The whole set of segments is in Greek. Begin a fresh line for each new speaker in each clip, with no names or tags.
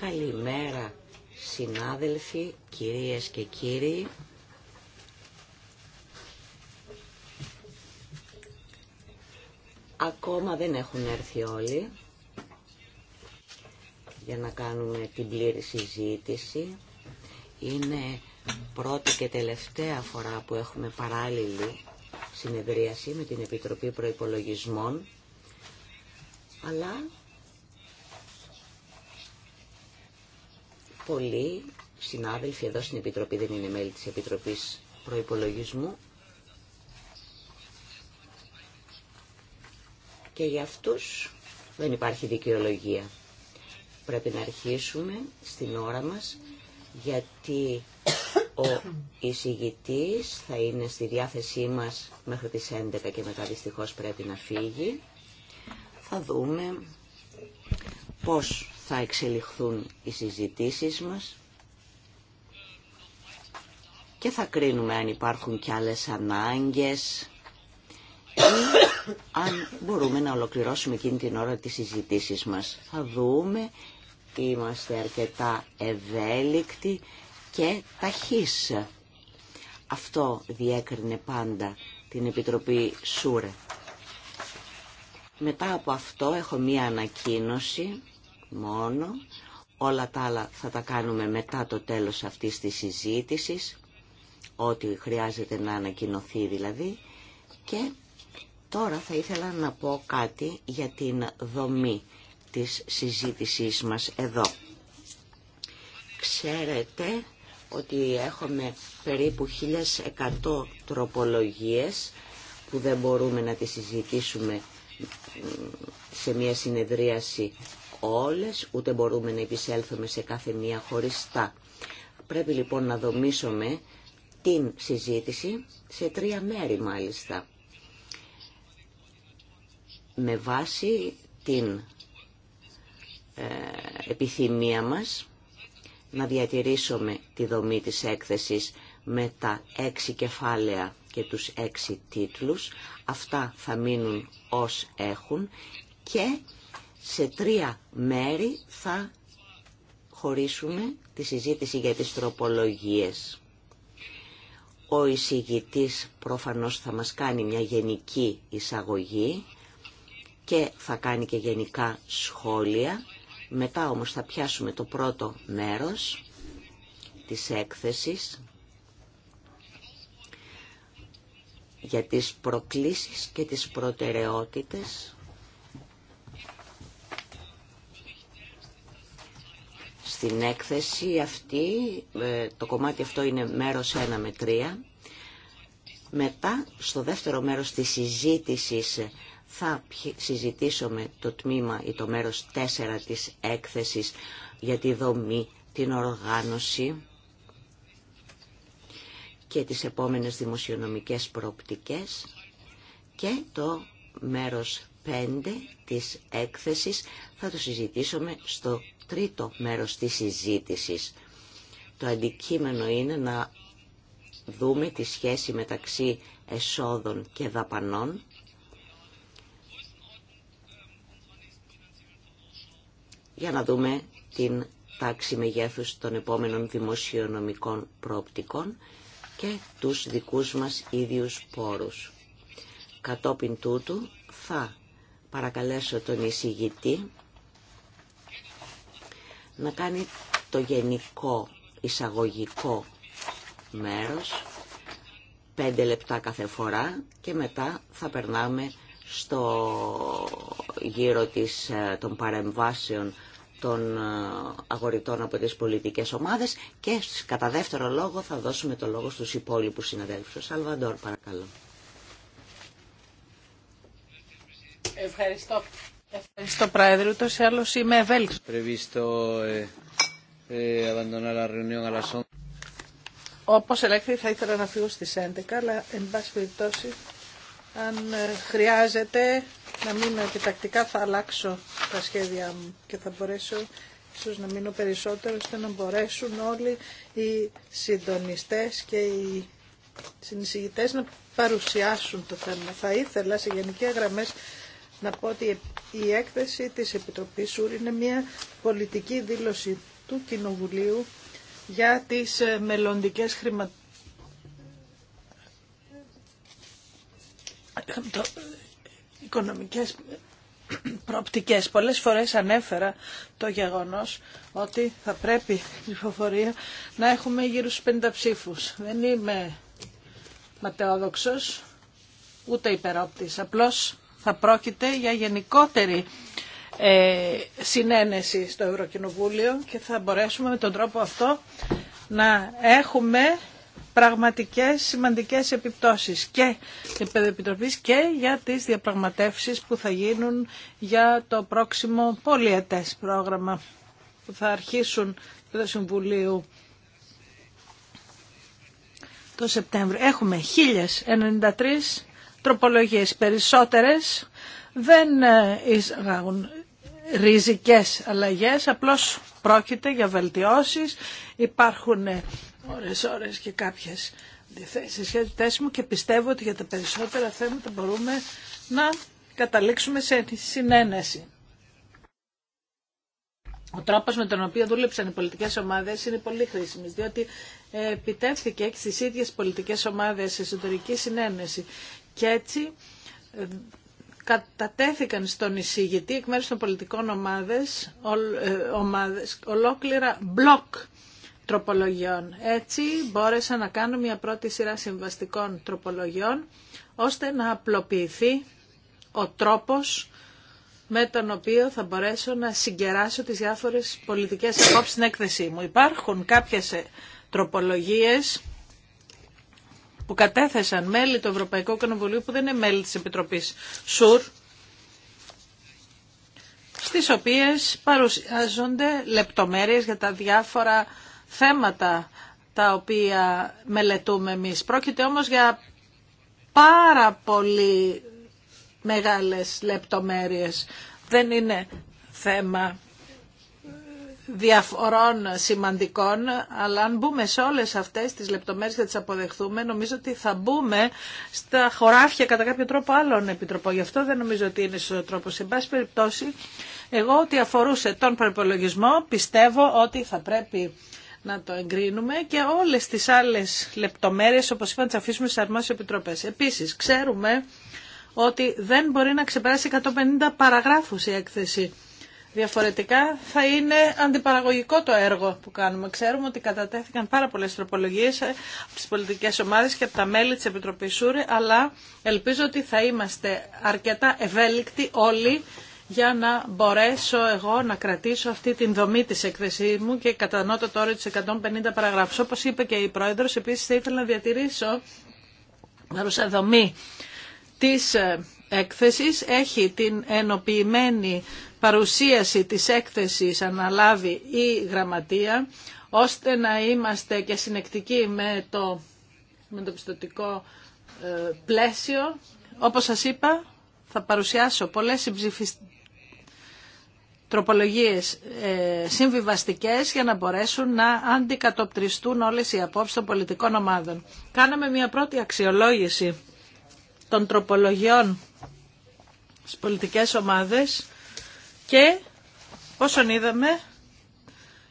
Καλημέρα, συνάδελφοι, κυρίες και κύριοι. Ακόμα δεν έχουν έρθει όλοι για να κάνουμε την πλήρη συζήτηση. Είναι πρώτη και τελευταία φορά που έχουμε παράλληλη συνεδρίαση με την Επιτροπή Προϋπολογισμών αλλά πολλοί συνάδελφοι εδώ στην Επιτροπή δεν είναι μέλη της Επιτροπής Προϋπολογισμού και για αυτούς δεν υπάρχει δικαιολογία. Πρέπει να αρχίσουμε στην ώρα μας γιατί ο εισηγητής θα είναι στη διάθεσή μας μέχρι τις 11 και μετά δυστυχώς πρέπει να φύγει. Θα δούμε πώς θα εξελιχθούν οι συζητήσεις μας και θα κρίνουμε αν υπάρχουν κι άλλες ανάγκες ή αν μπορούμε να ολοκληρώσουμε εκείνη την ώρα τις συζητήσεις μας. Θα δούμε, είμαστε αρκετά ευέλικτοι και ταχύς. Αυτό διέκρινε πάντα την Επιτροπή ΣΟΥΡΕ. Μετά από αυτό έχω μία ανακοίνωση μόνο. Όλα τα άλλα θα τα κάνουμε μετά το τέλος αυτής της συζήτησης, ό,τι χρειάζεται να ανακοινωθεί δηλαδή. Και τώρα θα ήθελα να πω κάτι για την δομή της συζήτησής μας εδώ. Ξέρετε ότι έχουμε περίπου 1.100 τροπολογίες που δεν μπορούμε να τις συζητήσουμε σε μια συνεδρίαση όλες, ούτε μπορούμε να επισέλθουμε σε κάθε μία χωριστά. Πρέπει λοιπόν να δομήσουμε την συζήτηση σε τρία μέρη μάλιστα. Με βάση την ε, επιθυμία μας να διατηρήσουμε τη δομή της έκθεσης με τα έξι κεφάλαια και τους έξι τίτλους. Αυτά θα μείνουν ως έχουν και σε τρία μέρη θα χωρίσουμε τη συζήτηση για τις τροπολογίες. Ο εισηγητής προφανώς θα μας κάνει μια γενική εισαγωγή και θα κάνει και γενικά σχόλια. Μετά όμως θα πιάσουμε το πρώτο μέρος της έκθεσης για τις προκλήσεις και τις προτεραιότητες Στην έκθεση αυτή, ε, το κομμάτι αυτό είναι μέρος 1 με 3. Μετά, στο δεύτερο μέρος της συζήτησης, θα συζητήσουμε το τμήμα ή το μέρος 4 της έκθεσης για τη δομή, την οργάνωση και τις επόμενες δημοσιονομικές προοπτικές και το μέρος 5 της έκθεσης θα το συζητήσουμε στο τρίτο μέρος της συζήτησης. Το αντικείμενο είναι να δούμε τη σχέση μεταξύ εσόδων και δαπανών για να δούμε την τάξη μεγέθους των επόμενων δημοσιονομικών προοπτικών και τους δικούς μας ίδιους πόρους. Κατόπιν τούτου θα παρακαλέσω τον εισηγητή να κάνει το γενικό εισαγωγικό μέρος, πέντε λεπτά κάθε φορά και μετά θα περνάμε στο γύρο της, ε, των παρεμβάσεων των ε, αγοριτών από τις πολιτικές ομάδες και κατά δεύτερο λόγο θα δώσουμε το λόγο στους υπόλοιπους συναδέλφους. Σαλβαντόρ παρακαλώ.
Ευχαριστώ Ευχαριστώ Πρόεδρε, ούτως ή άλλως είμαι ευέλικτο. Ε, ε, Όπως ελέγχθη θα ήθελα να φύγω στις 11, αλλά εν πάση περιπτώσει αν ε, χρειάζεται να μείνω επιτακτικά θα αλλάξω τα σχέδια μου και θα μπορέσω ίσως να μείνω περισσότερο ώστε να μπορέσουν όλοι οι συντονιστές και οι συνεισηγητές να παρουσιάσουν το θέμα. Θα ήθελα σε γενικές γραμμές να πω ότι η έκθεση της Επιτροπής ΣΟΥΡ είναι μια πολιτική δήλωση του Κοινοβουλίου για τις ε, μελλοντικές χρημα... οικονομικές προοπτικές. Πολλές φορές ανέφερα το γεγονός ότι θα πρέπει η ψηφοφορία να έχουμε γύρω στους 50 ψήφους. Δεν είμαι ματαιόδοξος, ούτε υπερόπτης. Απλώς θα πρόκειται για γενικότερη ε, συνένεση στο Ευρωκοινοβούλιο και θα μπορέσουμε με τον τρόπο αυτό να έχουμε πραγματικές σημαντικές επιπτώσεις και επιτροπής και για τις διαπραγματεύσεις που θα γίνουν για το πρόξιμο πολιετές πρόγραμμα που θα αρχίσουν το Συμβουλίο το Σεπτέμβριο. Έχουμε 1093 τροπολογίες περισσότερες δεν ε, εισαγάγουν ριζικές αλλαγές, απλώς πρόκειται για βελτιώσεις. Υπάρχουν ε, ώρες ώρες και κάποιες διθέσεις θέση μου και πιστεύω ότι για τα περισσότερα θέματα μπορούμε να καταλήξουμε σε συνένεση. Ο τρόπος με τον οποίο δούλεψαν οι πολιτικές ομάδες είναι πολύ χρήσιμος, διότι επιτεύχθηκε και στις ίδιες πολιτικές ομάδες εσωτερική συνένεση και έτσι ε, κατατέθηκαν στον εισηγητή εκ μέρους των πολιτικών ομάδες, ε, ομάδες ολόκληρα μπλοκ τροπολογιών. Έτσι μπόρεσα να κάνω μια πρώτη σειρά συμβαστικών τροπολογιών ώστε να απλοποιηθεί ο τρόπος με τον οποίο θα μπορέσω να συγκεράσω τις διάφορες πολιτικές απόψεις στην έκθεσή μου. Υπάρχουν κάποιες ε, τροπολογίες που κατέθεσαν μέλη του Ευρωπαϊκού Κοινοβουλίου που δεν είναι μέλη της Επιτροπής ΣΟΥΡ, στις οποίες παρουσιάζονται λεπτομέρειες για τα διάφορα θέματα τα οποία μελετούμε εμείς. Πρόκειται όμως για πάρα πολύ μεγάλες λεπτομέρειες. Δεν είναι θέμα διαφορών σημαντικών, αλλά αν μπούμε σε όλες αυτές τις λεπτομέρειες και τις αποδεχθούμε, νομίζω ότι θα μπούμε στα χωράφια κατά κάποιο τρόπο άλλων επιτροπών. Γι' αυτό δεν νομίζω ότι είναι σωστό τρόπο. Σε πάση περιπτώσει, εγώ ότι αφορούσε τον προπολογισμό, πιστεύω ότι θα πρέπει να το εγκρίνουμε και όλες τις άλλες λεπτομέρειες, όπως είπα, να τις αφήσουμε στις αρμόσιες επιτροπές. Επίσης, ξέρουμε ότι δεν μπορεί να ξεπεράσει 150 παραγράφους η έκθεση Διαφορετικά θα είναι αντιπαραγωγικό το έργο που κάνουμε. Ξέρουμε ότι κατατέθηκαν πάρα πολλές τροπολογίες ε, από τις πολιτικές ομάδες και από τα μέλη της Επιτροπής σουρε αλλά ελπίζω ότι θα είμαστε αρκετά ευέλικτοι όλοι για να μπορέσω εγώ να κρατήσω αυτή την δομή της εκθεσή μου και κατά το τώρα της 150 παραγράφους. Όπως είπε και η Πρόεδρος, επίσης θα ήθελα να διατηρήσω παρούσα δομή της ε, έκθεσης. Έχει την ενοποιημένη παρουσίαση της έκθεσης αναλάβει η γραμματεία, ώστε να είμαστε και συνεκτικοί με το, με το πιστοτικό ε, πλαίσιο. Όπως σας είπα, θα παρουσιάσω πολλές τροπολογίες ε, συμβιβαστικές για να μπορέσουν να αντικατοπτριστούν όλες οι απόψεις των πολιτικών ομάδων. Κάναμε μια πρώτη αξιολόγηση των τροπολογιών στις πολιτικές ομάδες και όσον είδαμε,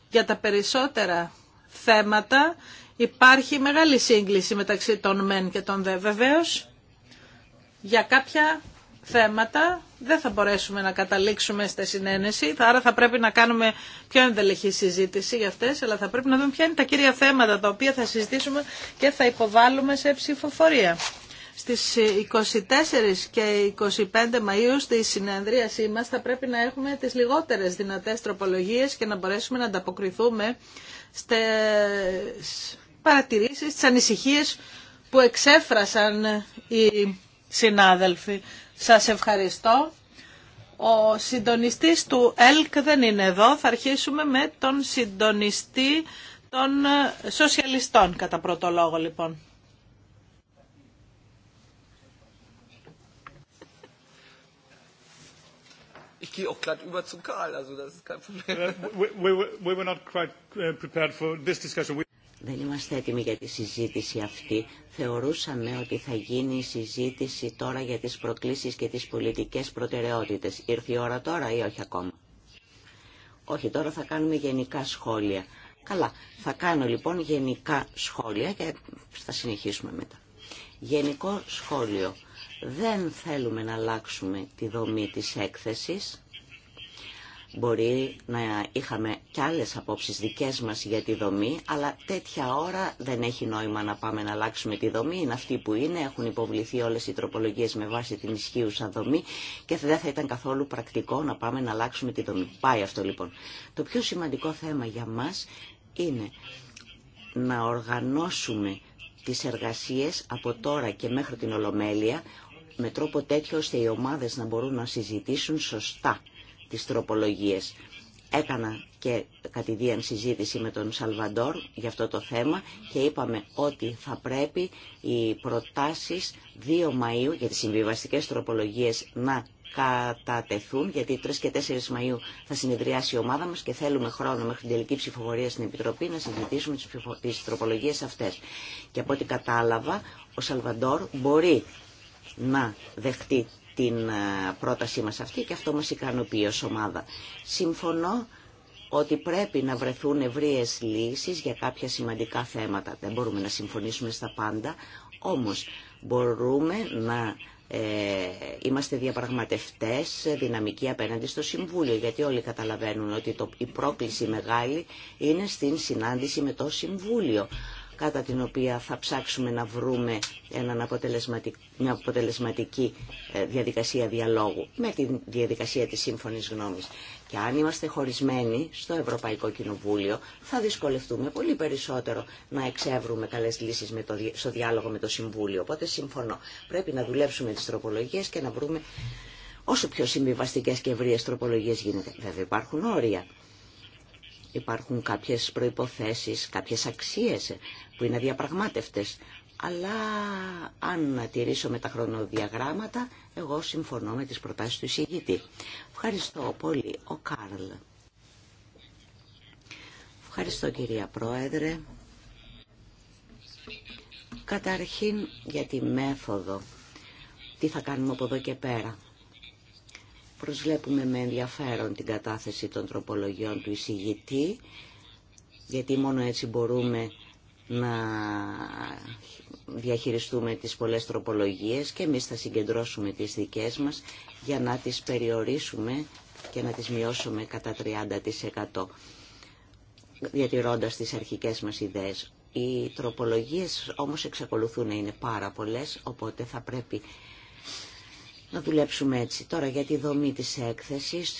για τα περισσότερα θέματα υπάρχει μεγάλη σύγκληση μεταξύ των μεν και των δε. Βεβαίως, για κάποια θέματα δεν θα μπορέσουμε να καταλήξουμε στη συνένεση, άρα θα πρέπει να κάνουμε πιο ενδελεχή συζήτηση για αυτές, αλλά θα πρέπει να δούμε ποια είναι τα κύρια θέματα τα οποία θα συζητήσουμε και θα υποβάλουμε σε ψηφοφορία. Στις 24 ε, και 25 Μαΐου στη συνεδρίασή μας θα πρέπει να έχουμε τις λιγότερες δυνατές τροπολογίες και να μπορέσουμε να ανταποκριθούμε στις παρατηρήσεις, στις ανησυχίες που εξέφρασαν οι συνάδελφοι. Σας ευχαριστώ. Ο συντονιστής του ΕΛΚ δεν είναι εδώ. Θα αρχίσουμε με τον συντονιστή των ε, σοσιαλιστών κατά πρώτο λόγο λοιπόν.
Δεν είμαστε έτοιμοι για τη συζήτηση αυτή. Θεωρούσαμε ότι θα γίνει η συζήτηση τώρα για τις προκλήσεις και τις πολιτικές προτεραιότητες. Ήρθε η ώρα τώρα ή όχι ακόμα. Όχι, τώρα θα κάνουμε γενικά σχόλια. Καλά, θα κάνω λοιπόν γενικά σχόλια και θα συνεχίσουμε μετά. Γενικό σχόλιο. Δεν θέλουμε να αλλάξουμε τη δομή της έκθεσης. Μπορεί να είχαμε κι άλλες απόψεις δικές μας για τη δομή, αλλά τέτοια ώρα δεν έχει νόημα να πάμε να αλλάξουμε τη δομή. Είναι αυτή που είναι, έχουν υποβληθεί όλες οι τροπολογίες με βάση την ισχύουσα δομή και δεν θα ήταν καθόλου πρακτικό να πάμε να αλλάξουμε τη δομή. Πάει αυτό λοιπόν. Το πιο σημαντικό θέμα για μας είναι να οργανώσουμε τις εργασίες από τώρα και μέχρι την Ολομέλεια με τρόπο τέτοιο ώστε οι ομάδες να μπορούν να συζητήσουν σωστά τις τροπολογίες. Έκανα και κατηδίαν συζήτηση με τον Σαλβαντόρ για αυτό το θέμα και είπαμε ότι θα πρέπει οι προτάσεις 2 Μαΐου για τις συμβιβαστικές τροπολογίες να κατατεθούν, γιατί 3 και 4 Μαΐου θα συνεδριάσει η ομάδα μας και θέλουμε χρόνο μέχρι την τελική ψηφοφορία στην Επιτροπή να συζητήσουμε τις, τροπολογίες αυτές. Και από ό,τι κατάλαβα, ο Σαλβαντόρ μπορεί να δεχτεί την ε, πρότασή μας αυτή και αυτό μας ικανοποιεί ως ομάδα. Συμφωνώ ότι πρέπει να βρεθούν ευρείες λύσεις για κάποια σημαντικά θέματα. Δεν μπορούμε να συμφωνήσουμε στα πάντα, όμως μπορούμε να ε, είμαστε διαπραγματευτές δυναμικοί απέναντι στο Συμβούλιο, γιατί όλοι καταλαβαίνουν ότι η πρόκληση μεγάλη είναι στην συνάντηση με το Συμβούλιο κατά την οποία θα ψάξουμε να βρούμε έναν μια αποτελεσματική ε, διαδικασία διαλόγου με τη διαδικασία της σύμφωνης γνώμης. Και αν είμαστε χωρισμένοι στο Ευρωπαϊκό Κοινοβούλιο θα δυσκολευτούμε πολύ περισσότερο να εξεύρουμε καλές λύσεις με το, στο διάλογο με το Συμβούλιο. Οπότε συμφωνώ. Πρέπει να δουλέψουμε τις τροπολογίες και να βρούμε όσο πιο συμβιβαστικές και ευρείες τροπολογίες γίνεται. Βέβαια υπάρχουν όρια. Υπάρχουν κάποιες προϋποθέσεις, κάποιες αξίες που είναι διαπραγμάτευτες, Αλλά αν να τηρήσω με τα χρονοδιαγράμματα, εγώ συμφωνώ με τις προτάσεις του εισηγητή. Ευχαριστώ πολύ. Ο Κάρλ. Ευχαριστώ κυρία Πρόεδρε. Καταρχήν για τη μέθοδο. Τι θα κάνουμε από εδώ και πέρα. Προσβλέπουμε με ενδιαφέρον την κατάθεση των τροπολογιών του εισηγητή, γιατί μόνο έτσι μπορούμε να διαχειριστούμε τις πολλές τροπολογίες και εμείς θα συγκεντρώσουμε τις δικές μας για να τις περιορίσουμε και να τις μειώσουμε κατά 30% διατηρώντας τις αρχικές μας ιδέες. Οι τροπολογίες όμως εξακολουθούν να είναι πάρα πολλές, οπότε θα πρέπει να δουλέψουμε έτσι. Τώρα για τη δομή της έκθεσης,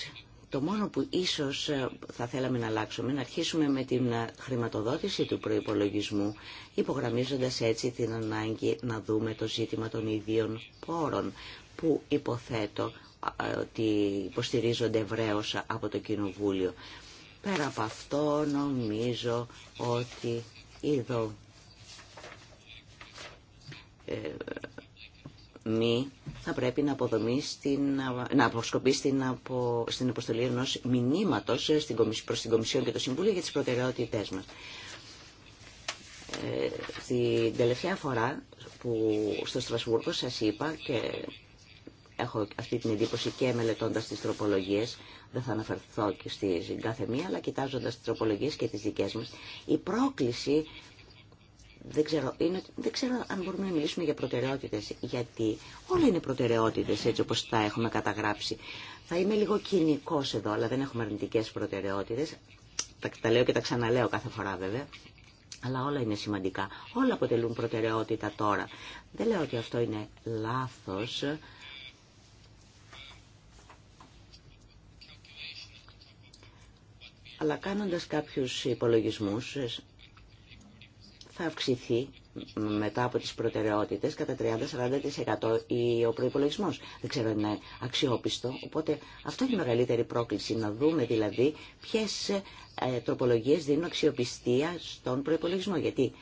το μόνο που ίσως ε, θα θέλαμε να αλλάξουμε, να αρχίσουμε με την ε, χρηματοδότηση του προϋπολογισμού, υπογραμμίζοντας έτσι την ανάγκη να δούμε το ζήτημα των ιδίων πόρων, που υποθέτω ε, ότι υποστηρίζονται ευρέως από το Κοινοβούλιο. Πέρα από αυτό νομίζω ότι είδω μη θα πρέπει να, αποδομεί στην, να αποσκοπεί στην, απο, στην αποστολή ενό μηνύματο προ την Κομισιόν και το Συμβούλιο για τι προτεραιότητέ μα. Ε, την τελευταία φορά που στο Στρασβούργο σα είπα και έχω αυτή την εντύπωση και μελετώντας τις τροπολογίες, δεν θα αναφερθώ και στην κάθε μία, αλλά κοιτάζοντας τις τροπολογίες και τις δικές μας, η πρόκληση δεν ξέρω, δεν ξέρω αν μπορούμε να μιλήσουμε για προτεραιότητες, γιατί όλα είναι προτεραιότητες έτσι όπως τα έχουμε καταγράψει. Θα είμαι λίγο κοινικός εδώ, αλλά δεν έχουμε αρνητικέ προτεραιότητες. Τα, τα λέω και τα ξαναλέω κάθε φορά βέβαια. Αλλά όλα είναι σημαντικά. Όλα αποτελούν προτεραιότητα τώρα. Δεν λέω ότι αυτό είναι λάθος. Αλλά κάνοντας κάποιους υπολογισμούς θα αυξηθεί μετά από τις προτεραιότητες κατά 30-40% ο προϋπολογισμός. Δεν ξέρω αν είναι αξιόπιστο, οπότε αυτό είναι η μεγαλύτερη πρόκληση, να δούμε δηλαδή ποιες ε, τροπολογίες δίνουν αξιοπιστία στον προϋπολογισμό, γιατί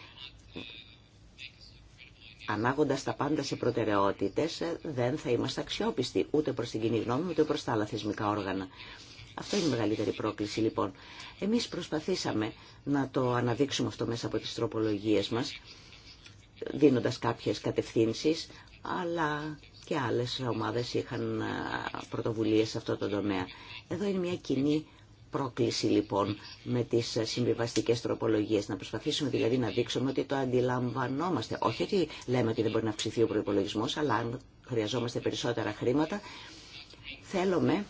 ανάγοντας τα πάντα σε προτεραιότητες ε, δεν θα είμαστε αξιόπιστοι ούτε προς την κοινή γνώμη ούτε προς τα άλλα θεσμικά όργανα. Αυτό είναι η μεγαλύτερη πρόκληση λοιπόν. Εμείς προσπαθήσαμε να το αναδείξουμε αυτό μέσα από τις τροπολογίες μας, δίνοντας κάποιες κατευθύνσεις, αλλά και άλλες ομάδες είχαν πρωτοβουλίες σε αυτό το τομέα. Εδώ είναι μια κοινή πρόκληση λοιπόν με τις συμβιβαστικές τροπολογίες. Να προσπαθήσουμε δηλαδή να δείξουμε ότι το αντιλαμβανόμαστε. Όχι ότι λέμε ότι δεν μπορεί να αυξηθεί ο προπολογισμό, αλλά αν χρειαζόμαστε περισσότερα χρήματα, θέλουμε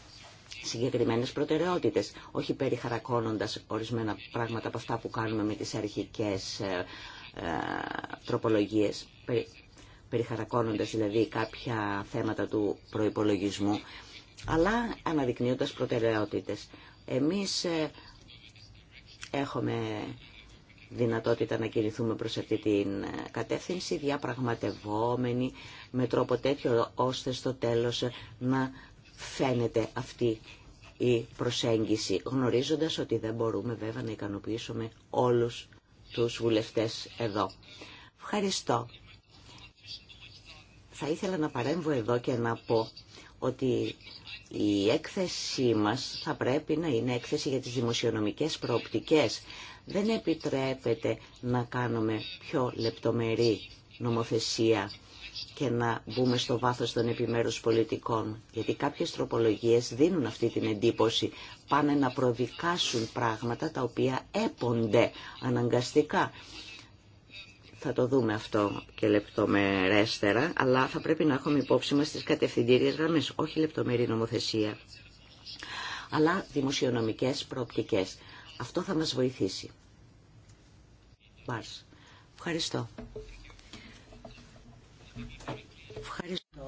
συγκεκριμένες προτεραιότητες, όχι περιχαρακώνοντας ορισμένα πράγματα από αυτά που κάνουμε με τις αρχικές ε, ε, τροπολογίες, περιχαρακώνοντας δηλαδή κάποια θέματα του προϋπολογισμού, αλλά αναδεικνύοντας προτεραιότητες. Εμείς ε, έχουμε δυνατότητα να κινηθούμε προς αυτή την κατεύθυνση, διαπραγματευόμενοι με τρόπο τέτοιο ώστε στο τέλος να φαίνεται αυτή η προσέγγιση, γνωρίζοντας ότι δεν μπορούμε βέβαια να ικανοποιήσουμε όλους τους βουλευτές εδώ. Ευχαριστώ. Θα ήθελα να παρέμβω εδώ και να πω ότι η έκθεσή μας θα πρέπει να είναι έκθεση για τις δημοσιονομικές προοπτικές. Δεν επιτρέπεται να κάνουμε πιο λεπτομερή νομοθεσία και να μπούμε στο βάθος των επιμέρους πολιτικών. Γιατί κάποιες τροπολογίες δίνουν αυτή την εντύπωση. Πάνε να προδικάσουν πράγματα τα οποία έπονται αναγκαστικά. Θα το δούμε αυτό και λεπτομερέστερα, αλλά θα πρέπει να έχουμε υπόψη μας τις κατευθυντήριες γραμμές, όχι λεπτομερή νομοθεσία, αλλά δημοσιονομικές προοπτικές. Αυτό θα μας βοηθήσει. Ευχαριστώ.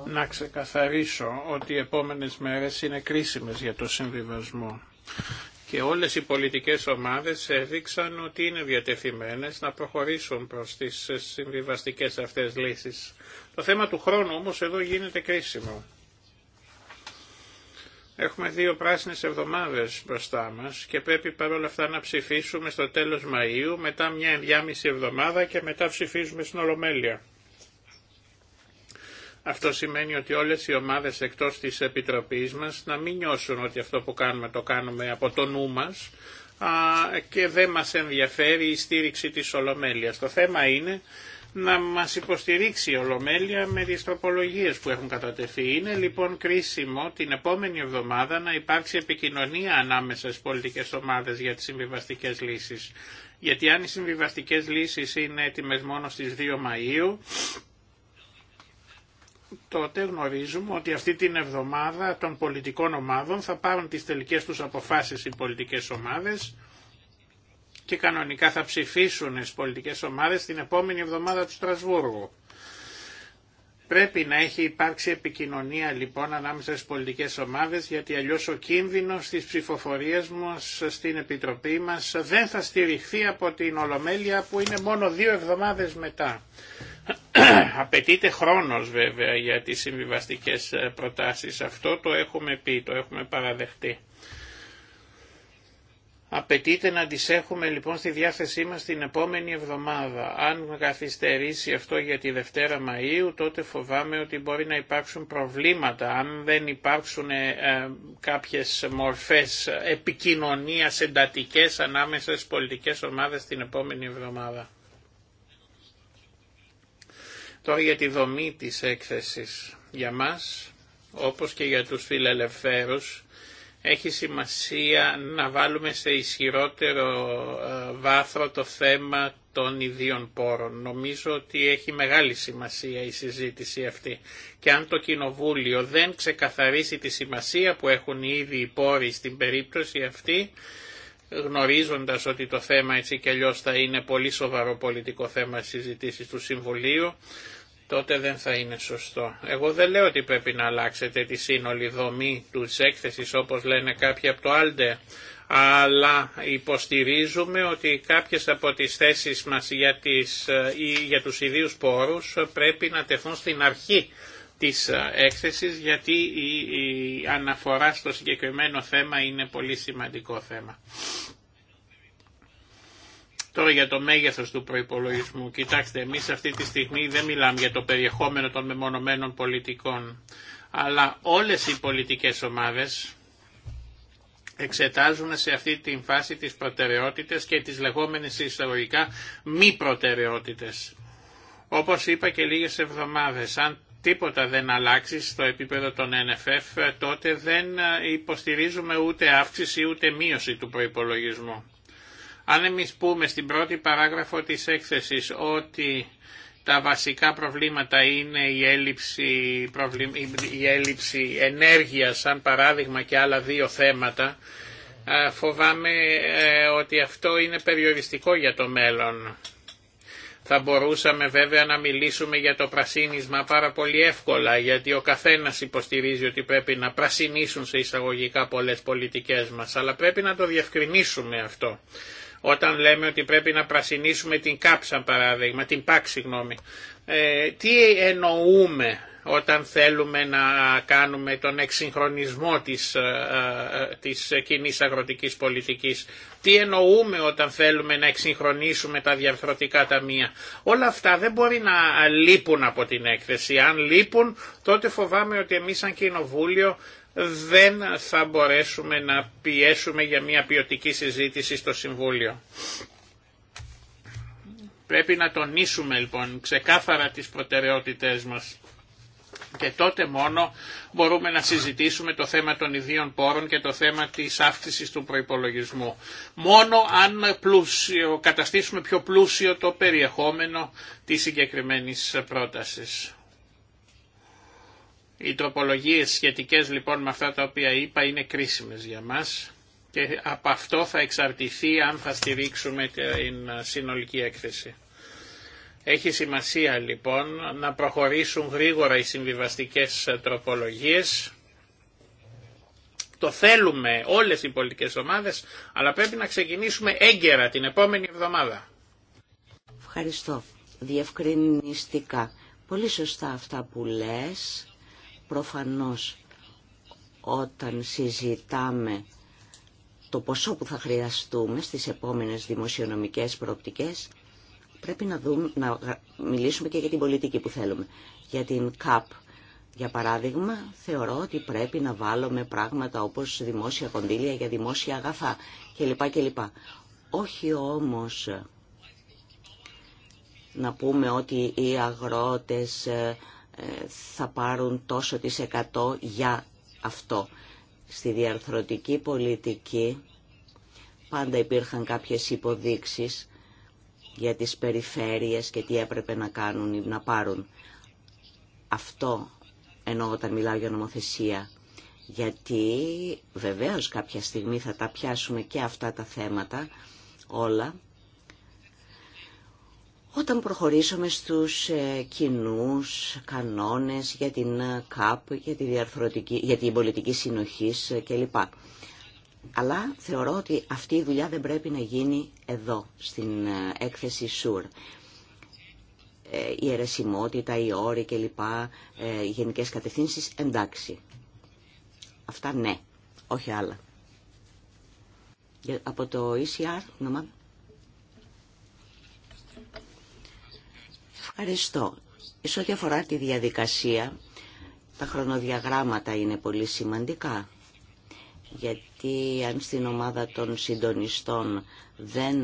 Να ξεκαθαρίσω ότι οι επόμενες μέρες είναι κρίσιμες για το συμβιβασμό και όλες οι πολιτικές ομάδες έδειξαν ότι είναι διατεθειμένες να προχωρήσουν προς τις συμβιβαστικές αυτές λύσεις. Το θέμα του χρόνου όμως εδώ γίνεται κρίσιμο. Έχουμε δύο πράσινες εβδομάδες μπροστά μας και πρέπει παρόλα αυτά να ψηφίσουμε στο τέλος Μαΐου, μετά μια ενδιάμιση εβδομάδα και μετά ψηφίζουμε στην Ολομέλεια. Αυτό σημαίνει ότι όλες οι ομάδες εκτός της Επιτροπής μας να μην νιώσουν ότι αυτό που κάνουμε το κάνουμε από το νου μας και δεν μας ενδιαφέρει η στήριξη της Ολομέλειας. Το θέμα είναι να μας υποστηρίξει η Ολομέλεια με τις τροπολογίες που έχουν κατατεθεί. Είναι λοιπόν κρίσιμο την επόμενη εβδομάδα να υπάρξει επικοινωνία ανάμεσα στις πολιτικές ομάδες για τις συμβιβαστικές λύσεις. Γιατί αν οι συμβιβαστικές λύσεις είναι έτοιμες μόνο στις 2 Μαΐου, τότε γνωρίζουμε ότι αυτή την εβδομάδα των πολιτικών ομάδων θα πάρουν τις τελικές τους αποφάσεις οι πολιτικές ομάδες και κανονικά θα ψηφίσουν στις πολιτικές ομάδες την επόμενη εβδομάδα του Στρασβούργου. Πρέπει να έχει υπάρξει επικοινωνία λοιπόν ανάμεσα στις πολιτικές ομάδες γιατί αλλιώς ο κίνδυνος της ψηφοφορίες μας στην Επιτροπή μας δεν θα στηριχθεί από την Ολομέλεια που είναι μόνο δύο εβδομάδες μετά. Απαιτείται χρόνος βέβαια για τις συμβιβαστικές ε, προτάσεις. Αυτό το έχουμε πει, το έχουμε παραδεχτεί. Απαιτείται να τις έχουμε λοιπόν στη διάθεσή μας την επόμενη εβδομάδα. Αν καθυστερήσει αυτό για τη Δευτέρα Μαΐου, τότε φοβάμαι ότι μπορεί να υπάρξουν προβλήματα. Αν δεν υπάρξουν ε, ε κάποιες μορφές επικοινωνίας εντατικές ανάμεσα στις πολιτικές ομάδες την επόμενη εβδομάδα. Τώρα για τη δομή της έκθεσης για μας, όπως και για τους φιλελευθέρους, έχει σημασία να βάλουμε σε ισχυρότερο ε, βάθρο το θέμα των ιδίων πόρων. Νομίζω ότι έχει μεγάλη σημασία η συζήτηση αυτή. Και αν το Κοινοβούλιο δεν ξεκαθαρίσει τη σημασία που έχουν ήδη οι πόροι στην περίπτωση αυτή, γνωρίζοντας ότι το θέμα έτσι και αλλιώς θα είναι πολύ σοβαρό πολιτικό θέμα συζητήσεις του Συμβουλίου, τότε δεν θα είναι σωστό. Εγώ δεν λέω ότι πρέπει να αλλάξετε τη σύνολη δομή του έκθεσης όπως λένε κάποιοι από το Άλντε, αλλά υποστηρίζουμε ότι κάποιες από τις θέσεις μας για, τις, ε, ή για τους ιδίους πόρους πρέπει να τεθούν στην αρχή της ε, έκθεσης γιατί η, η αναφορά στο συγκεκριμένο θέμα είναι πολύ σημαντικό θέμα. Τώρα για το μέγεθο του προϋπολογισμού. Κοιτάξτε, εμείς αυτή τη στιγμή δεν μιλάμε για το περιεχόμενο των μεμονωμένων πολιτικών, αλλά όλες οι πολιτικές ομάδες εξετάζουν σε αυτή τη φάση τις προτεραιότητες και τις λεγόμενες ιστορικά μη προτεραιότητες. Όπως είπα και λίγες εβδομάδες, αν τίποτα δεν αλλάξει στο επίπεδο των NFF, τότε δεν υποστηρίζουμε ούτε αύξηση ούτε μείωση του προϋπολογισμού. Αν εμείς πούμε στην πρώτη παράγραφο της έκθεσης ότι τα βασικά προβλήματα είναι η έλλειψη, η ενέργειας σαν παράδειγμα και άλλα δύο θέματα, φοβάμαι ε, ότι αυτό είναι περιοριστικό για το μέλλον. Θα μπορούσαμε βέβαια να μιλήσουμε για το πρασίνισμα πάρα πολύ εύκολα, γιατί ο καθένας υποστηρίζει ότι πρέπει να πρασινίσουν σε εισαγωγικά πολλές πολιτικές μας, αλλά πρέπει να το διευκρινίσουμε αυτό. Όταν λέμε ότι πρέπει να πρασινίσουμε την κάψα παράδειγμα, την ΠΑΚ συγγνώμη, ε, τι εννοούμε όταν θέλουμε να κάνουμε τον εξυγχρονισμό της, ε, ε, της κοινή αγροτικής πολιτικής. Τι εννοούμε όταν θέλουμε να εξυγχρονίσουμε τα διαρθρωτικά ταμεία. Όλα αυτά δεν μπορεί να λείπουν από την έκθεση. Αν λείπουν τότε φοβάμαι ότι εμείς σαν κοινοβούλιο δεν θα μπορέσουμε να πιέσουμε για μια ποιοτική συζήτηση στο Συμβούλιο. Πρέπει να τονίσουμε λοιπόν ξεκάθαρα τις προτεραιότητές μας και τότε μόνο μπορούμε να συζητήσουμε το θέμα των ιδίων πόρων και το θέμα της αύξησης του προϋπολογισμού. Μόνο αν πλούσιο, καταστήσουμε πιο πλούσιο το περιεχόμενο της συγκεκριμένης πρότασης. Οι τροπολογίες σχετικές λοιπόν με αυτά τα οποία είπα είναι κρίσιμες για μας και από αυτό θα εξαρτηθεί αν θα στηρίξουμε την συνολική έκθεση. Έχει σημασία λοιπόν να προχωρήσουν γρήγορα οι συμβιβαστικές τροπολογίες. Το θέλουμε όλες οι πολιτικές ομάδες, αλλά πρέπει να ξεκινήσουμε έγκαιρα την επόμενη εβδομάδα.
Ευχαριστώ. Διευκρινιστικά. Πολύ σωστά αυτά που λες. Προφανώς όταν συζητάμε το ποσό που θα χρειαστούμε στις επόμενες δημοσιονομικές προοπτικές, πρέπει να, δούμε, να μιλήσουμε και για την πολιτική που θέλουμε. Για την ΚΑΠ, για παράδειγμα, θεωρώ ότι πρέπει να βάλουμε πράγματα όπως δημόσια κονδύλια για δημόσια αγαθά κλπ. κλπ. Όχι όμως να πούμε ότι οι αγρότες ε, θα πάρουν τόσο τις 100 για αυτό. Στη διαρθρωτική πολιτική πάντα υπήρχαν κάποιες υποδείξεις για τις περιφέρειες και τι έπρεπε να κάνουν ή να πάρουν. Αυτό ενώ όταν μιλάω για νομοθεσία. Γιατί βεβαίως κάποια στιγμή θα τα πιάσουμε και αυτά τα θέματα όλα όταν προχωρήσουμε στους ε, κοινούς κανόνες για την ε, ΚΑΠ, για, τη διαρθρωτική, για την πολιτική συνοχής ε, κλπ. Αλλά θεωρώ ότι αυτή η δουλειά δεν πρέπει να γίνει εδώ, στην έκθεση ΣΟΥΡ. Η αιρεσιμότητα, οι όροι κλπ, οι γενικές κατευθύνσεις, εντάξει. Αυτά ναι, όχι άλλα. Από το ECR, νομάδα. Ευχαριστώ. Σε ό,τι αφορά τη διαδικασία, τα χρονοδιαγράμματα είναι πολύ σημαντικά. Γιατί αν στην ομάδα των συντονιστών δεν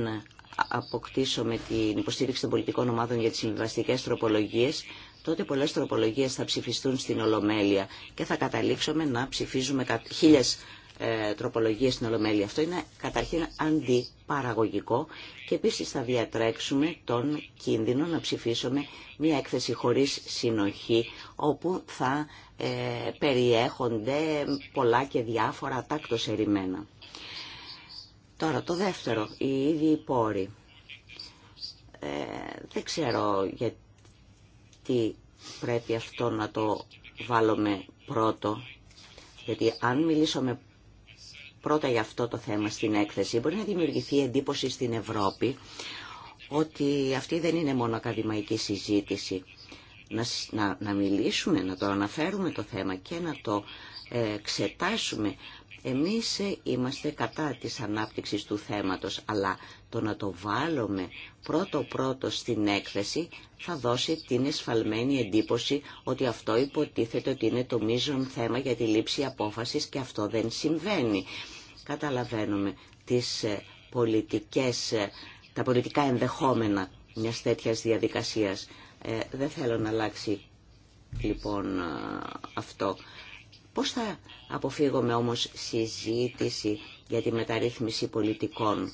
αποκτήσουμε την υποστήριξη των πολιτικών ομάδων για τις συμβιβαστικές τροπολογίες, τότε πολλές τροπολογίες θα ψηφιστούν στην Ολομέλεια και θα καταλήξουμε να ψηφίζουμε χίλιες ε, τροπολογίες στην Ολομέλεια. Αυτό είναι καταρχήν αντιπαραγωγικό και επίσης θα διατρέξουμε τον κίνδυνο να ψηφίσουμε μια έκθεση χωρίς συνοχή όπου θα ε, περιέχονται πολλά και διάφορα τάκτος ερημένα. Τώρα το δεύτερο, οι ίδιοι πόροι. Ε, δεν ξέρω γιατί πρέπει αυτό να το βάλουμε πρώτο γιατί αν μιλήσω με πρώτα για αυτό το θέμα στην έκθεση. Μπορεί να δημιουργηθεί εντύπωση στην Ευρώπη ότι αυτή δεν είναι μόνο ακαδημαϊκή συζήτηση. Να, να, να μιλήσουμε, να το αναφέρουμε το θέμα και να το ε, εξετάσουμε εμείς ε, είμαστε κατά της ανάπτυξης του θέματος, αλλά το να το βάλουμε πρώτο-πρώτο στην έκθεση θα δώσει την εσφαλμένη εντύπωση ότι αυτό υποτίθεται ότι είναι το μείζον θέμα για τη λήψη απόφασης και αυτό δεν συμβαίνει. Καταλαβαίνουμε τις ε, πολιτικές, ε, τα πολιτικά ενδεχόμενα μια τέτοιας διαδικασίας. δεν θέλω να αλλάξει λοιπόν αυτό. Πώς θα αποφύγουμε όμως συζήτηση για τη μεταρρύθμιση πολιτικών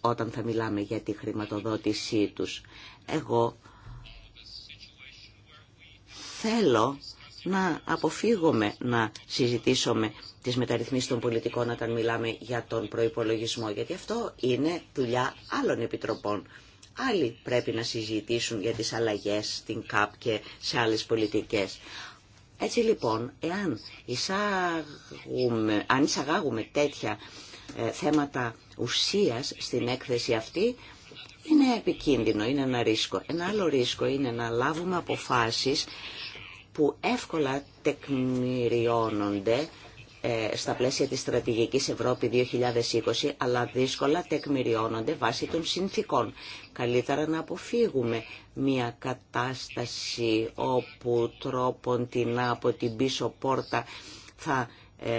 όταν θα μιλάμε για τη χρηματοδότησή τους. Εγώ θέλω να αποφύγουμε να συζητήσουμε τις μεταρρυθμίσεις των πολιτικών όταν μιλάμε για τον προϋπολογισμό, γιατί αυτό είναι δουλειά άλλων επιτροπών. Άλλοι πρέπει να συζητήσουν για τις αλλαγές στην ΚΑΠ και σε άλλες πολιτικές. Έτσι λοιπόν, εάν εισάγουμε, εισαγάγουμε τέτοια ε, θέματα ουσίας στην έκθεση αυτή, είναι επικίνδυνο, είναι ένα ρίσκο. Ένα άλλο ρίσκο είναι να λάβουμε αποφάσεις που εύκολα τεκμηριώνονται ε, στα πλαίσια της στρατηγικής Ευρώπη 2020, αλλά δύσκολα τεκμηριώνονται βάσει των συνθήκων. Καλύτερα να αποφύγουμε μια κατάσταση όπου τρόπον την από την πίσω πόρτα θα ε,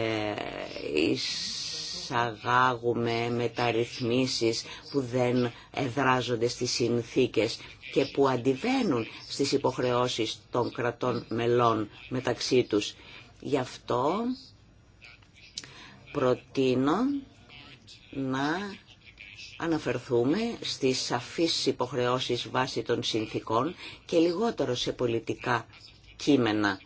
εισαγάγουμε μεταρρυθμίσεις που δεν εδράζονται στις συνθήκες και που αντιβαίνουν στις υποχρεώσεις των κρατών μελών μεταξύ τους. Γι' αυτό προτείνω να αναφερθούμε στις σαφείς υποχρεώσεις βάσει των συνθήκων και λιγότερο σε πολιτικά κείμενα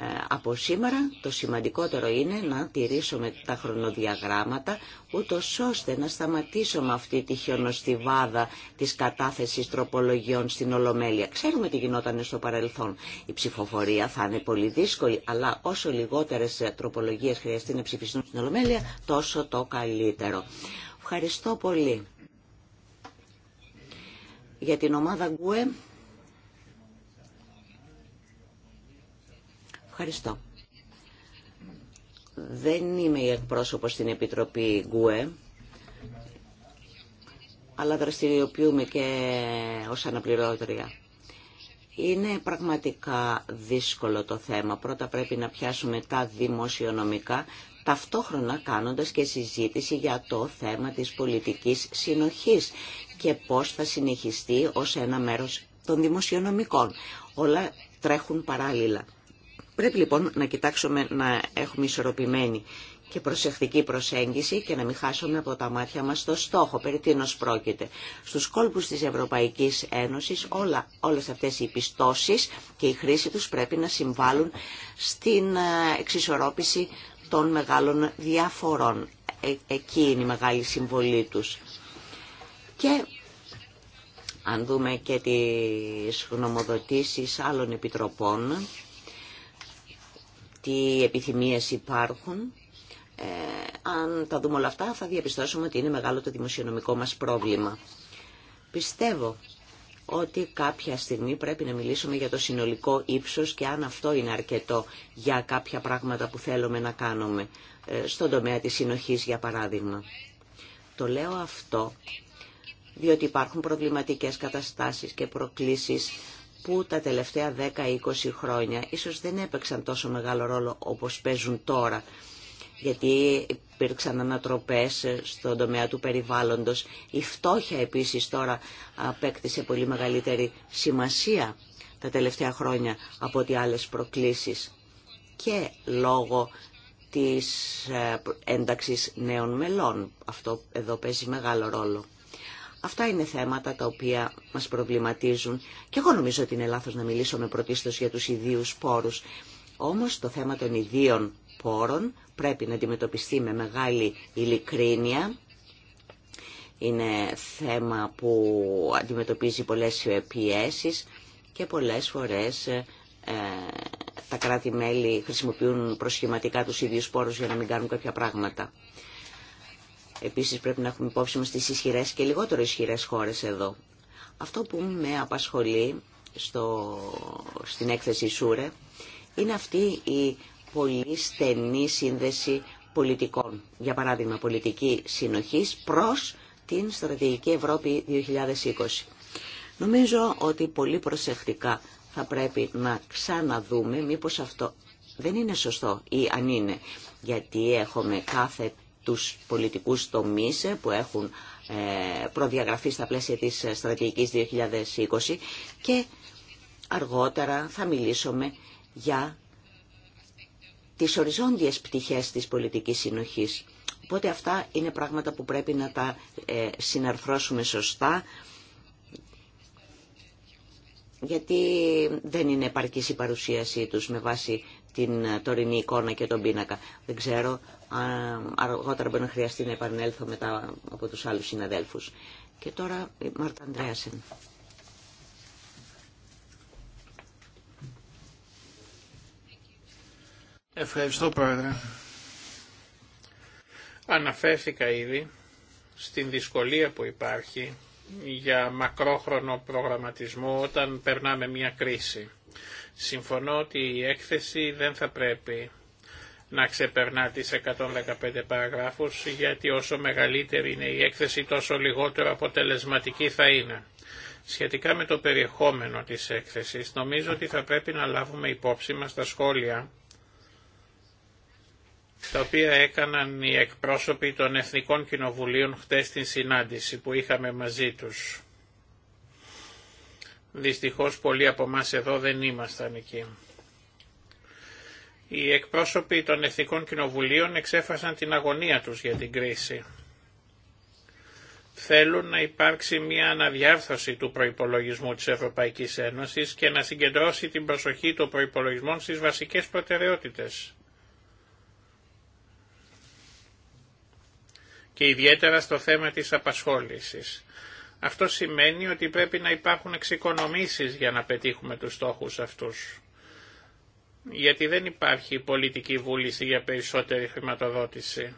ε, από σήμερα το σημαντικότερο είναι να τηρήσουμε τα χρονοδιαγράμματα ούτω ώστε να σταματήσουμε αυτή τη χιονοστιβάδα της κατάθεσης τροπολογιών στην Ολομέλεια. Ξέρουμε τι γινόταν στο παρελθόν. Η ψηφοφορία θα είναι πολύ δύσκολη, αλλά όσο λιγότερες τροπολογίες χρειαστεί να ψηφιστούν στην Ολομέλεια, τόσο το καλύτερο. Ευχαριστώ πολύ. Για την ομάδα Ευχαριστώ. Δεν είμαι η εκπρόσωπος στην Επιτροπή ΓΚΟΕ, αλλά δραστηριοποιούμε και ως αναπληρώτρια. Είναι πραγματικά δύσκολο το θέμα. Πρώτα πρέπει να πιάσουμε τα δημοσιονομικά, ταυτόχρονα κάνοντας και συζήτηση για το θέμα της πολιτικής συνοχής και πώς θα συνεχιστεί ως ένα μέρος των δημοσιονομικών. Όλα τρέχουν παράλληλα. Πρέπει λοιπόν να κοιτάξουμε να έχουμε ισορροπημένη και προσεκτική προσέγγιση και να μην χάσουμε από τα μάτια μας το στόχο περί τίνος πρόκειται. Στους κόλπους της Ευρωπαϊκής Ένωσης όλα, όλες αυτές οι πιστώσεις και η χρήση τους πρέπει να συμβάλλουν στην ε, εξισορρόπηση των μεγάλων διαφορών. Ε, εκεί είναι η μεγάλη συμβολή τους. Και αν δούμε και τις γνωμοδοτήσεις άλλων επιτροπών, τι επιθυμίες υπάρχουν. Ε, αν τα δούμε όλα αυτά θα διαπιστώσουμε ότι είναι μεγάλο το δημοσιονομικό μας πρόβλημα. Πιστεύω ότι κάποια στιγμή πρέπει να μιλήσουμε για το συνολικό ύψος και αν αυτό είναι αρκετό για κάποια πράγματα που θέλουμε να κάνουμε ε, στον τομέα της συνοχής για παράδειγμα. Το λέω αυτό διότι υπάρχουν προβληματικές καταστάσεις και προκλήσεις που τα τελευταία 10-20 χρόνια ίσως δεν έπαιξαν τόσο μεγάλο ρόλο όπως παίζουν τώρα γιατί υπήρξαν ανατροπές στον τομέα του περιβάλλοντος. Η φτώχεια επίσης τώρα απέκτησε πολύ μεγαλύτερη σημασία τα τελευταία χρόνια από ό,τι άλλες προκλήσεις και λόγω της ε, ένταξης νέων μελών. Αυτό εδώ παίζει μεγάλο ρόλο. Αυτά είναι θέματα τα οποία μας προβληματίζουν και εγώ νομίζω ότι είναι λάθος να μιλήσουμε πρωτίστως για τους ιδίους πόρους. Όμως το θέμα των ιδίων πόρων πρέπει να αντιμετωπιστεί με μεγάλη ειλικρίνεια. Είναι θέμα που αντιμετωπίζει πολλές πιέσεις και πολλές φορές ε, τα κράτη-μέλη χρησιμοποιούν προσχηματικά τους ίδιους πόρους για να μην κάνουν κάποια πράγματα. Επίσης πρέπει να έχουμε υπόψη μας τις ισχυρές και λιγότερο ισχυρές χώρες εδώ. Αυτό που με απασχολεί στο, στην έκθεση Σούρε είναι αυτή η πολύ στενή σύνδεση πολιτικών. Για παράδειγμα, πολιτική συνοχής προς την Στρατηγική Ευρώπη 2020. Νομίζω ότι πολύ προσεκτικά θα πρέπει να ξαναδούμε μήπως αυτό δεν είναι σωστό ή αν είναι. Γιατί έχουμε κάθε τους πολιτικούς τομείς ε, που έχουν ε, προδιαγραφεί στα πλαίσια της ε, στρατηγικής 2020 και αργότερα θα μιλήσουμε για τις οριζόντιες πτυχές της πολιτικής συνοχής. Οπότε αυτά είναι πράγματα που πρέπει να τα συναρθρώσουμε σωστά γιατί δεν είναι επαρκής η παρουσίασή τους με βάση την τωρινή εικόνα και τον πίνακα. Δεν ξέρω, αργότερα μπορεί να χρειαστεί να επανέλθω μετά από τους άλλους συναδέλφους. Και τώρα η Μάρτα Ανδρέασεν.
Ευχαριστώ Πρόεδρε. Αναφέρθηκα ήδη στην δυσκολία που υπάρχει για μακρόχρονο προγραμματισμό όταν περνάμε μια κρίση. Συμφωνώ ότι η έκθεση δεν θα πρέπει να ξεπερνά τις 115 παραγράφους, γιατί όσο μεγαλύτερη είναι η έκθεση τόσο λιγότερο αποτελεσματική θα είναι. Σχετικά με το περιεχόμενο της έκθεσης, νομίζω ότι θα πρέπει να λάβουμε υπόψη μας τα σχόλια τα οποία έκαναν οι εκπρόσωποι των Εθνικών Κοινοβουλίων χτες στην συνάντηση που είχαμε μαζί τους. Δυστυχώς πολλοί από εμά εδώ δεν ήμασταν εκεί. Οι εκπρόσωποι των Εθνικών Κοινοβουλίων εξέφασαν την αγωνία τους για την κρίση. Θέλουν να υπάρξει μια αναδιάρθρωση του προϋπολογισμού της Ευρωπαϊκής Ένωσης και να συγκεντρώσει την προσοχή των προϋπολογισμών στις βασικές προτεραιότητες. Και ιδιαίτερα στο θέμα της απασχόλησης. Αυτό σημαίνει ότι πρέπει να υπάρχουν εξοικονομήσεις για να πετύχουμε τους στόχους αυτούς. Γιατί δεν υπάρχει πολιτική βούληση για περισσότερη χρηματοδότηση.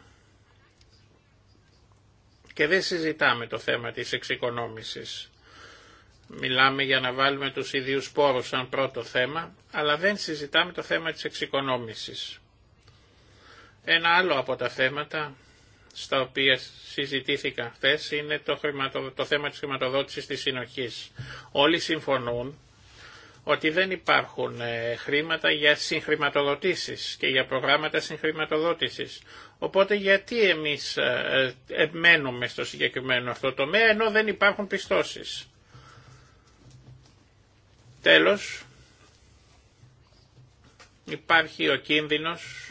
Και δεν συζητάμε το θέμα της εξοικονόμησης. Μιλάμε για να βάλουμε τους ίδιους πόρους σαν πρώτο θέμα, αλλά δεν συζητάμε το θέμα της εξοικονόμησης. Ένα άλλο από τα θέματα στα οποία συζητήθηκα χθε είναι το, το θέμα της χρηματοδότησης της συνοχής. Όλοι συμφωνούν ότι δεν υπάρχουν ε, χρήματα για συγχρηματοδοτήσεις και για προγράμματα συγχρηματοδότησης. Οπότε γιατί εμείς ε, ε, μένουμε στο συγκεκριμένο αυτό το τομέα ενώ δεν υπάρχουν πιστώσεις. Τέλος, υπάρχει ο κίνδυνος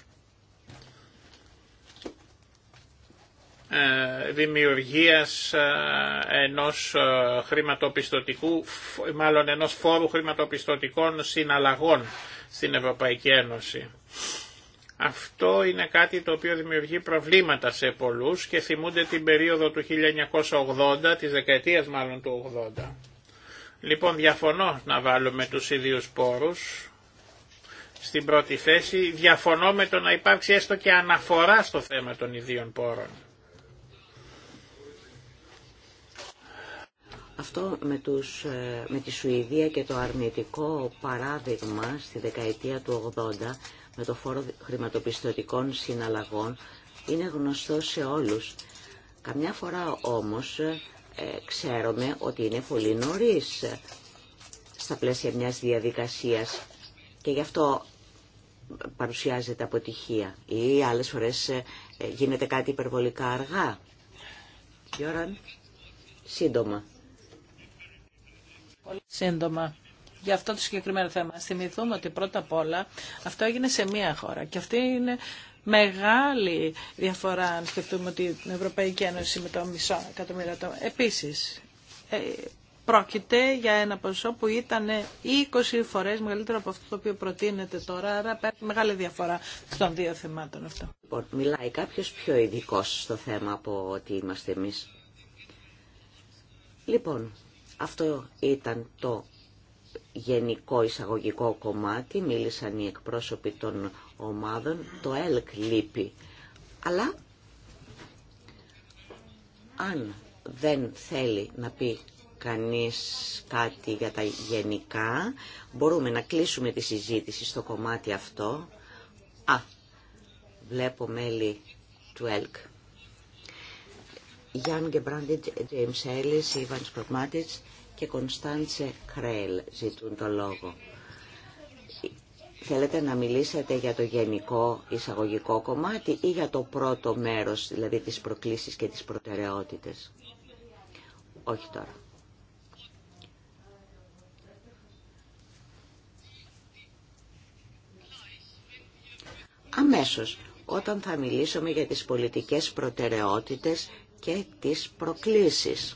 Ε, δημιουργίας ε, ενός ε, χρηματοπιστωτικού, μάλλον ενός φόρου χρηματοπιστωτικών συναλλαγών στην Ευρωπαϊκή Ένωση. Αυτό είναι κάτι το οποίο δημιουργεί προβλήματα σε πολλούς και θυμούνται την περίοδο του 1980, της δεκαετίας μάλλον του 80. Λοιπόν, διαφωνώ να βάλουμε τους ίδιους πόρους στην πρώτη θέση, διαφωνώ με το να υπάρξει έστω και αναφορά στο θέμα των ιδίων
πόρων. Αυτό με, τους, ε, με τη Σουηδία και το αρνητικό παράδειγμα στη δεκαετία του 80 με το φόρο χρηματοπιστωτικών συναλλαγών είναι γνωστό σε όλους. Καμιά φορά όμως ε, ξέρουμε ότι είναι πολύ νωρίς ε, στα πλαίσια μιας διαδικασίας και γι' αυτό παρουσιάζεται αποτυχία ή άλλες φορές γίνεται κάτι υπερβολικά αργά. Γιώραν, σύντομα.
Πολύ σύντομα για αυτό το συγκεκριμένο θέμα. Θυμηθούμε ότι πρώτα απ' όλα αυτό έγινε σε μία χώρα και αυτή είναι μεγάλη διαφορά αν σκεφτούμε ότι η Ευρωπαϊκή Ένωση με το μισό εκατομμύριο Επίσης, ε, πρόκειται για ένα ποσό που ήταν 20 φορές μεγαλύτερο από αυτό το οποίο προτείνεται τώρα, άρα υπάρχει μεγάλη διαφορά των δύο θεμάτων αυτό.
Λοιπόν, μιλάει κάποιος πιο ειδικό στο θέμα από ότι είμαστε εμείς. Λοιπόν, αυτό ήταν το γενικό εισαγωγικό κομμάτι, μίλησαν οι εκπρόσωποι των ομάδων, το ΕΛΚ λείπει. Αλλά αν δεν θέλει να πει κανείς κάτι για τα γενικά, μπορούμε να κλείσουμε τη συζήτηση στο κομμάτι αυτό. Α, βλέπω μέλη του ΕΛΚ. Γιάνν Γκεμπράντιτ, Τζέιμς Έλλης, Ιβαν και Κωνσταντσε Κρέλ ζητούν το λόγο. Θέλετε να μιλήσετε για το γενικό εισαγωγικό κομμάτι ή για το πρώτο μέρος, δηλαδή τις προκλήσεις και τις προτεραιότητε. Όχι τώρα. Αμέσως, όταν θα μιλήσουμε για τις πολιτικές προτεραιότητες, και τις προκλήσεις.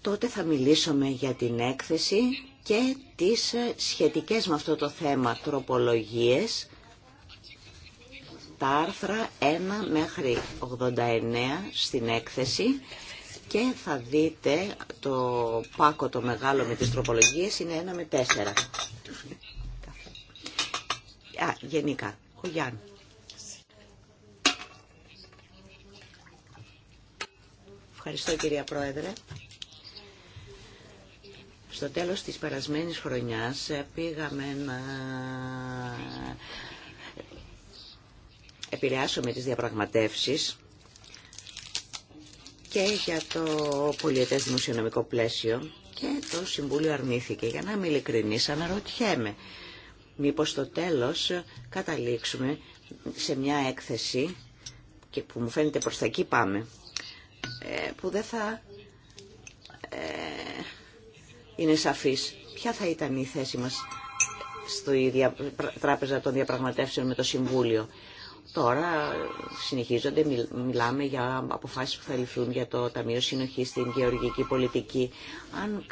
Τότε θα μιλήσουμε για την έκθεση και τις σχετικές με αυτό το θέμα τροπολογίες, τα άρθρα 1 μέχρι 89 στην έκθεση και θα δείτε το πάκο το μεγάλο με τις τροπολογίες είναι 1 με 4. Α, γενικά. Ο Γιάννη. Ευχαριστώ κυρία Πρόεδρε. Στο τέλος της περασμένης χρονιάς ε, πήγαμε να επηρεάσουμε τις διαπραγματεύσεις και για το πολιετές δημοσιονομικό πλαίσιο και το Συμβούλιο αρνήθηκε. Για να είμαι ειλικρινής αναρωτιέμαι μήπως στο τέλος καταλήξουμε σε μια έκθεση και που μου φαίνεται προς τα εκεί πάμε ε, που δεν θα ε, είναι σαφής. Ποια θα ήταν η θέση μας στη Τράπεζα των Διαπραγματεύσεων με το Συμβούλιο. Τώρα συνεχίζονται, μιλάμε για αποφάσεις που θα ληφθούν για το Ταμείο Συνοχής στην γεωργική πολιτική. Αν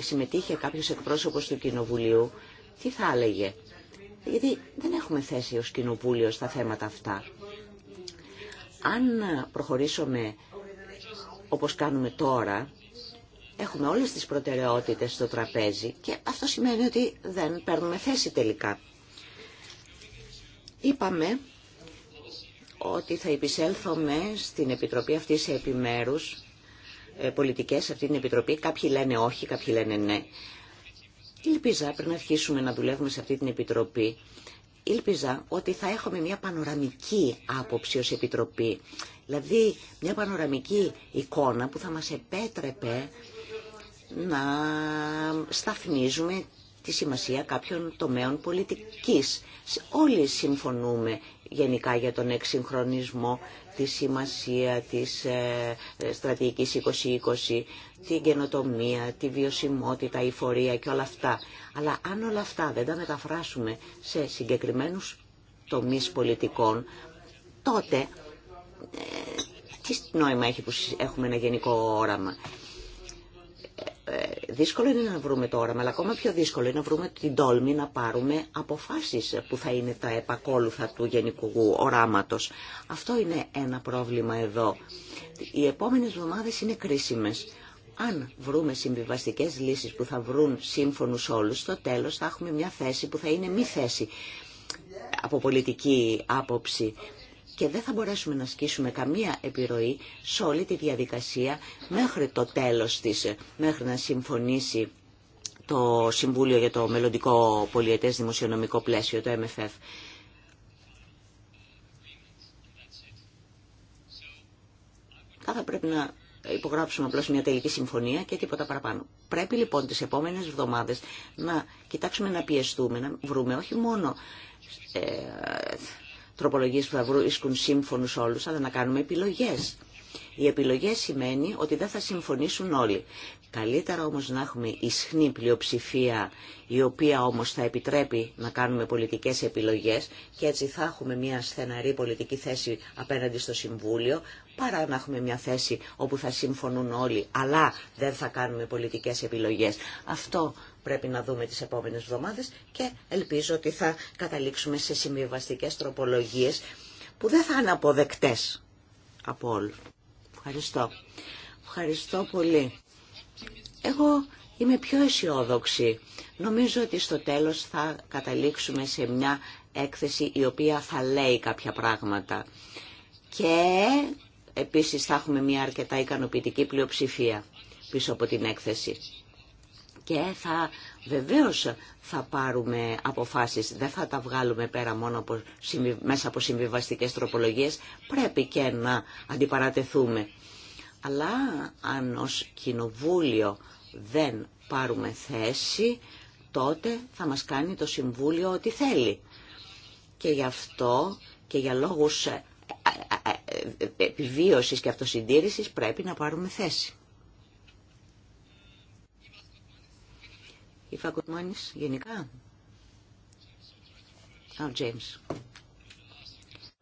συμμετείχε κάποιος εκπρόσωπος του Κοινοβουλίου, τι θα έλεγε. Γιατί δεν έχουμε θέση ως Κοινοβούλιο στα θέματα αυτά. Αν προχωρήσουμε όπως κάνουμε τώρα, έχουμε όλες τις προτεραιότητες στο τραπέζι και αυτό σημαίνει ότι δεν παίρνουμε θέση τελικά. Είπαμε ότι θα επισέλθουμε στην Επιτροπή αυτή σε επιμέρους ε, πολιτικές, αυτή την Επιτροπή. Κάποιοι λένε όχι, κάποιοι λένε ναι. Ήλπιζα πριν αρχίσουμε να δουλεύουμε σε αυτή την Επιτροπή, ήλπιζα ότι θα έχουμε μια πανοραμική άποψη ως Επιτροπή Δηλαδή μια πανοραμική εικόνα που θα μας επέτρεπε να σταθμίζουμε τη σημασία κάποιων τομέων πολιτικής. Όλοι συμφωνούμε γενικά για τον εξυγχρονισμό, τη σημασία της ε, ε, στρατηγικής 2020, την καινοτομία, τη βιωσιμότητα, η φορεία και όλα αυτά. Αλλά αν όλα αυτά δεν τα μεταφράσουμε σε συγκεκριμένους τομείς πολιτικών, τότε τι νόημα έχει που έχουμε ένα γενικό όραμα. Ε, δύσκολο είναι να βρούμε το όραμα, αλλά ακόμα πιο δύσκολο είναι να βρούμε την τόλμη να πάρουμε αποφάσεις που θα είναι τα επακόλουθα του γενικού οράματος. Αυτό είναι ένα πρόβλημα εδώ. Οι επόμενες εβδομάδες είναι κρίσιμες. Αν βρούμε συμβιβαστικές λύσεις που θα βρουν σύμφωνους όλους, στο τέλος θα έχουμε μια θέση που θα είναι μη θέση από πολιτική άποψη και δεν θα μπορέσουμε να ασκήσουμε καμία επιρροή σε όλη τη διαδικασία μέχρι το τέλος της, μέχρι να συμφωνήσει το Συμβούλιο για το Μελλοντικό Πολιετές Δημοσιονομικό Πλαίσιο, το MFF. Θα πρέπει να υπογράψουμε απλώς μια τελική συμφωνία και τίποτα παραπάνω. Πρέπει λοιπόν τις επόμενες εβδομάδες να κοιτάξουμε να πιεστούμε, να βρούμε όχι μόνο ε, τροπολογίες που θα βρίσκουν σύμφωνους όλους, αλλά να κάνουμε επιλογές. Οι επιλογέ σημαίνει ότι δεν θα συμφωνήσουν όλοι. Καλύτερα όμως να έχουμε ισχνή πλειοψηφία, η οποία όμως θα επιτρέπει να κάνουμε πολιτικές επιλογές και έτσι θα έχουμε μια στεναρή πολιτική θέση απέναντι στο Συμβούλιο, παρά να έχουμε μια θέση όπου θα συμφωνούν όλοι, αλλά δεν θα κάνουμε πολιτικές επιλογές. Αυτό πρέπει να δούμε τις επόμενες εβδομάδες και ελπίζω ότι θα καταλήξουμε σε συμβιβαστικές τροπολογίες που δεν θα είναι αποδεκτές από όλους. Ευχαριστώ. Ευχαριστώ πολύ. Εγώ είμαι πιο αισιόδοξη. Νομίζω ότι στο τέλος θα καταλήξουμε σε μια έκθεση η οποία θα λέει κάποια πράγματα. Και επίσης θα έχουμε μια αρκετά ικανοποιητική πλειοψηφία πίσω από την έκθεση και θα βεβαίως θα πάρουμε αποφάσεις, δεν θα τα βγάλουμε πέρα μόνο μέσα από συμβιβαστικές τροπολογίες, πρέπει και να αντιπαρατεθούμε. Αλλά αν ως κοινοβούλιο δεν πάρουμε θέση, τότε θα μας κάνει το Συμβούλιο ό,τι θέλει. Και γι' αυτό και για λόγους ε, ε, ε, επιβίωσης και αυτοσυντήρησης πρέπει να πάρουμε θέση. Η γενικά. Ο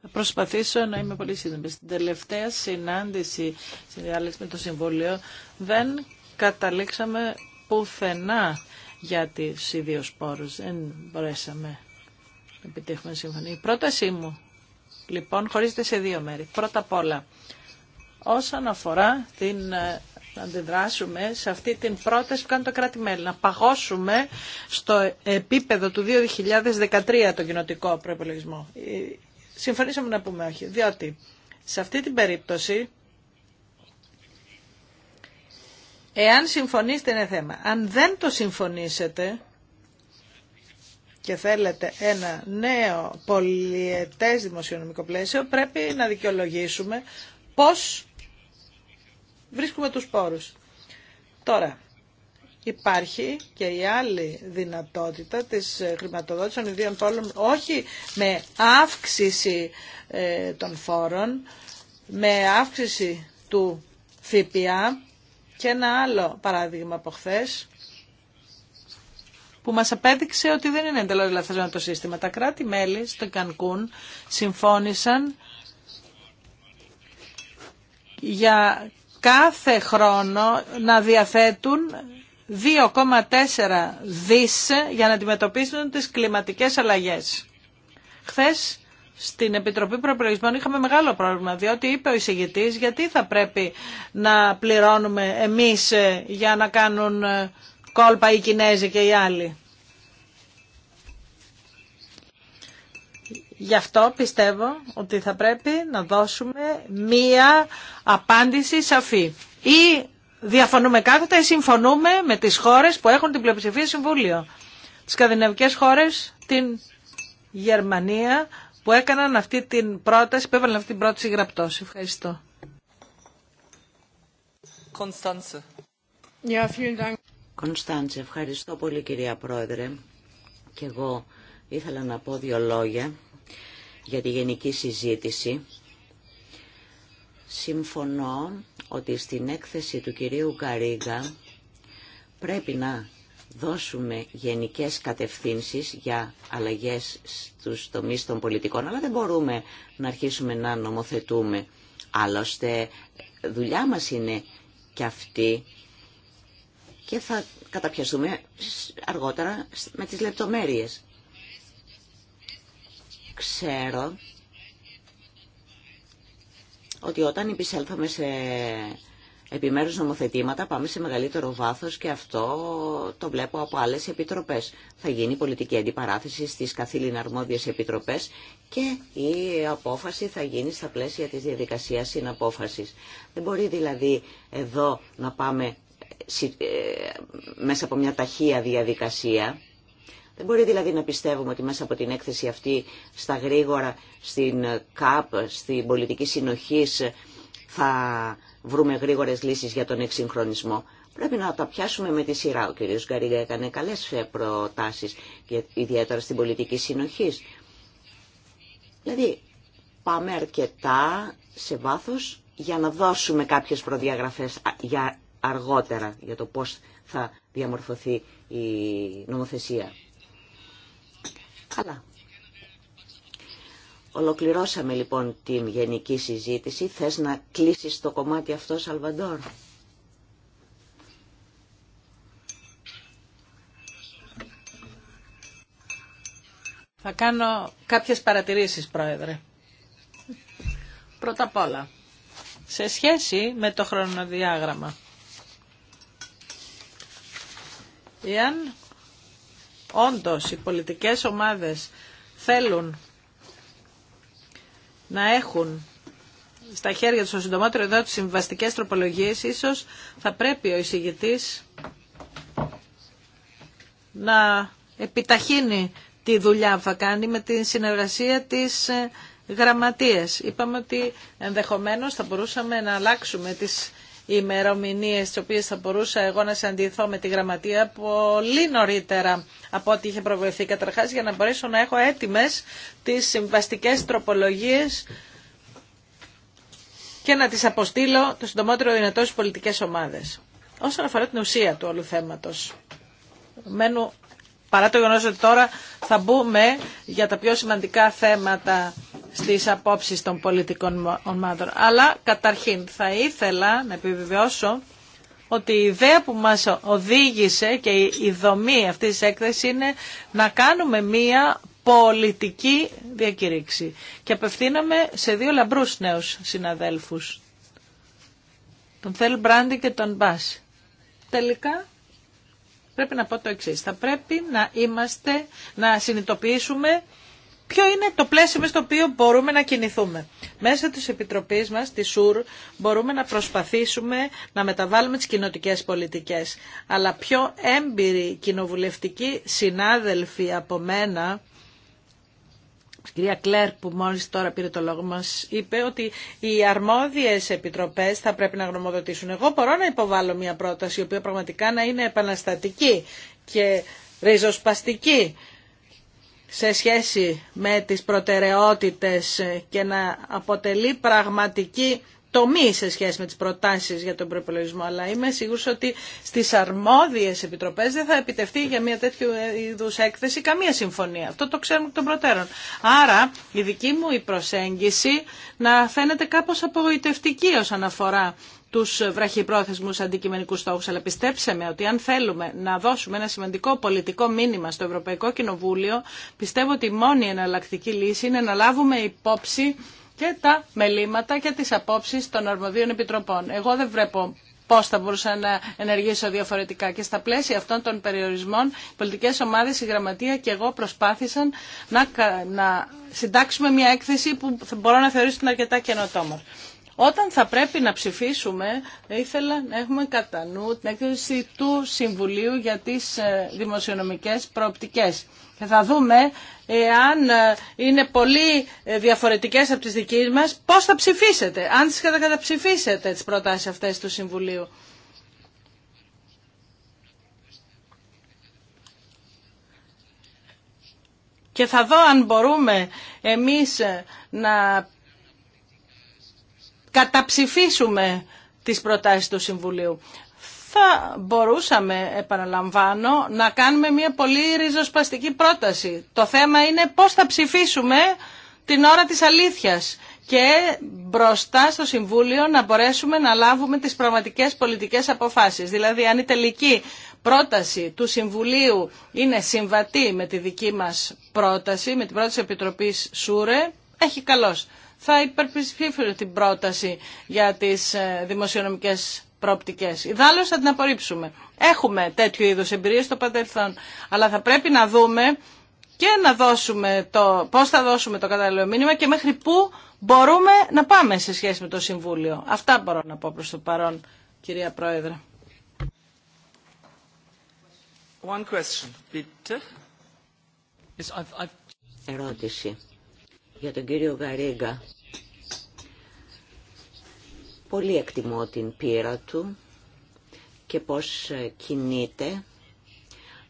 Θα προσπαθήσω
να είμαι πολύ σύντομη. Στην τελευταία συνάντηση συνδιάλεξη με το Συμβούλιο δεν καταλήξαμε πουθενά για τις ιδίους πόρους. Δεν μπορέσαμε να επιτύχουμε συμφωνία. Η πρότασή μου, λοιπόν, χωρίζεται σε δύο μέρη. Πρώτα απ' όλα, όσον αφορά την ε, να αντιδράσουμε σε αυτή την πρόταση που κάνει το κράτη-μέλη. Να παγώσουμε στο επίπεδο του 2013 το κοινοτικό προπολογισμό. Ε, συμφωνήσαμε να πούμε όχι, διότι σε αυτή την περίπτωση, εάν συμφωνήσετε είναι θέμα. Αν δεν το συμφωνήσετε και θέλετε ένα νέο πολιετές δημοσιονομικό πλαίσιο, πρέπει να δικαιολογήσουμε πώς βρίσκουμε τους πόρους. Τώρα, υπάρχει και η άλλη δυνατότητα της χρηματοδότησης των ιδίων πόλων, όχι με αύξηση ε, των φόρων, με αύξηση του ΦΠΑ και ένα άλλο παράδειγμα από χθε που μας απέδειξε ότι δεν είναι εντελώς λαθασμένο το σύστημα. Τα κράτη-μέλη στο Κανκούν συμφώνησαν για κάθε χρόνο να διαθέτουν 2,4 δις για να αντιμετωπίσουν τις κλιματικές αλλαγές. Χθες στην Επιτροπή Προπολογισμών είχαμε μεγάλο πρόβλημα, διότι είπε ο εισηγητής γιατί θα πρέπει να πληρώνουμε εμείς για να κάνουν κόλπα οι Κινέζοι και οι άλλοι. Γι' αυτό πιστεύω ότι θα πρέπει να δώσουμε μία απάντηση σαφή. Ή διαφωνούμε κάθετα ή συμφωνούμε με τις χώρες που έχουν την πλειοψηφία συμβούλιο. Τις σκανδιναβικές χώρες, την Γερμανία που έκαναν αυτή την πρόταση, που έβαλαν αυτή την πρόταση γραπτός. Ευχαριστώ.
Κωνσταντζε, ευχαριστώ πολύ κυρία Πρόεδρε. Και εγώ ήθελα να πω δύο λόγια για τη γενική συζήτηση. Συμφωνώ ότι στην έκθεση του κυρίου Καρίγκα πρέπει να δώσουμε γενικές κατευθύνσεις για αλλαγές στους τομείς των πολιτικών, αλλά δεν μπορούμε να αρχίσουμε να νομοθετούμε. Άλλωστε, δουλειά μας είναι και αυτή και θα καταπιαστούμε αργότερα με τις λεπτομέρειες ξέρω ότι όταν επισέλθαμε σε επιμέρους νομοθετήματα πάμε σε μεγαλύτερο βάθος και αυτό το βλέπω από άλλες επιτροπές. Θα γίνει πολιτική αντιπαράθεση στις καθήλυνα αρμόδιες επιτροπές και η απόφαση θα γίνει στα πλαίσια της διαδικασίας συναπόφασης. Δεν μπορεί δηλαδή εδώ να πάμε ε, μέσα από μια ταχεία διαδικασία δεν μπορεί δηλαδή να πιστεύουμε ότι μέσα από την έκθεση αυτή στα γρήγορα, στην ΚΑΠ, στην πολιτική συνοχή θα βρούμε γρήγορες λύσεις για τον εξυγχρονισμό. Πρέπει να τα πιάσουμε με τη σειρά. Ο κ. Γκαρίγα έκανε καλές προτάσεις, ιδιαίτερα στην πολιτική συνοχή. Δηλαδή, πάμε αρκετά σε βάθος για να δώσουμε κάποιες προδιαγραφές για αργότερα, για το πώς θα διαμορφωθεί η νομοθεσία καλά. Ολοκληρώσαμε λοιπόν την γενική συζήτηση. Θες να κλείσεις το κομμάτι αυτό, Σαλβαντόρ.
Θα κάνω κάποιες παρατηρήσεις, Πρόεδρε. Πρώτα απ' όλα, σε σχέση με το χρονοδιάγραμμα. Εάν όντως οι πολιτικές ομάδες θέλουν να έχουν στα χέρια τους ο συντομότερο εδώ τις συμβαστικές τροπολογίες, ίσως θα πρέπει ο εισηγητής να επιταχύνει τη δουλειά που θα κάνει με τη συνεργασία της ε, γραμματείας. Είπαμε ότι ενδεχομένως θα μπορούσαμε να αλλάξουμε τις ημερομηνίε τι οποίε θα μπορούσα εγώ να συναντηθώ με τη γραμματεία πολύ νωρίτερα από ό,τι είχε προβληθεί. καταρχά για να μπορέσω να έχω έτοιμε τι συμβαστικέ τροπολογίε και να τις αποστείλω το συντομότερο δυνατό στις πολιτικές ομάδες. Όσον αφορά την ουσία του όλου θέματος, μένω παρά το γεγονός ότι τώρα θα μπούμε για τα πιο σημαντικά θέματα στις απόψεις των πολιτικών ομάδων. Αλλά καταρχήν θα ήθελα να επιβεβαιώσω ότι η ιδέα που μας οδήγησε και η δομή αυτής της έκθεσης είναι να κάνουμε μία πολιτική διακήρυξη. Και απευθύναμε σε δύο λαμπρούς νέους συναδέλφους, τον Θέλ Μπράντι και τον Μπάς. Τελικά πρέπει να πω το εξή. Θα πρέπει να είμαστε, να συνειδητοποιήσουμε ποιο είναι το πλαίσιο στο οποίο μπορούμε να κινηθούμε. Μέσα της Επιτροπής μας, τη ΣΟΥΡ, μπορούμε να προσπαθήσουμε να μεταβάλουμε τις κοινοτικέ πολιτικές. Αλλά πιο έμπειροι κοινοβουλευτικοί συνάδελφοι από μένα, η κυρία Κλέρ που μόλις τώρα πήρε το λόγο μας είπε ότι οι αρμόδιες επιτροπές θα πρέπει να γνωμοδοτήσουν. Εγώ μπορώ να υποβάλω μια πρόταση η οποία πραγματικά να είναι επαναστατική και ριζοσπαστική σε σχέση με τις προτεραιότητες και να αποτελεί πραγματική τομή σε σχέση με τις προτάσεις για τον προπολογισμό, αλλά είμαι σίγουρη ότι στις αρμόδιες επιτροπές δεν θα επιτευχθεί για μια τέτοιου είδους έκθεση καμία συμφωνία. Αυτό το ξέρουμε εκ των προτέρων. Άρα η δική μου η προσέγγιση να φαίνεται κάπως απογοητευτική όσον αφορά του βραχυπρόθεσμους αντικειμενικού στόχου. αλλά πιστέψτε με ότι αν θέλουμε να δώσουμε ένα σημαντικό πολιτικό μήνυμα στο Ευρωπαϊκό Κοινοβούλιο, πιστεύω ότι η μόνη εναλλακτική λύση είναι να λάβουμε υπόψη και τα μελήματα και τις απόψεις των Ορμοδίων επιτροπών. Εγώ δεν βλέπω πώς θα μπορούσα να ενεργήσω διαφορετικά. Και στα πλαίσια αυτών των περιορισμών, οι πολιτικές ομάδες, η Γραμματεία και εγώ προσπάθησαν να, να συντάξουμε μια έκθεση που μπορώ να θεωρήσω την αρκετά καινοτόμο. Όταν θα πρέπει να ψηφίσουμε, ήθελα να έχουμε κατά νου την έκθεση του Συμβουλίου για τις ε, δημοσιονομικές προοπτικές. Και θα δούμε εάν ε, είναι πολύ ε, διαφορετικές από τις δικές μας, πώς θα ψηφίσετε, αν τις καταψηφίσετε τις προτάσεις αυτές του Συμβουλίου. Και θα δω αν μπορούμε εμείς ε, να καταψηφίσουμε τις προτάσεις του Συμβουλίου θα μπορούσαμε, επαναλαμβάνω, να κάνουμε μια πολύ ριζοσπαστική πρόταση. Το θέμα είναι πώς θα ψηφίσουμε την ώρα της αλήθειας και μπροστά στο Συμβούλιο να μπορέσουμε να λάβουμε τις πραγματικές πολιτικές αποφάσεις. Δηλαδή, αν η τελική πρόταση του Συμβουλίου είναι συμβατή με τη δική μας πρόταση, με την πρόταση Επιτροπής ΣΟΥΡΕ, έχει καλώς. Θα υπερψηφίσω την πρόταση για τις ε, δημοσιονομικές προοπτικέ. Ιδάλλως θα την απορρίψουμε. Έχουμε τέτοιου είδου εμπειρίε στο παρελθόν. Αλλά θα πρέπει να δούμε και να δώσουμε το, πώς θα δώσουμε το κατάλληλο μήνυμα και μέχρι πού μπορούμε να πάμε σε σχέση με το Συμβούλιο. Αυτά μπορώ να πω προς το παρόν, κυρία Πρόεδρε.
One question, bitte. Ερώτηση για τον κύριο Γαρίγκα. Πολύ εκτιμώ την πείρα του και πώς κινείται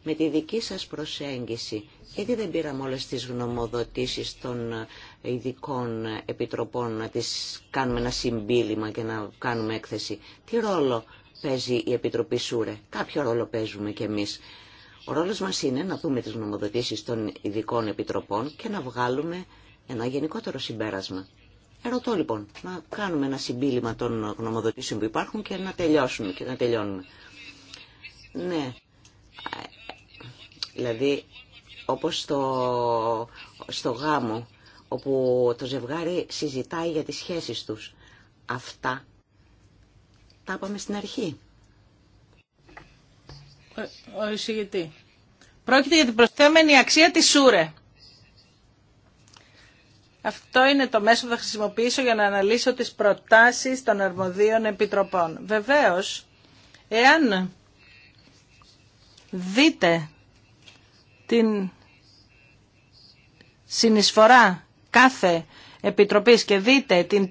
με τη δική σας προσέγγιση. Γιατί δεν πήραμε όλες τις γνωμοδοτήσεις των ειδικών επιτροπών να τις κάνουμε ένα συμπίλημα και να κάνουμε έκθεση. Τι ρόλο παίζει η Επιτροπή Σούρε. Κάποιο ρόλο παίζουμε κι εμείς. Ο ρόλος μας είναι να δούμε τις γνωμοδοτήσεις των ειδικών επιτροπών και να βγάλουμε ένα γενικότερο συμπέρασμα. Ερωτώ λοιπόν, να κάνουμε ένα συμπίλημα των γνωμοδοτήσεων που υπάρχουν και να τελειώσουμε και να τελειώνουμε. Ναι, δηλαδή όπως στο, στο γάμο, όπου το ζευγάρι συζητάει για τις σχέσεις τους. Αυτά τα είπαμε στην αρχή.
Ο, ο Πρόκειται για την προσθέμενη αξία της ΣΟΥΡΕ. Αυτό είναι το μέσο που θα χρησιμοποιήσω για να αναλύσω τις προτάσεις των αρμοδίων επιτροπών. Βεβαίως, εάν δείτε την συνεισφορά κάθε επιτροπής και δείτε την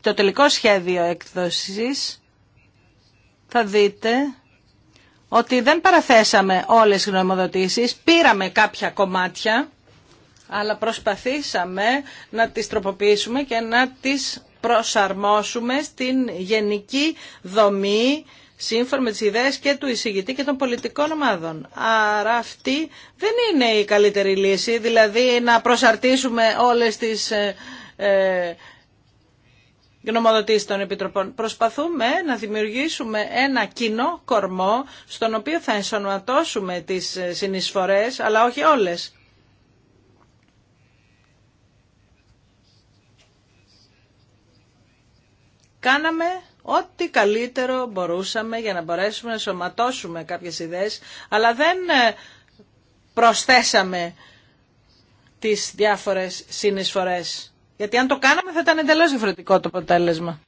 το τελικό σχέδιο εκδόσης θα δείτε ότι δεν παραθέσαμε όλες τις γνωμοδοτήσεις, πήραμε κάποια κομμάτια αλλά προσπαθήσαμε να τις τροποποιήσουμε και να τις προσαρμόσουμε στην γενική δομή σύμφωνα με τις ιδέες και του εισηγητή και των πολιτικών ομάδων. Άρα αυτή δεν είναι η καλύτερη λύση, δηλαδή να προσαρτήσουμε όλες τις ε, ε γνωμοδοτήσεις των Επιτροπών. Προσπαθούμε να δημιουργήσουμε ένα κοινό κορμό στον οποίο θα ενσωματώσουμε τις συνεισφορές, αλλά όχι όλες. Κάναμε ό,τι καλύτερο μπορούσαμε για να μπορέσουμε να σωματώσουμε κάποιες ιδέες, αλλά δεν ε, προσθέσαμε τις διάφορες συνεισφορές. Γιατί αν το κάναμε θα ήταν εντελώς διαφορετικό το αποτέλεσμα.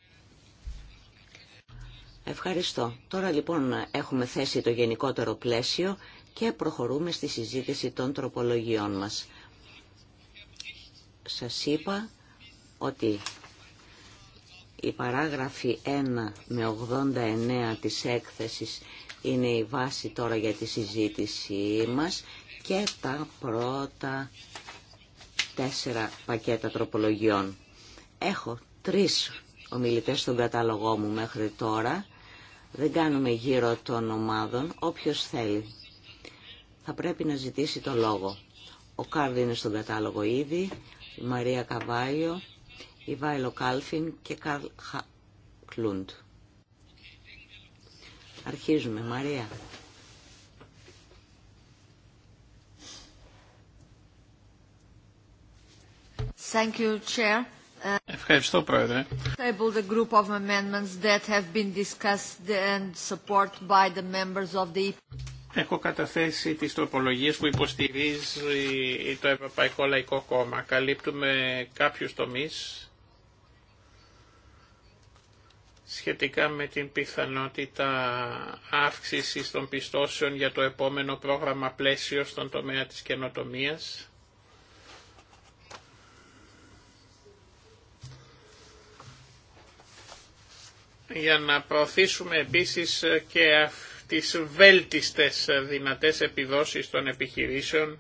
Ευχαριστώ. Τώρα λοιπόν έχουμε θέσει το γενικότερο πλαίσιο και προχωρούμε στη συζήτηση των τροπολογιών μας. Σας είπα ότι η παράγραφη 1 με 89 της έκθεσης είναι η βάση τώρα για τη συζήτησή μας και τα πρώτα τέσσερα πακέτα τροπολογιών. Έχω τρεις ομιλητές στον κατάλογό μου μέχρι τώρα. Δεν κάνουμε γύρω των ομάδων. Όποιος θέλει θα πρέπει να ζητήσει το λόγο. Ο Κάρδι είναι στον κατάλογο ήδη, η Μαρία Καβάλιο, Ιβάιλο Κάλφιν και Καρλ Χακλούντ. Αρχίζουμε, Μαρία. Thank you, Chair. Ευχαριστώ, Πρόεδρε. The group of amendments that have been discussed and supported by the members of the
Έχω καταθέσει τις τροπολογίες που υποστηρίζει το Ευρωπαϊκό Λαϊκό Κόμμα. Καλύπτουμε κάποιους τομείς σχετικά με την πιθανότητα αύξησης των πιστώσεων για το επόμενο πρόγραμμα πλαίσιο στον τομέα της καινοτομίας. Για να προωθήσουμε επίσης και τις βέλτιστες δυνατές επιδόσεις των επιχειρήσεων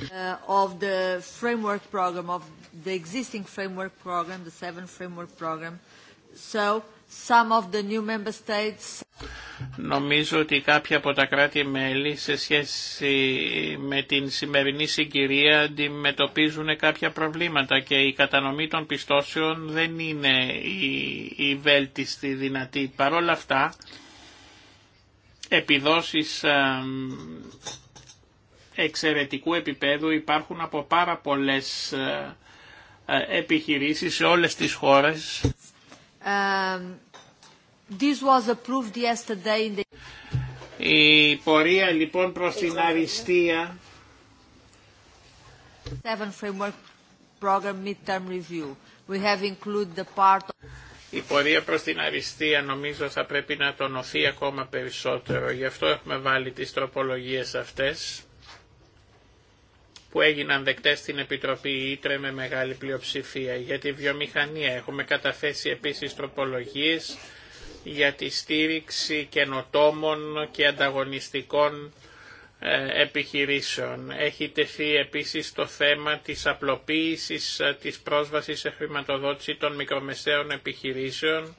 Uh, of the framework program, of the existing framework program, the seven framework program. So some of the new member states...
Νομίζω ότι κάποια από τα κράτη-μέλη σε σχέση με την σημερινή συγκυρία αντιμετωπίζουν κάποια προβλήματα και η κατανομή των πιστώσεων δεν είναι η, η βέλτιστη δυνατή. Παρ' όλα αυτά, επιδόσεις ε, εξαιρετικού επίπεδου υπάρχουν από πάρα πολλές ε, ε, επιχειρήσεις σε όλες τις χώρες.
Um, this was approved yesterday
Η πορεία λοιπόν προς την αριστεία η πορεία προς την αριστεία νομίζω θα πρέπει να τονωθεί ακόμα περισσότερο. Γι' αυτό έχουμε βάλει τις τροπολογίες αυτές που έγιναν δεκτές στην Επιτροπή Ήτρε με μεγάλη πλειοψηφία. Για τη βιομηχανία έχουμε καταθέσει επίσης τροπολογίες για τη στήριξη καινοτόμων και ανταγωνιστικών ε, επιχειρήσεων. Έχει τεθεί επίσης το θέμα της απλοποίησης ε, της πρόσβασης σε χρηματοδότηση των μικρομεσαίων επιχειρήσεων,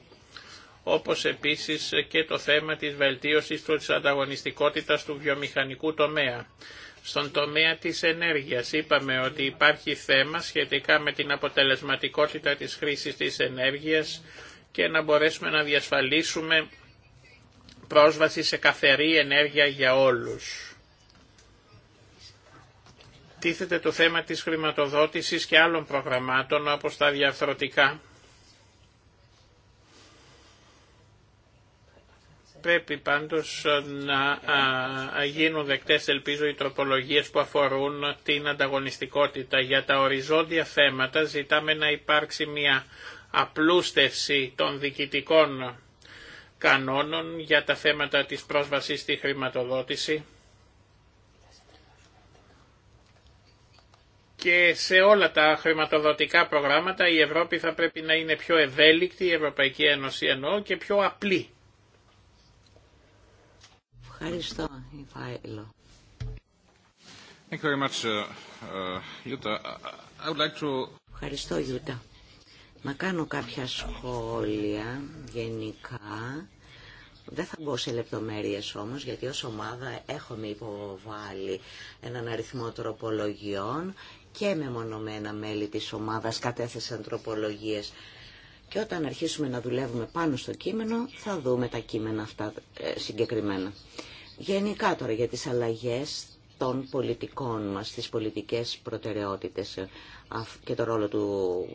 όπως επίσης και το θέμα της βελτίωσης της ανταγωνιστικότητας του βιομηχανικού τομέα. Στον τομέα της ενέργειας είπαμε ότι υπάρχει θέμα σχετικά με την αποτελεσματικότητα της χρήσης της ενέργειας και να μπορέσουμε να διασφαλίσουμε πρόσβαση σε καθερή ενέργεια για όλους. Τίθεται το θέμα της χρηματοδότησης και άλλων προγραμμάτων όπως τα διαφθρωτικά Πρέπει πάντως να γίνουν δεκτές ελπίζω οι τροπολογίες που αφορούν την ανταγωνιστικότητα. Για τα οριζόντια θέματα ζητάμε να υπάρξει μια απλούστευση των διοικητικών κανόνων για τα θέματα της πρόσβασης στη χρηματοδότηση και σε όλα τα χρηματοδοτικά προγράμματα η Ευρώπη θα πρέπει να είναι πιο ευέλικτη, η Ευρωπαϊκή Ένωση εννοώ, και πιο
απλή. Ευχαριστώ, Ιφάιλο.
Uh, uh,
Ευχαριστώ, Ιούτα. Να κάνω κάποια σχόλια γενικά. Δεν θα μπω σε λεπτομέρειες όμως, γιατί ως ομάδα έχουμε υποβάλει έναν αριθμό τροπολογιών και μονομένα μέλη της ομάδας κατέθεσαν τροπολογίες. Και όταν αρχίσουμε να δουλεύουμε πάνω στο κείμενο, θα δούμε τα κείμενα αυτά ε, συγκεκριμένα. Γενικά τώρα για τις αλλαγές των πολιτικών μας, τις πολιτικές προτεραιότητες ε, και το ρόλο του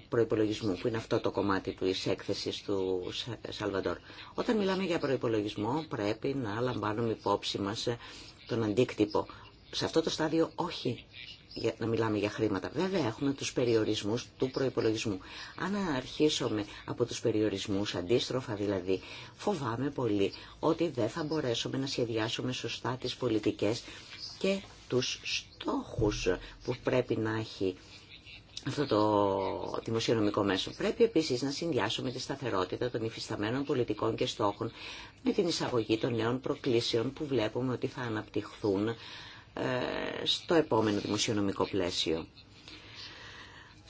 προϋπολογισμού, που είναι αυτό το κομμάτι του έκθεση του Σαλβαντόρ. Όταν μιλάμε για προϋπολογισμό πρέπει να λαμβάνουμε υπόψη μας ε, τον αντίκτυπο. Σε αυτό το στάδιο όχι να μιλάμε για χρήματα. Βέβαια έχουμε τους περιορισμούς του προϋπολογισμού. Αν αρχίσουμε από τους περιορισμούς, αντίστροφα δηλαδή, φοβάμαι πολύ ότι δεν θα μπορέσουμε να σχεδιάσουμε σωστά τις πολιτικές και τους στόχους που πρέπει να έχει αυτό το δημοσιονομικό μέσο. Πρέπει επίσης να συνδυάσουμε τη σταθερότητα των υφισταμένων πολιτικών και στόχων με την εισαγωγή των νέων προκλήσεων που βλέπουμε ότι θα αναπτυχθούν ε, στο επόμενο δημοσιονομικό πλαίσιο.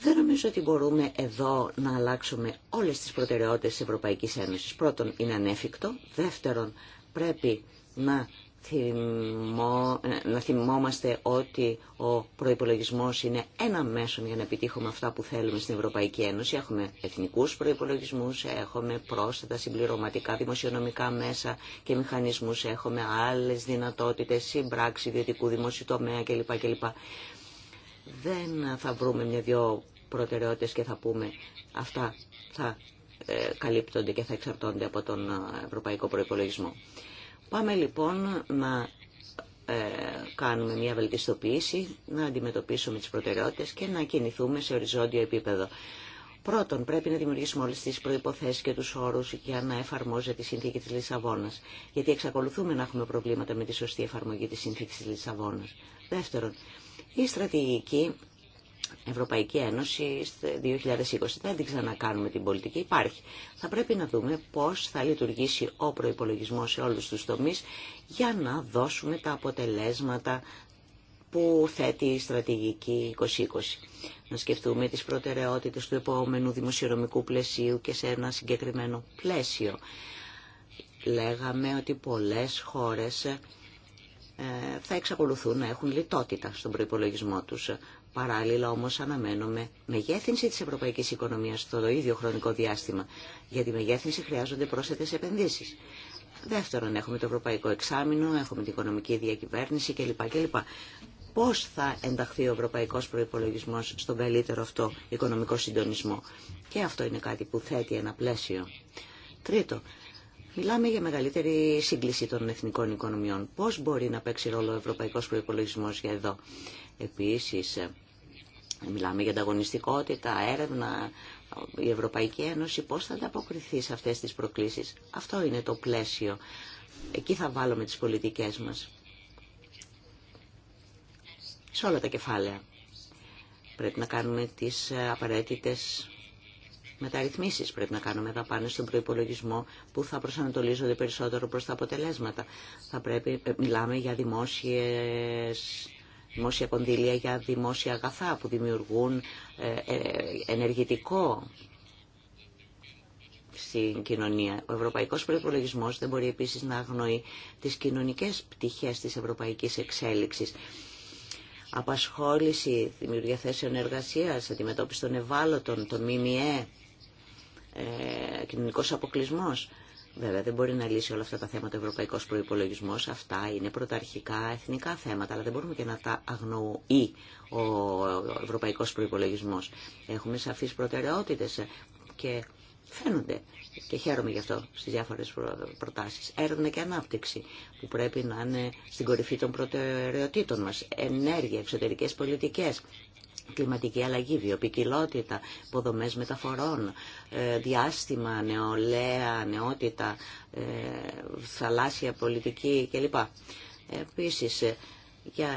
Δεν νομίζω ότι μπορούμε εδώ να αλλάξουμε όλες τις προτεραιότητες της Ευρωπαϊκής Ένωσης. Πρώτον, είναι ανέφικτο. Δεύτερον, πρέπει να ε, να θυμόμαστε ότι ο προϋπολογισμός είναι ένα μέσο για να επιτύχουμε αυτά που θέλουμε στην Ευρωπαϊκή Ένωση. Έχουμε εθνικούς προϋπολογισμούς, έχουμε πρόσθετα συμπληρωματικά δημοσιονομικά μέσα και μηχανισμούς, έχουμε άλλες δυνατότητες, συμπράξη ιδιωτικού δημοσίου τομέα κλπ. κλπ. Δεν θα βρούμε μια-δυο προτεραιότητες και θα πούμε αυτά θα ε, καλύπτονται και θα εξαρτώνται από τον ε, ευρωπαϊκό προϋπολογισμό. Πάμε λοιπόν να ε, κάνουμε μια βελτιστοποίηση, να αντιμετωπίσουμε τις προτεραιότητες και να κινηθούμε σε οριζόντιο επίπεδο. Πρώτον, πρέπει να δημιουργήσουμε όλε τι προποθέσει και του όρου για να εφαρμόζεται η συνθήκη τη Λισαβόνα. Γιατί εξακολουθούμε να έχουμε προβλήματα με τη σωστή εφαρμογή τη συνθήκη τη Λισαβόνα. Δεύτερον, η στρατηγική Ευρωπαϊκή Ένωση 2020. Δεν την ξανακάνουμε την πολιτική, υπάρχει. Θα πρέπει να δούμε πώς θα λειτουργήσει ο προϋπολογισμός σε όλους τους τομείς για να δώσουμε τα αποτελέσματα που θέτει η στρατηγική 2020. Να σκεφτούμε τις προτεραιότητες του επόμενου δημοσιονομικού πλαισίου και σε ένα συγκεκριμένο πλαίσιο. Λέγαμε ότι πολλές χώρες ε, θα εξακολουθούν να έχουν λιτότητα στον προϋπολογισμό τους. Παράλληλα όμως αναμένουμε μεγέθυνση της ευρωπαϊκής οικονομίας το ίδιο χρονικό διάστημα. Για τη μεγέθυνση χρειάζονται πρόσθετες επενδύσεις. Δεύτερον, έχουμε το ευρωπαϊκό εξάμεινο, έχουμε την οικονομική διακυβέρνηση κλπ. κλπ. Πώς θα ενταχθεί ο ευρωπαϊκός προϋπολογισμός στον καλύτερο αυτό οικονομικό συντονισμό. Και αυτό είναι κάτι που θέτει ένα πλαίσιο. Τρίτο, Μιλάμε για μεγαλύτερη σύγκληση των εθνικών οικονομιών. Πώς μπορεί να παίξει ρόλο ο ευρωπαϊκός προϋπολογισμός για εδώ. Επίσης, Μιλάμε για ανταγωνιστικότητα, έρευνα, η Ευρωπαϊκή Ένωση πώς θα ανταποκριθεί σε αυτές τις προκλήσεις. Αυτό είναι το πλαίσιο. Εκεί θα βάλουμε τις πολιτικές μας. Σε όλα τα κεφάλαια. Πρέπει να κάνουμε τις ε, απαραίτητες μεταρρυθμίσεις. Πρέπει να κάνουμε δαπάνες στον προϋπολογισμό που θα προσανατολίζονται περισσότερο προς τα αποτελέσματα. Θα πρέπει, ε, μιλάμε για δημόσιες δημόσια κονδύλια για δημόσια αγαθά που δημιουργούν ε, ε, ενεργητικό στην κοινωνία. Ο ευρωπαϊκός προϋπολογισμός δεν μπορεί επίσης να αγνοεί τις κοινωνικές πτυχές της ευρωπαϊκής εξέλιξης. Απασχόληση, δημιουργία θέσεων εργασίας, αντιμετώπιση των ευάλωτων, το ΜΜΕ, ε, κοινωνικός αποκλεισμός. Βέβαια δεν μπορεί να λύσει όλα αυτά τα θέματα ο ευρωπαϊκό προπολογισμό. Αυτά είναι πρωταρχικά εθνικά θέματα, αλλά δεν μπορούμε και να τα αγνοεί ο ευρωπαϊκός προπολογισμό. Έχουμε σαφείς προτεραιότητε και φαίνονται και χαίρομαι γι' αυτό στις διάφορες προτάσεις. Έρευνα και ανάπτυξη που πρέπει να είναι στην κορυφή των προτεραιοτήτων μα. Ενέργεια, εξωτερικέ πολιτικέ κλιματική αλλαγή, βιοπικιλότητα, υποδομές μεταφορών, ε, διάστημα, νεολαία, νεότητα, ε, θαλάσσια πολιτική κλπ. Επίσης, ε, για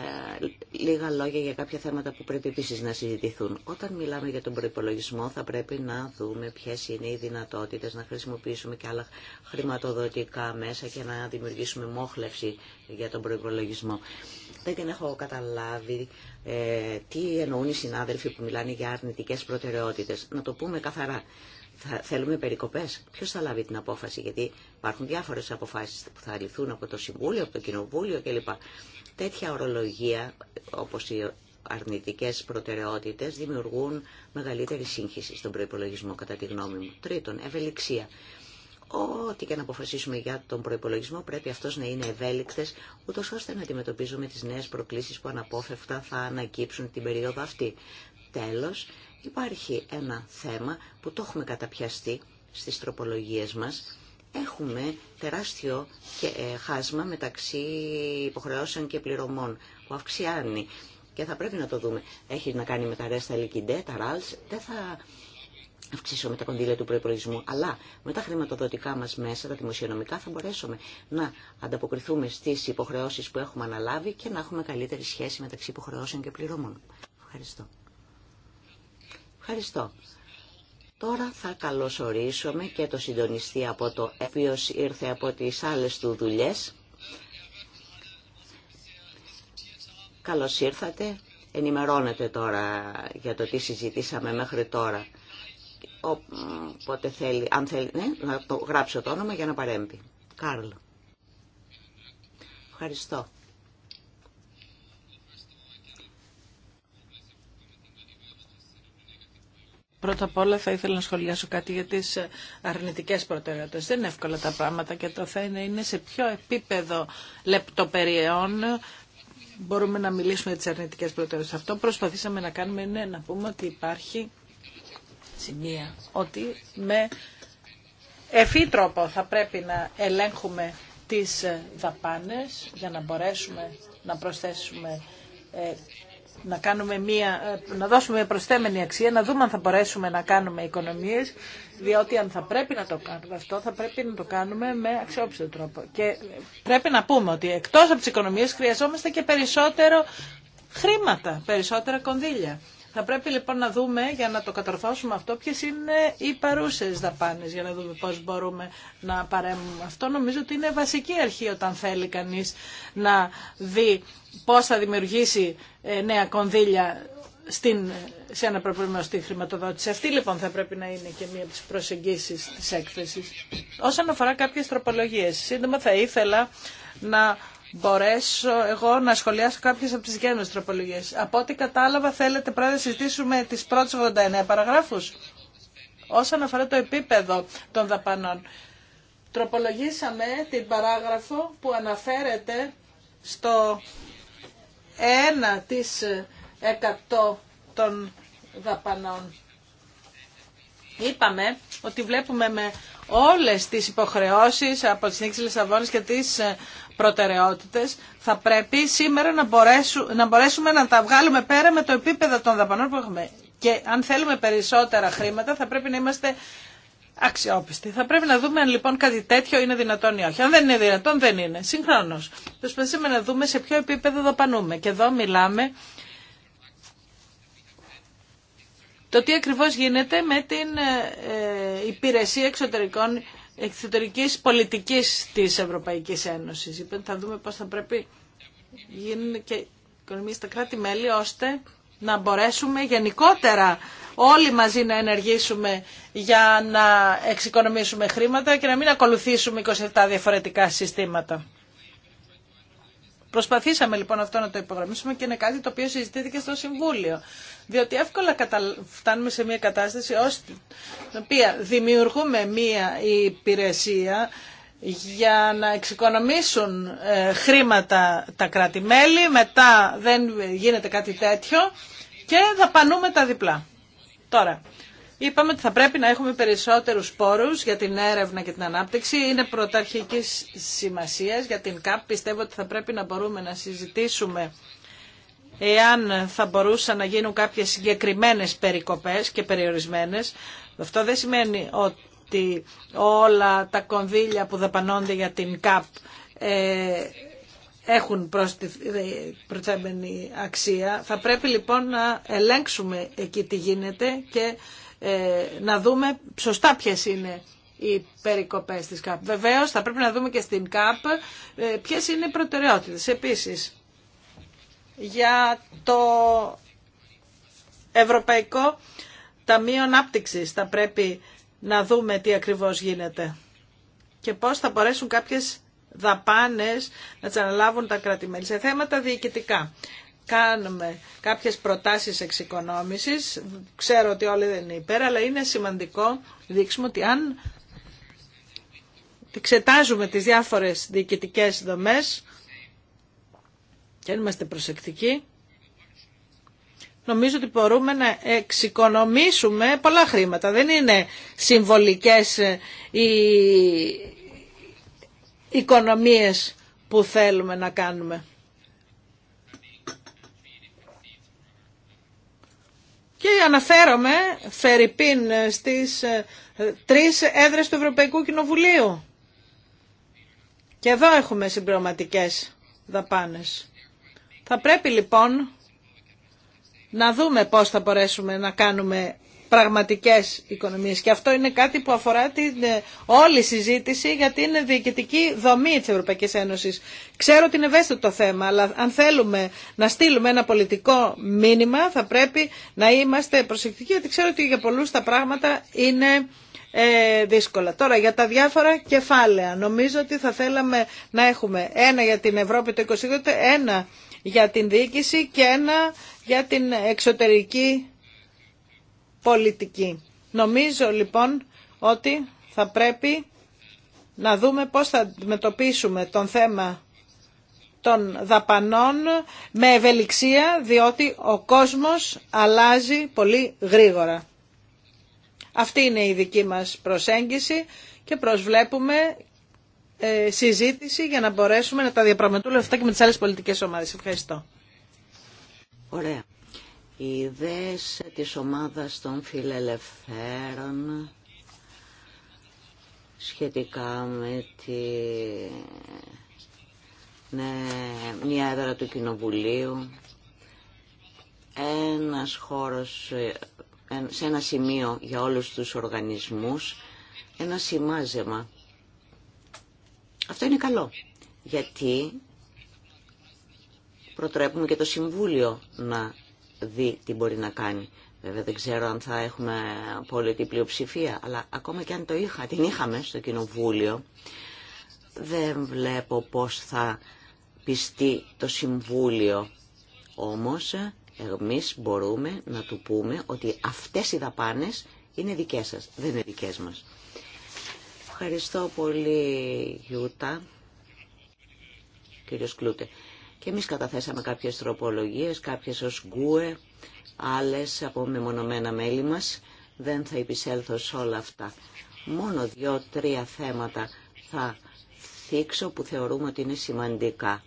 λίγα λόγια για κάποια θέματα που πρέπει επίση να συζητηθούν. Όταν μιλάμε για τον προπολογισμό, θα πρέπει να δούμε ποιε είναι οι δυνατότητε να χρησιμοποιήσουμε και άλλα χρηματοδοτικά μέσα και να δημιουργήσουμε μόχλευση για τον προπολογισμό δεν έχω καταλάβει ε, τι εννοούν οι συνάδελφοι που μιλάνε για αρνητικές προτεραιότητες. Να το πούμε καθαρά. θέλουμε περικοπές. Ποιο θα λάβει την απόφαση, γιατί υπάρχουν διάφορες αποφάσεις που θα ληφθούν από το Συμβούλιο, από το Κοινοβούλιο κλπ. Τέτοια ορολογία, όπως οι αρνητικές προτεραιότητες, δημιουργούν μεγαλύτερη σύγχυση στον προπολογισμό κατά τη γνώμη μου. Τρίτον, ευελιξία ό,τι και να αποφασίσουμε για τον προπολογισμό πρέπει αυτό να είναι ευέλικτε, ούτω ώστε να αντιμετωπίζουμε τι νέε προκλήσει που αναπόφευκτα θα ανακύψουν την περίοδο αυτή. Τέλο, υπάρχει ένα θέμα που το έχουμε καταπιαστεί στι τροπολογίε μα. Έχουμε τεράστιο ε, χάσμα μεταξύ υποχρεώσεων και πληρωμών που αυξιάνει και θα πρέπει να το δούμε. Έχει να κάνει με τα ρέστα τα ράλς, δεν θα αυξήσουμε τα κονδύλια του προπολογισμού, αλλά με τα χρηματοδοτικά μας μέσα, τα δημοσιονομικά, θα μπορέσουμε να ανταποκριθούμε στις υποχρεώσεις που έχουμε αναλάβει και να έχουμε καλύτερη σχέση μεταξύ υποχρεώσεων και πληρώμων. Ευχαριστώ. Ευχαριστώ. Τώρα θα καλωσορίσουμε και το συντονιστή από το οποίο ήρθε από τις άλλες του δουλειές. Καλώς ήρθατε. Ενημερώνετε τώρα για το τι συζητήσαμε μέχρι τώρα. Όποτε θέλει, αν θέλει, ναι, να το γράψω το όνομα για να παρέμβει. Κάρλ. Ευχαριστώ.
Πρώτα απ' όλα θα ήθελα να σχολιάσω κάτι για τις ε, αρνητικές προτεραιότητες. Δεν είναι εύκολα τα πράγματα και το θέμα είναι σε ποιο επίπεδο λεπτοπεριών μπορούμε να μιλήσουμε για τις αρνητικές προτεραιότητες. Αυτό προσπαθήσαμε να κάνουμε είναι να πούμε ότι υπάρχει σημεία. Ότι με ευφύ τρόπο θα πρέπει να ελέγχουμε τις ε, δαπάνες για να μπορέσουμε να προσθέσουμε ε, να, κάνουμε μία, ε, να δώσουμε προσθέμενη αξία, να δούμε αν θα μπορέσουμε να κάνουμε οικονομίες, διότι αν θα πρέπει να το κάνουμε αυτό, θα πρέπει να το κάνουμε με αξιόπιστο τρόπο. Και πρέπει να πούμε ότι εκτός από τις οικονομίες χρειαζόμαστε και περισσότερο χρήματα, περισσότερα κονδύλια. Θα πρέπει λοιπόν να δούμε, για να το κατορθώσουμε αυτό, ποιε είναι οι παρούσε δαπάνε, για να δούμε πώ μπορούμε να παρέμβουμε. Αυτό νομίζω ότι είναι βασική αρχή όταν θέλει κανεί να δει πώ θα δημιουργήσει ε, νέα κονδύλια στην, σε ένα προβλήμα στη χρηματοδότηση. Αυτή λοιπόν θα πρέπει να είναι και μία από τις προσεγγίσεις της έκθεσης. Όσον αφορά κάποιες τροπολογίες, σύντομα θα ήθελα να μπορέσω εγώ να σχολιάσω κάποιες από τις δικέ μα τροπολογίες. Από ό,τι κατάλαβα θέλετε πρώτα να συζητήσουμε τις πρώτε 89 παραγράφου. Όσον αφορά το επίπεδο των δαπανών. Τροπολογήσαμε την παράγραφο που αναφέρεται στο 1% των δαπανών. Είπαμε ότι βλέπουμε με όλες τις υποχρεώσεις από τις νίκες Λισαβόνης και τις ε, προτεραιότητες θα πρέπει σήμερα να μπορέσουμε, να μπορέσουμε να τα βγάλουμε πέρα με το επίπεδο των δαπανών που έχουμε. Και αν θέλουμε περισσότερα χρήματα θα πρέπει να είμαστε αξιόπιστοι. Θα πρέπει να δούμε αν λοιπόν κάτι τέτοιο είναι δυνατόν ή όχι. Αν δεν είναι δυνατόν δεν είναι. Συγχρόνω. Προσπαθήσαμε να δούμε σε ποιο επίπεδο δαπανούμε. Και εδώ μιλάμε το τι ακριβώς γίνεται με την ε, ε, υπηρεσία εξωτερικών, εξωτερικής πολιτικής της Ευρωπαϊκής Ένωσης. Θα δούμε πώς θα πρέπει γίνουν και οικονομίες στα κράτη-μέλη, ώστε να μπορέσουμε γενικότερα όλοι μαζί να ενεργήσουμε για να εξοικονομήσουμε χρήματα και να μην ακολουθήσουμε 27 διαφορετικά συστήματα. Προσπαθήσαμε λοιπόν αυτό να το υπογραμμίσουμε και είναι κάτι το οποίο συζητήθηκε στο Συμβούλιο. Διότι εύκολα φτάνουμε σε μια κατάσταση ώστε την οποία δημιουργούμε μια υπηρεσία για να εξοικονομήσουν ε, χρήματα τα κράτη-μέλη, μετά δεν γίνεται κάτι τέτοιο και δαπανούμε τα διπλά. Τώρα, Είπαμε ότι θα πρέπει να έχουμε περισσότερους πόρου για την έρευνα και την ανάπτυξη. Είναι πρωταρχικής σημασίας για την ΚΑΠ. Πιστεύω ότι θα πρέπει να μπορούμε να συζητήσουμε εάν θα μπορούσαν να γίνουν κάποιες συγκεκριμένες περικοπές και περιορισμένες. Αυτό δεν σημαίνει ότι όλα τα κονδύλια που δαπανώνται για την ΚΑΠ ε, έχουν προθεμένη αξία. Θα πρέπει λοιπόν να ελέγξουμε εκεί τι γίνεται και ε, να δούμε σωστά ποιε είναι οι περικοπές της ΚΑΠ. Βεβαίως θα πρέπει να δούμε και στην ΚΑΠ ε, ποιες είναι οι προτεραιότητες. Επίσης, για το Ευρωπαϊκό Ταμείο ανάπτυξη θα πρέπει να δούμε τι ακριβώς γίνεται και πώς θα μπορέσουν κάποιες δαπάνες να τι αναλάβουν τα κράτη-μέλη. Σε θέματα διοικητικά κάνουμε κάποιες προτάσεις εξοικονόμησης. Ξέρω ότι όλοι δεν είναι υπέρ, αλλά είναι σημαντικό δείξουμε ότι αν εξετάζουμε τις διάφορες διοικητικές δομές και είμαστε προσεκτικοί, νομίζω ότι μπορούμε να εξοικονομήσουμε πολλά χρήματα. Δεν είναι συμβολικές ε, οι οικονομίες που θέλουμε να κάνουμε. Και αναφέρομαι, Φερρυπίν, στις ε, τρεις έδρες του Ευρωπαϊκού Κοινοβουλίου. Και εδώ έχουμε συμπληρωματικές δαπάνες. Θα πρέπει λοιπόν να δούμε πώς θα μπορέσουμε να κάνουμε πραγματικές οικονομίες. Και αυτό είναι κάτι που αφορά την ε, όλη συζήτηση γιατί είναι διοικητική δομή της Ευρωπαϊκής Ένωσης. Ξέρω ότι είναι ευαίσθητο το θέμα, αλλά αν θέλουμε να στείλουμε ένα πολιτικό μήνυμα θα πρέπει να είμαστε προσεκτικοί, γιατί ξέρω ότι για πολλούς τα πράγματα είναι ε, δύσκολα. Τώρα για τα διάφορα κεφάλαια. Νομίζω ότι θα θέλαμε να έχουμε ένα για την Ευρώπη το 2020, ένα για την διοίκηση και ένα για την εξωτερική πολιτική. Νομίζω λοιπόν ότι θα πρέπει να δούμε πώς θα αντιμετωπίσουμε τον θέμα των δαπανών με ευελιξία, διότι ο κόσμος αλλάζει πολύ γρήγορα. Αυτή είναι η δική μας προσέγγιση και προσβλέπουμε ε, συζήτηση για να μπορέσουμε να τα διαπραγματούμε αυτά και με τις άλλες πολιτικές ομάδες. Ευχαριστώ.
Ωραία. Οι ιδέες της ομάδας των φιλελευθέρων σχετικά με τη... Ναι, μια έδρα του Κοινοβουλίου, ένας χώρος σε ένα σημείο για όλους τους οργανισμούς, ένα σημάζεμα. Αυτό είναι καλό, γιατί προτρέπουμε και το Συμβούλιο να δει τι μπορεί να κάνει. Βέβαια δεν ξέρω αν θα έχουμε απόλυτη πλειοψηφία, αλλά ακόμα και αν το είχα, την είχαμε στο Κοινοβούλιο, δεν βλέπω πώς θα πιστεί το Συμβούλιο. Όμως, εμείς μπορούμε να του πούμε ότι αυτές οι δαπάνες είναι δικές σας, δεν είναι δικές μας. Ευχαριστώ πολύ, Γιούτα. Κύριος Κλούτε. Και εμείς καταθέσαμε κάποιες τροπολογίες, κάποιες ως γκουε, άλλες από μεμονωμένα μέλη μας. Δεν θα υπησέλθω σε όλα αυτά. Μόνο δύο-τρία θέματα θα θίξω που θεωρούμε ότι είναι σημαντικά.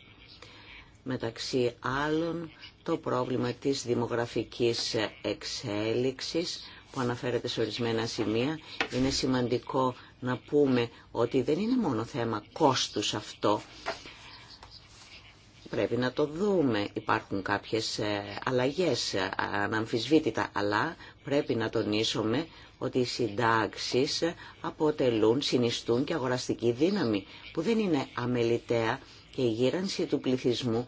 Μεταξύ άλλων το πρόβλημα της δημογραφικής εξέλιξης που αναφέρεται σε ορισμένα σημεία. Είναι σημαντικό να πούμε ότι δεν είναι μόνο θέμα κόστους αυτό. Πρέπει να το δούμε. Υπάρχουν κάποιες ε, αλλαγές ε, αναμφισβήτητα, αλλά πρέπει να τονίσουμε ότι οι συντάξει αποτελούν, συνιστούν και αγοραστική δύναμη, που δεν είναι αμεληταία και η γύρανση του πληθυσμού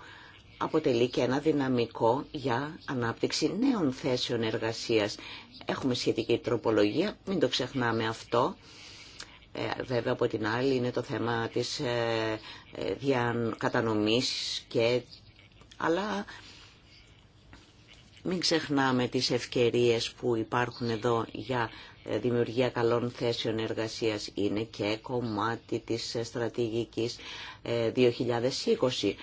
αποτελεί και ένα δυναμικό για ανάπτυξη νέων θέσεων εργασίας. Έχουμε σχετική τροπολογία, μην το ξεχνάμε αυτό. Ε, βέβαια από την άλλη είναι το θέμα της ε, ε, κατανομής και... αλλά μην ξεχνάμε τις ευκαιρίες που υπάρχουν εδώ για δημιουργία καλών θέσεων εργασίας. Είναι και κομμάτι της στρατηγικής 2020,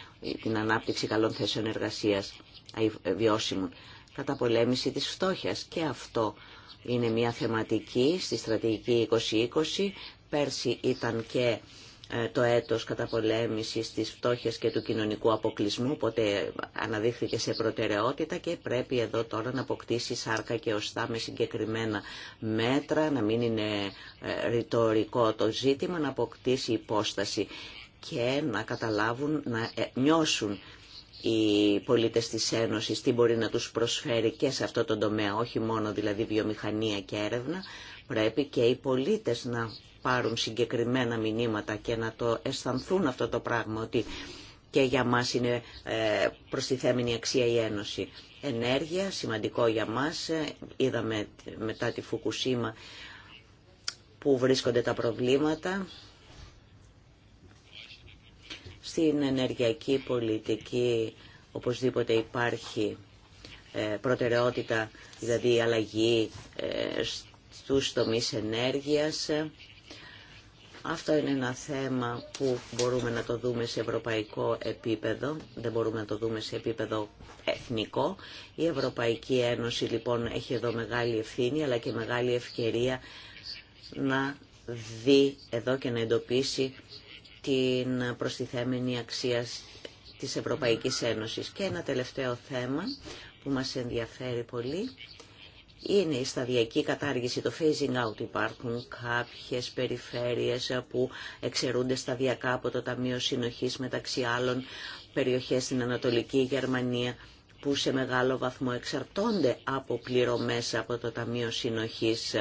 την ανάπτυξη καλών θέσεων εργασίας βιώσιμων. πολέμηση της φτώχειας και αυτό είναι μια θεματική στη στρατηγική 2020 Πέρσι ήταν και ε, το έτος καταπολέμησης της φτώχειας και του κοινωνικού αποκλεισμού, οπότε αναδείχθηκε σε προτεραιότητα και πρέπει εδώ τώρα να αποκτήσει σάρκα και οστά με συγκεκριμένα μέτρα, να μην είναι ε, ρητορικό το ζήτημα, να αποκτήσει υπόσταση και να καταλάβουν, να ε, νιώσουν οι πολίτες της Ένωσης τι μπορεί να τους προσφέρει και σε αυτό το τομέα, όχι μόνο δηλαδή βιομηχανία και έρευνα, πρέπει και οι πολίτες να πάρουν συγκεκριμένα μηνύματα και να το αισθανθούν αυτό το πράγμα ότι και για μας είναι ε, προστιθέμενη αξία η Ένωση. Ενέργεια, σημαντικό για μας, ε, είδαμε μετά τη Φουκουσίμα που βρίσκονται τα προβλήματα. Στην ενεργειακή πολιτική οπωσδήποτε υπάρχει ε, προτεραιότητα, δηλαδή αλλαγή στους τομείς ενέργειας αυτό είναι ένα θέμα που μπορούμε να το δούμε σε ευρωπαϊκό επίπεδο, δεν μπορούμε να το δούμε σε επίπεδο εθνικό. Η Ευρωπαϊκή Ένωση λοιπόν έχει εδώ μεγάλη ευθύνη αλλά και μεγάλη ευκαιρία να δει εδώ και να εντοπίσει την προστιθέμενη αξία της Ευρωπαϊκής Ένωσης. Και ένα τελευταίο θέμα που μας ενδιαφέρει πολύ είναι η σταδιακή κατάργηση, το phasing out. Υπάρχουν κάποιες περιφέρειες που εξαιρούνται σταδιακά από το Ταμείο Συνοχής μεταξύ άλλων περιοχές στην Ανατολική Γερμανία που σε μεγάλο βαθμό εξαρτώνται από πληρωμές από το Ταμείο Συνοχής.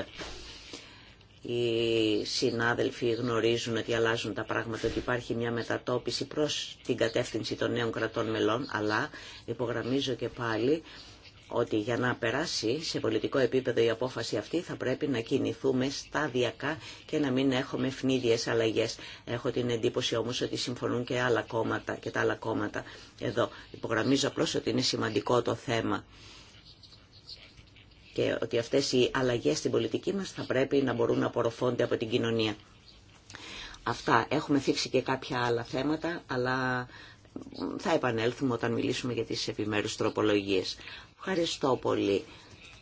Οι συνάδελφοι γνωρίζουν ότι αλλάζουν τα πράγματα, ότι υπάρχει μια μετατόπιση προς την κατεύθυνση των νέων κρατών μελών, αλλά υπογραμμίζω και πάλι ότι για να περάσει σε πολιτικό επίπεδο η απόφαση αυτή θα πρέπει να κινηθούμε σταδιακά και να μην έχουμε φνίδιες αλλαγές. Έχω την εντύπωση όμως ότι συμφωνούν και, άλλα κόμματα, και τα άλλα κόμματα εδώ. Υπογραμμίζω απλώς ότι είναι σημαντικό το θέμα και ότι αυτές οι αλλαγές στην πολιτική μας θα πρέπει να μπορούν να απορροφώνται από την κοινωνία. Αυτά. Έχουμε θίξει και κάποια άλλα θέματα, αλλά θα επανέλθουμε όταν μιλήσουμε για τις επιμέρους τροπολογίες. Ευχαριστώ πολύ.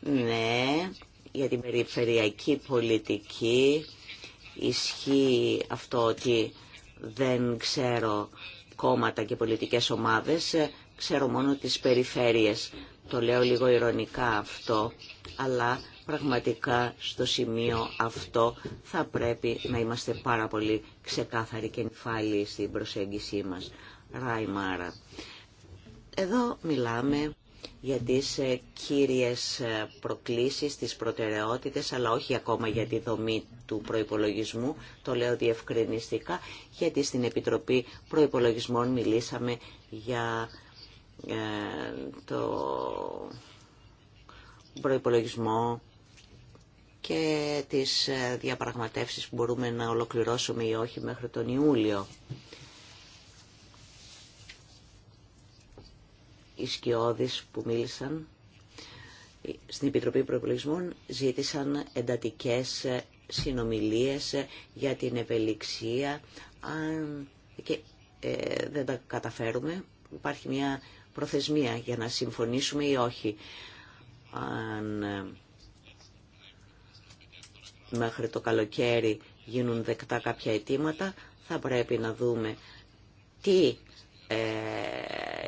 Ναι, για την περιφερειακή πολιτική ισχύει αυτό ότι δεν ξέρω κόμματα και πολιτικές ομάδες, ξέρω μόνο τις περιφέρειες. Το λέω λίγο ηρωνικά αυτό, αλλά πραγματικά στο σημείο αυτό θα πρέπει να είμαστε πάρα πολύ ξεκάθαροι και νυφάλιοι στην προσέγγιση μας. Ράι Μάρα. Εδώ μιλάμε για τις ε, κύριες ε, προκλήσεις, τις προτεραιότητες, αλλά όχι ακόμα για τη δομή του προϋπολογισμού, το λέω διευκρινιστικά, γιατί στην Επιτροπή Προϋπολογισμών μιλήσαμε για ε, το προϋπολογισμό και τις διαπραγματεύσεις που μπορούμε να ολοκληρώσουμε ή όχι μέχρι τον Ιούλιο. οι σκιώδεις που μίλησαν στην Επιτροπή Προπολογισμών ζήτησαν εντατικές συνομιλίες για την ευελιξία. και ε, δεν τα καταφέρουμε, υπάρχει μια προθεσμία για να συμφωνήσουμε ή όχι. Αν ε, μέχρι το καλοκαίρι γίνουν δεκτά κάποια αιτήματα, θα πρέπει να δούμε τι ε,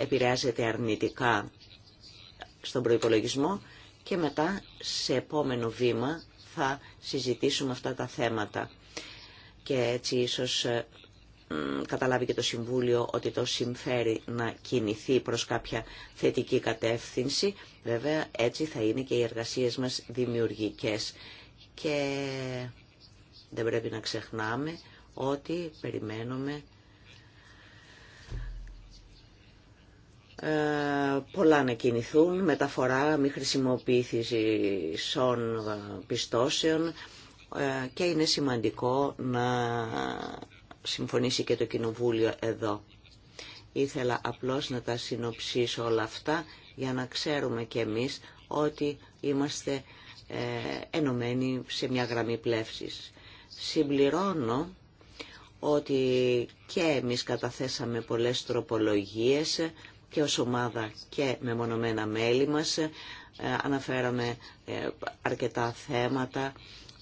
επηρεάζεται αρνητικά στον προϋπολογισμό και μετά σε επόμενο βήμα θα συζητήσουμε αυτά τα θέματα. Και έτσι ίσως ε, καταλάβει και το Συμβούλιο ότι το συμφέρει να κινηθεί προς κάποια θετική κατεύθυνση. Βέβαια έτσι θα είναι και οι εργασίες μας δημιουργικές. Και δεν πρέπει να ξεχνάμε ότι περιμένουμε Ε, πολλά να κινηθούν, μεταφορά μη σών ε, πιστώσεων ε, και είναι σημαντικό να συμφωνήσει και το Κοινοβούλιο εδώ. Ήθελα απλώς να τα συνοψίσω όλα αυτά για να ξέρουμε και εμείς ότι είμαστε ενωμένοι σε μια γραμμή πλεύσης. Συμπληρώνω ότι και εμείς καταθέσαμε πολλές τροπολογίες και ως ομάδα και με μονομένα μέλη μας ε, αναφέραμε ε, αρκετά θέματα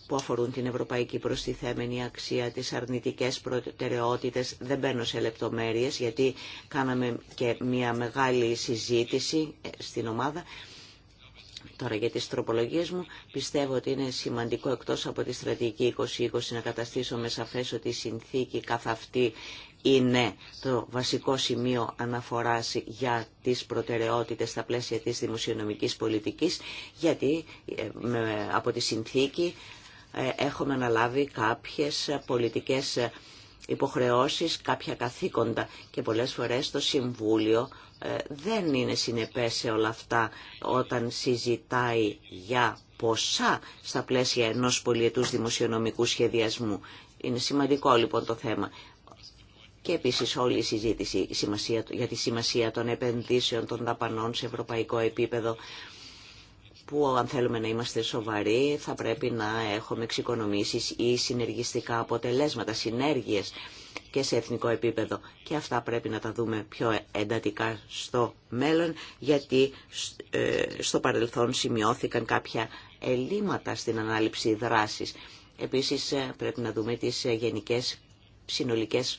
που αφορούν την ευρωπαϊκή προστιθέμενη αξία, τις αρνητικές προτεραιότητες. Δεν μπαίνω σε λεπτομέρειες γιατί κάναμε και μια μεγάλη συζήτηση ε, στην ομάδα. Τώρα για τις τροπολογίες μου πιστεύω ότι είναι σημαντικό εκτός από τη στρατηγική 2020 να καταστήσω με σαφές ότι η συνθήκη καθ' αυτή είναι το βασικό σημείο αναφοράς για τις προτεραιότητες στα πλαίσια της δημοσιονομικής πολιτικής, γιατί ε, από τη συνθήκη ε, έχουμε αναλάβει κάποιες πολιτικές υποχρεώσεις, κάποια καθήκοντα και πολλές φορές το Συμβούλιο ε, δεν είναι συνεπές σε όλα αυτά όταν συζητάει για ποσά στα πλαίσια ενός πολιετούς δημοσιονομικού σχεδιασμού. Είναι σημαντικό λοιπόν το θέμα και επίσης όλη η συζήτηση για τη σημασία των επενδύσεων των δαπανών σε ευρωπαϊκό επίπεδο που αν θέλουμε να είμαστε σοβαροί θα πρέπει να έχουμε εξοικονομήσεις ή συνεργιστικά αποτελέσματα, συνέργειες και σε εθνικό επίπεδο. Και αυτά πρέπει να τα δούμε πιο εντατικά στο μέλλον, γιατί ε, στο παρελθόν σημειώθηκαν κάποια ελλείμματα στην ανάληψη δράσης. Επίσης ε, πρέπει να δούμε τις ε, γενικές συνολικές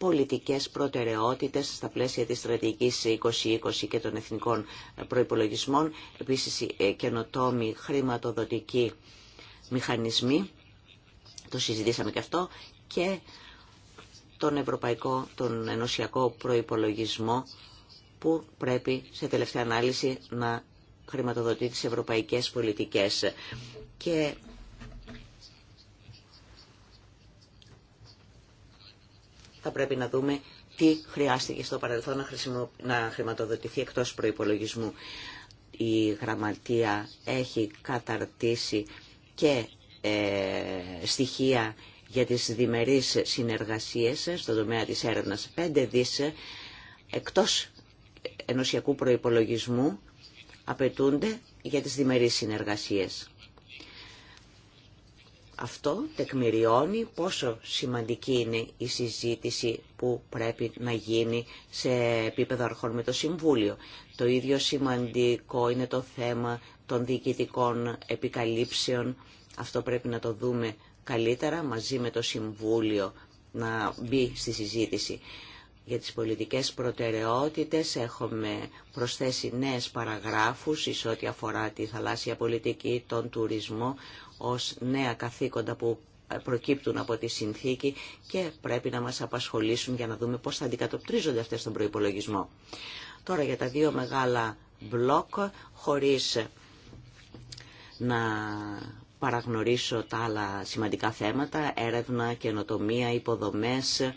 πολιτικές προτεραιότητες στα πλαίσια της στρατηγικής 2020 και των εθνικών προϋπολογισμών, επίσης ε, καινοτόμοι χρηματοδοτικοί μηχανισμοί, το συζητήσαμε και αυτό, και τον ευρωπαϊκό, τον ενωσιακό προϋπολογισμό που πρέπει σε τελευταία ανάλυση να χρηματοδοτεί τις ευρωπαϊκές πολιτικές. Και θα πρέπει να δούμε τι χρειάστηκε στο παρελθόν να, χρηματοδοτηθεί εκτός προϋπολογισμού. Η Γραμματεία έχει καταρτήσει και ε, στοιχεία για τις διμερείς συνεργασίες στον τομέα της έρευνας 5 δις ε, εκτός ενωσιακού προϋπολογισμού απαιτούνται για τις διμερείς συνεργασίες. Αυτό τεκμηριώνει πόσο σημαντική είναι η συζήτηση που πρέπει να γίνει σε επίπεδο αρχών με το Συμβούλιο. Το ίδιο σημαντικό είναι το θέμα των διοικητικών επικαλύψεων. Αυτό πρέπει να το δούμε καλύτερα μαζί με το Συμβούλιο να μπει στη συζήτηση. Για τις πολιτικές προτεραιότητες έχουμε προσθέσει νέες παραγράφους εις ό,τι αφορά τη θαλάσσια πολιτική, τον τουρισμό, ως νέα καθήκοντα που προκύπτουν από τη συνθήκη και πρέπει να μας απασχολήσουν για να δούμε πώς θα αντικατοπτρίζονται αυτές στον προϋπολογισμό. Τώρα για τα δύο μεγάλα μπλοκ, χωρίς να παραγνωρίσω τα άλλα σημαντικά θέματα, έρευνα, καινοτομία, υποδομές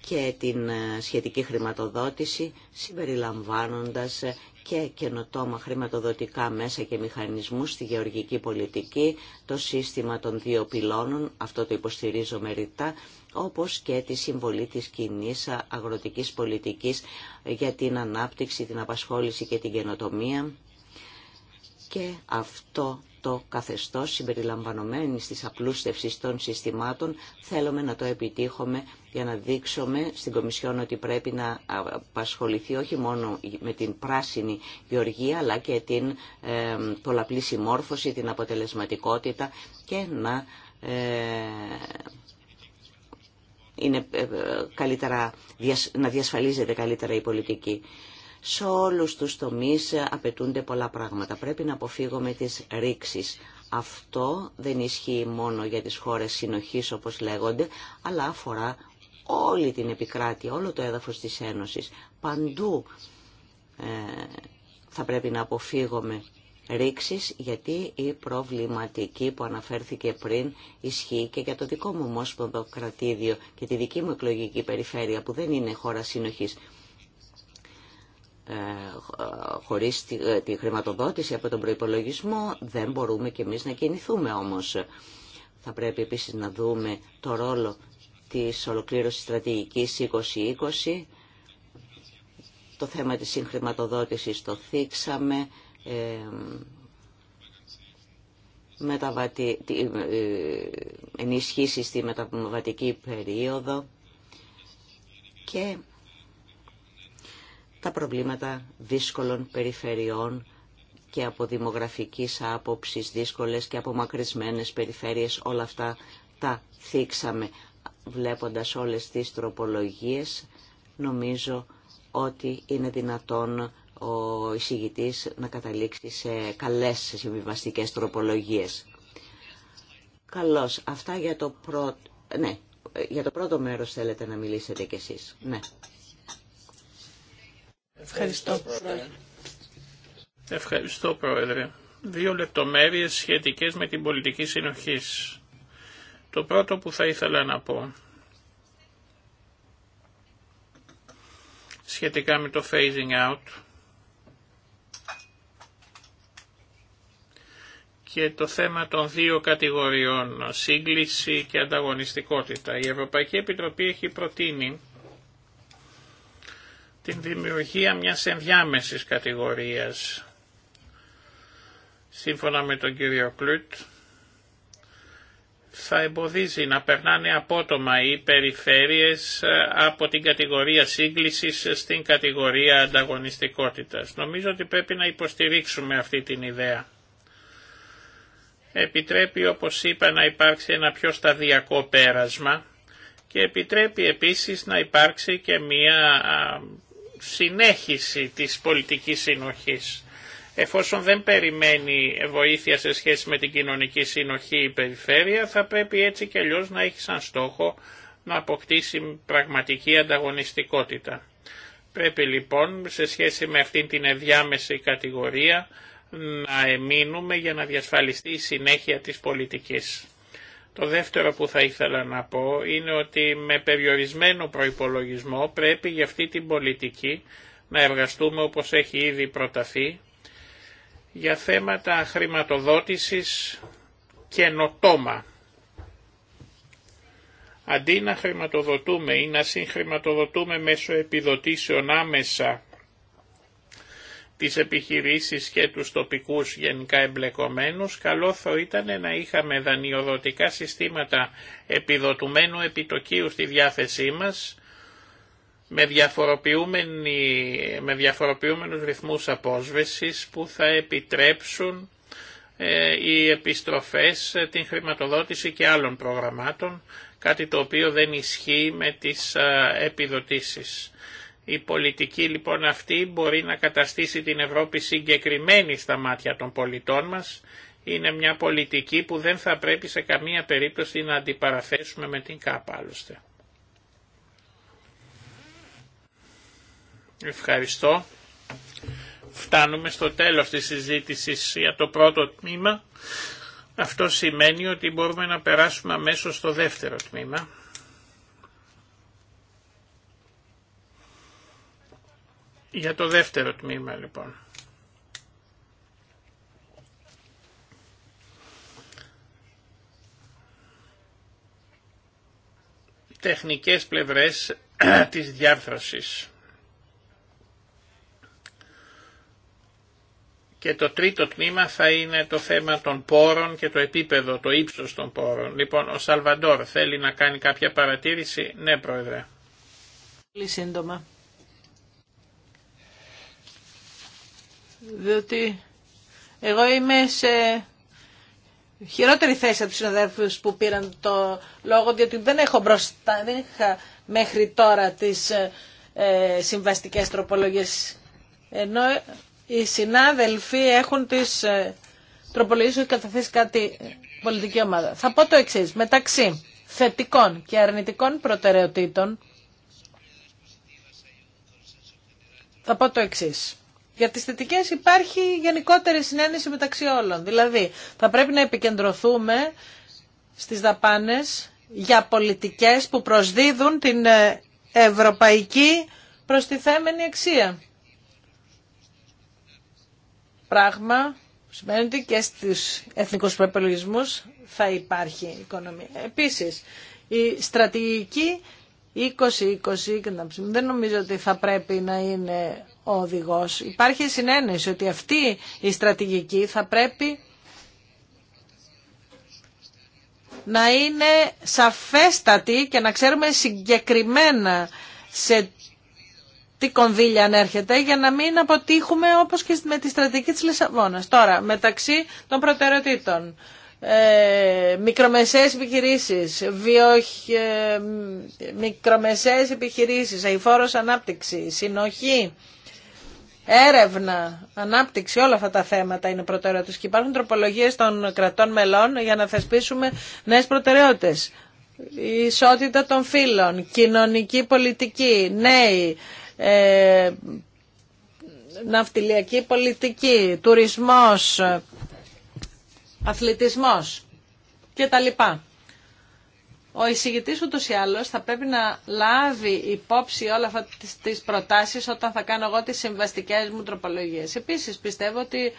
και την σχετική χρηματοδότηση, συμπεριλαμβάνοντας και καινοτόμα χρηματοδοτικά μέσα και μηχανισμούς στη γεωργική πολιτική, το σύστημα των δύο πυλώνων, αυτό το υποστηρίζω ρητά, όπως και τη συμβολή της κοινή αγροτικής πολιτικής για την ανάπτυξη, την απασχόληση και την καινοτομία. Και αυτό το καθεστώς συμπεριλαμβανομένης της απλούστευσης των συστημάτων θέλουμε να το επιτύχουμε για να δείξουμε στην Κομισιόν ότι πρέπει να απασχοληθεί όχι μόνο με την πράσινη γεωργία αλλά και την πολλαπλή συμμόρφωση, την αποτελεσματικότητα και να ε, είναι ε, ε, καλύτερα, να διασφαλίζεται καλύτερα η πολιτική. Σε όλους τους τομείς απαιτούνται πολλά πράγματα. Πρέπει να αποφύγουμε τις ρήξεις. Αυτό δεν ισχύει μόνο για τις χώρες συνοχής όπως λέγονται, αλλά αφορά όλη την επικράτεια, όλο το έδαφος της Ένωσης. Παντού ε, θα πρέπει να αποφύγουμε ρήξεις, γιατί η προβληματική που αναφέρθηκε πριν ισχύει και για το δικό μου ομόσπονδο κρατήδιο και τη δική μου εκλογική περιφέρεια που δεν είναι χώρα συνοχής. Ε, χωρίς ε, τη χρηματοδότηση από τον προϋπολογισμό δεν μπορούμε και εμείς να κινηθούμε όμως. Θα πρέπει επίσης να δούμε το ρόλο της ολοκλήρωσης στρατηγικής 2020. Το θέμα της συγχρηματοδότησης το θίξαμε. Ε, ε ενισχύσει στη μεταβατική περίοδο και τα προβλήματα δύσκολων περιφερειών και από δημογραφικής άποψης δύσκολες και από μακρισμένες περιφέρειες όλα αυτά τα θίξαμε. Βλέποντας όλες τις τροπολογίες νομίζω ότι είναι δυνατόν ο εισηγητής να καταλήξει σε καλές συμβιβαστικέ τροπολογίες. Καλώς. Αυτά για το πρώτο... Ναι, για το πρώτο μέρος θέλετε να μιλήσετε κι εσείς. Ναι.
Ευχαριστώ, Πρόεδρε.
Ευχαριστώ, Πρόεδρε. Δύο λεπτομέρειες σχετικές με την πολιτική συνοχής. Το πρώτο που θα ήθελα να πω σχετικά με το phasing out και το θέμα των δύο κατηγοριών, σύγκληση και ανταγωνιστικότητα. Η Ευρωπαϊκή Επιτροπή έχει προτείνει την δημιουργία μιας ενδιάμεσης κατηγορίας. Σύμφωνα με τον κύριο Κλουτ, θα εμποδίζει να περνάνε απότομα οι περιφέρειες ε, από την κατηγορία σύγκλησης στην κατηγορία ανταγωνιστικότητας. Νομίζω ότι πρέπει να υποστηρίξουμε αυτή την ιδέα. Επιτρέπει όπως είπα να υπάρξει ένα πιο σταδιακό πέρασμα και επιτρέπει επίσης να υπάρξει και μία συνέχιση της πολιτικής συνοχής. Εφόσον δεν περιμένει βοήθεια σε σχέση με την κοινωνική συνοχή η περιφέρεια, θα πρέπει έτσι και αλλιώ να έχει σαν στόχο να αποκτήσει πραγματική ανταγωνιστικότητα. Πρέπει λοιπόν σε σχέση με αυτήν την ενδιάμεση κατηγορία να εμείνουμε για να διασφαλιστεί η συνέχεια της πολιτικής. Το δεύτερο που θα ήθελα να πω είναι ότι με περιορισμένο προϋπολογισμό πρέπει για αυτή την πολιτική να εργαστούμε όπως έχει ήδη προταθεί για θέματα χρηματοδότησης νοτόμα. Αντί να χρηματοδοτούμε ή να συγχρηματοδοτούμε μέσω επιδοτήσεων άμεσα τις επιχειρήσεις και τους τοπικούς γενικά εμπλεκομένους, καλό θα ήταν να είχαμε δανειοδοτικά συστήματα επιδοτουμένου επιτοκίου στη διάθεσή μας, με, με διαφοροποιούμενους ρυθμούς απόσβεσης που θα επιτρέψουν ε, οι επιστροφές, ε, την χρηματοδότηση και άλλων προγραμμάτων, κάτι το οποίο δεν ισχύει με τις ε, επιδοτήσεις. Η πολιτική λοιπόν αυτή μπορεί να καταστήσει την Ευρώπη συγκεκριμένη στα μάτια των πολιτών μας. Είναι μια πολιτική που δεν θα πρέπει σε καμία περίπτωση να αντιπαραθέσουμε με την ΚΑΠΑ άλλωστε. Ευχαριστώ. Φτάνουμε στο τέλος της συζήτησης για το πρώτο τμήμα. Αυτό σημαίνει ότι μπορούμε να περάσουμε αμέσως στο δεύτερο τμήμα. Για το δεύτερο τμήμα λοιπόν. Τεχνικές πλευρές της διάρθρωσης. Και το τρίτο τμήμα θα είναι το θέμα των πόρων και το επίπεδο, το ύψος των πόρων. Λοιπόν, ο Σαλβαντόρ θέλει να κάνει κάποια παρατήρηση. Ναι, Πρόεδρε.
Πολύ σύντομα. διότι εγώ είμαι σε χειρότερη θέση από τους συναδέλφους που πήραν το λόγο, διότι δεν έχω μπροστά, δεν είχα μέχρι τώρα τις ε, συμβαστικές τροπολογίες. Ενώ οι συνάδελφοι έχουν τις ε, τροπολογίες που καταθέσει κάτι πολιτική ομάδα. Θα πω το εξή. Μεταξύ θετικών και αρνητικών προτεραιοτήτων θα πω το εξής. Για τις θετικές υπάρχει γενικότερη συνένεση μεταξύ όλων. Δηλαδή θα πρέπει να επικεντρωθούμε στις δαπάνες για πολιτικές που προσδίδουν την ε, ευρωπαϊκή προστιθέμενη αξία. Πράγμα που σημαίνει ότι και στους εθνικούς προπολογισμούς θα υπάρχει οικονομία. Επίσης, η στρατηγική 2020 δεν νομίζω ότι θα πρέπει να είναι ο οδηγός. Υπάρχει συνένεση ότι αυτή η στρατηγική θα πρέπει να είναι σαφέστατη και να ξέρουμε συγκεκριμένα σε τι κονδύλια ανέρχεται για να μην αποτύχουμε όπως και με τη στρατηγική της Λισαβόνας. Τώρα, μεταξύ των προτεραιοτήτων, ε, μικρομεσαίες επιχειρήσεις, βιοχ, ε, μικρομεσαίες επιχειρήσεις, αηφόρος ανάπτυξη, συνοχή, έρευνα, ανάπτυξη, όλα αυτά τα θέματα είναι προτεραιότητες και υπάρχουν τροπολογίες των κρατών μελών για να θεσπίσουμε νέες προτεραιότητες. Η ισότητα των φύλων, κοινωνική πολιτική, νέοι, ε, ναυτιλιακή πολιτική, τουρισμός, αθλητισμός και τα λοιπά. Ο εισηγητής ούτως ή άλλως θα πρέπει να λάβει υπόψη όλα αυτά τις προτάσεις όταν θα κάνω εγώ τις συμβαστικές μου τροπολογίες. Επίσης πιστεύω ότι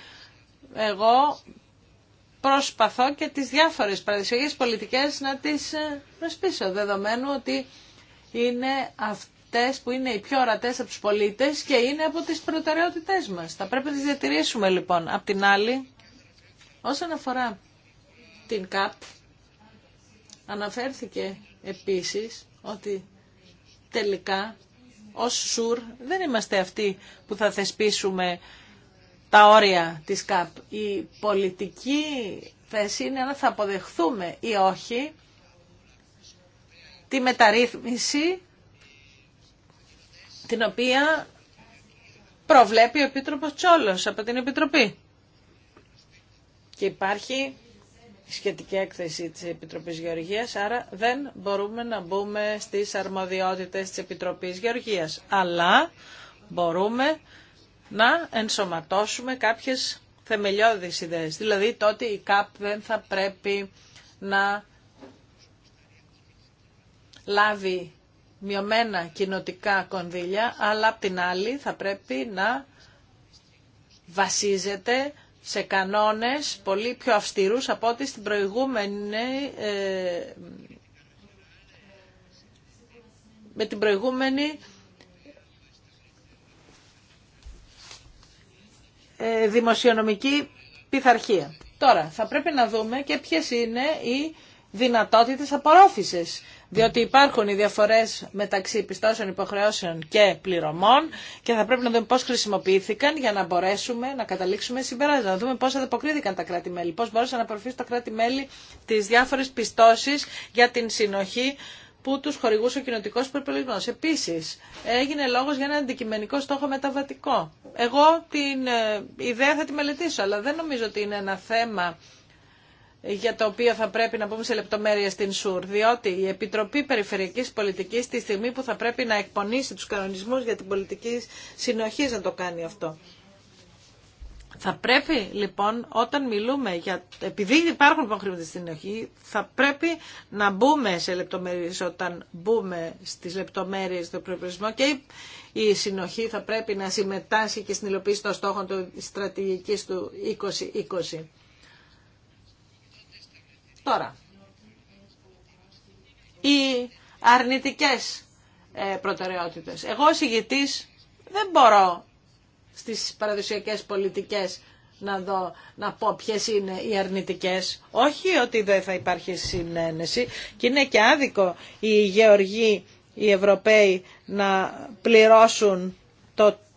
εγώ προσπαθώ και τις διάφορες παραδοσιακές πολιτικές να τις ε, προσπίσω, δεδομένου ότι είναι αυτές που είναι οι πιο ορατές από τους πολίτες και είναι από τις προτεραιότητές μας. Θα πρέπει να τις διατηρήσουμε λοιπόν. Απ' την άλλη, όσον αφορά την ΚΑΠ, Αναφέρθηκε επίσης ότι τελικά ως ΣΟΥΡ δεν είμαστε αυτοί που θα θεσπίσουμε τα όρια της ΚΑΠ. Η πολιτική θέση είναι αν θα αποδεχθούμε ή όχι τη μεταρρύθμιση την οποία προβλέπει ο Επίτροπος Τσόλος από την Επιτροπή. Και υπάρχει σχετική έκθεση της Επιτροπής Γεωργίας, άρα δεν μπορούμε να μπούμε στις αρμοδιότητες της Επιτροπής Γεωργίας. Αλλά μπορούμε να ενσωματώσουμε κάποιες θεμελιώδεις ιδέες. Δηλαδή ότι η ΚΑΠ δεν θα πρέπει να λάβει μειωμένα κοινοτικά κονδύλια, αλλά απ' την άλλη θα πρέπει να βασίζεται σε κανόνες πολύ πιο αυστηρούς από ό,τι στην προηγούμενη, ε, με την προηγούμενη ε, δημοσιονομική πειθαρχία. Τώρα, θα πρέπει να δούμε και ποιες είναι οι δυνατότητες απορρόφησης. Διότι υπάρχουν οι διαφορές μεταξύ πιστώσεων υποχρεώσεων και πληρωμών και θα πρέπει να δούμε πώς χρησιμοποιήθηκαν για να μπορέσουμε να καταλήξουμε συμπεράσματα. Να δούμε πώς ανταποκρίθηκαν τα κράτη-μέλη, πώς μπορούσαν να απορροφήσουν τα κράτη-μέλη τις διάφορες πιστώσεις για την συνοχή που τους χορηγούσε ο κοινοτικός προπολογισμός. Επίσης, έγινε λόγος για ένα αντικειμενικό στόχο μεταβατικό. Εγώ την ε, ιδέα θα τη μελετήσω, αλλά δεν νομίζω ότι είναι ένα θέμα για το οποίο θα πρέπει να πούμε σε λεπτομέρεια στην ΣΟΥΡ, διότι η Επιτροπή Περιφερειακής Πολιτικής τη στιγμή που θα πρέπει να εκπονήσει τους κανονισμούς για την πολιτική συνοχή να το κάνει αυτό. Θα πρέπει λοιπόν όταν μιλούμε για, επειδή υπάρχουν λοιπόν στην ενοχή, θα πρέπει να μπούμε σε λεπτομέρειες όταν μπούμε στις λεπτομέρειες του προϋπολογισμού και η συνοχή θα πρέπει να συμμετάσχει και στην υλοποίηση των στόχων του στρατηγικής του 2020. Τώρα, οι αρνητικές ε, προτεραιότητες. Εγώ ως ηγητής δεν μπορώ στις παραδοσιακές πολιτικές να, δω, να πω ποιες είναι οι αρνητικές. Όχι ότι δεν θα υπάρχει συνένεση και είναι και άδικο οι γεωργοί, οι Ευρωπαίοι να πληρώσουν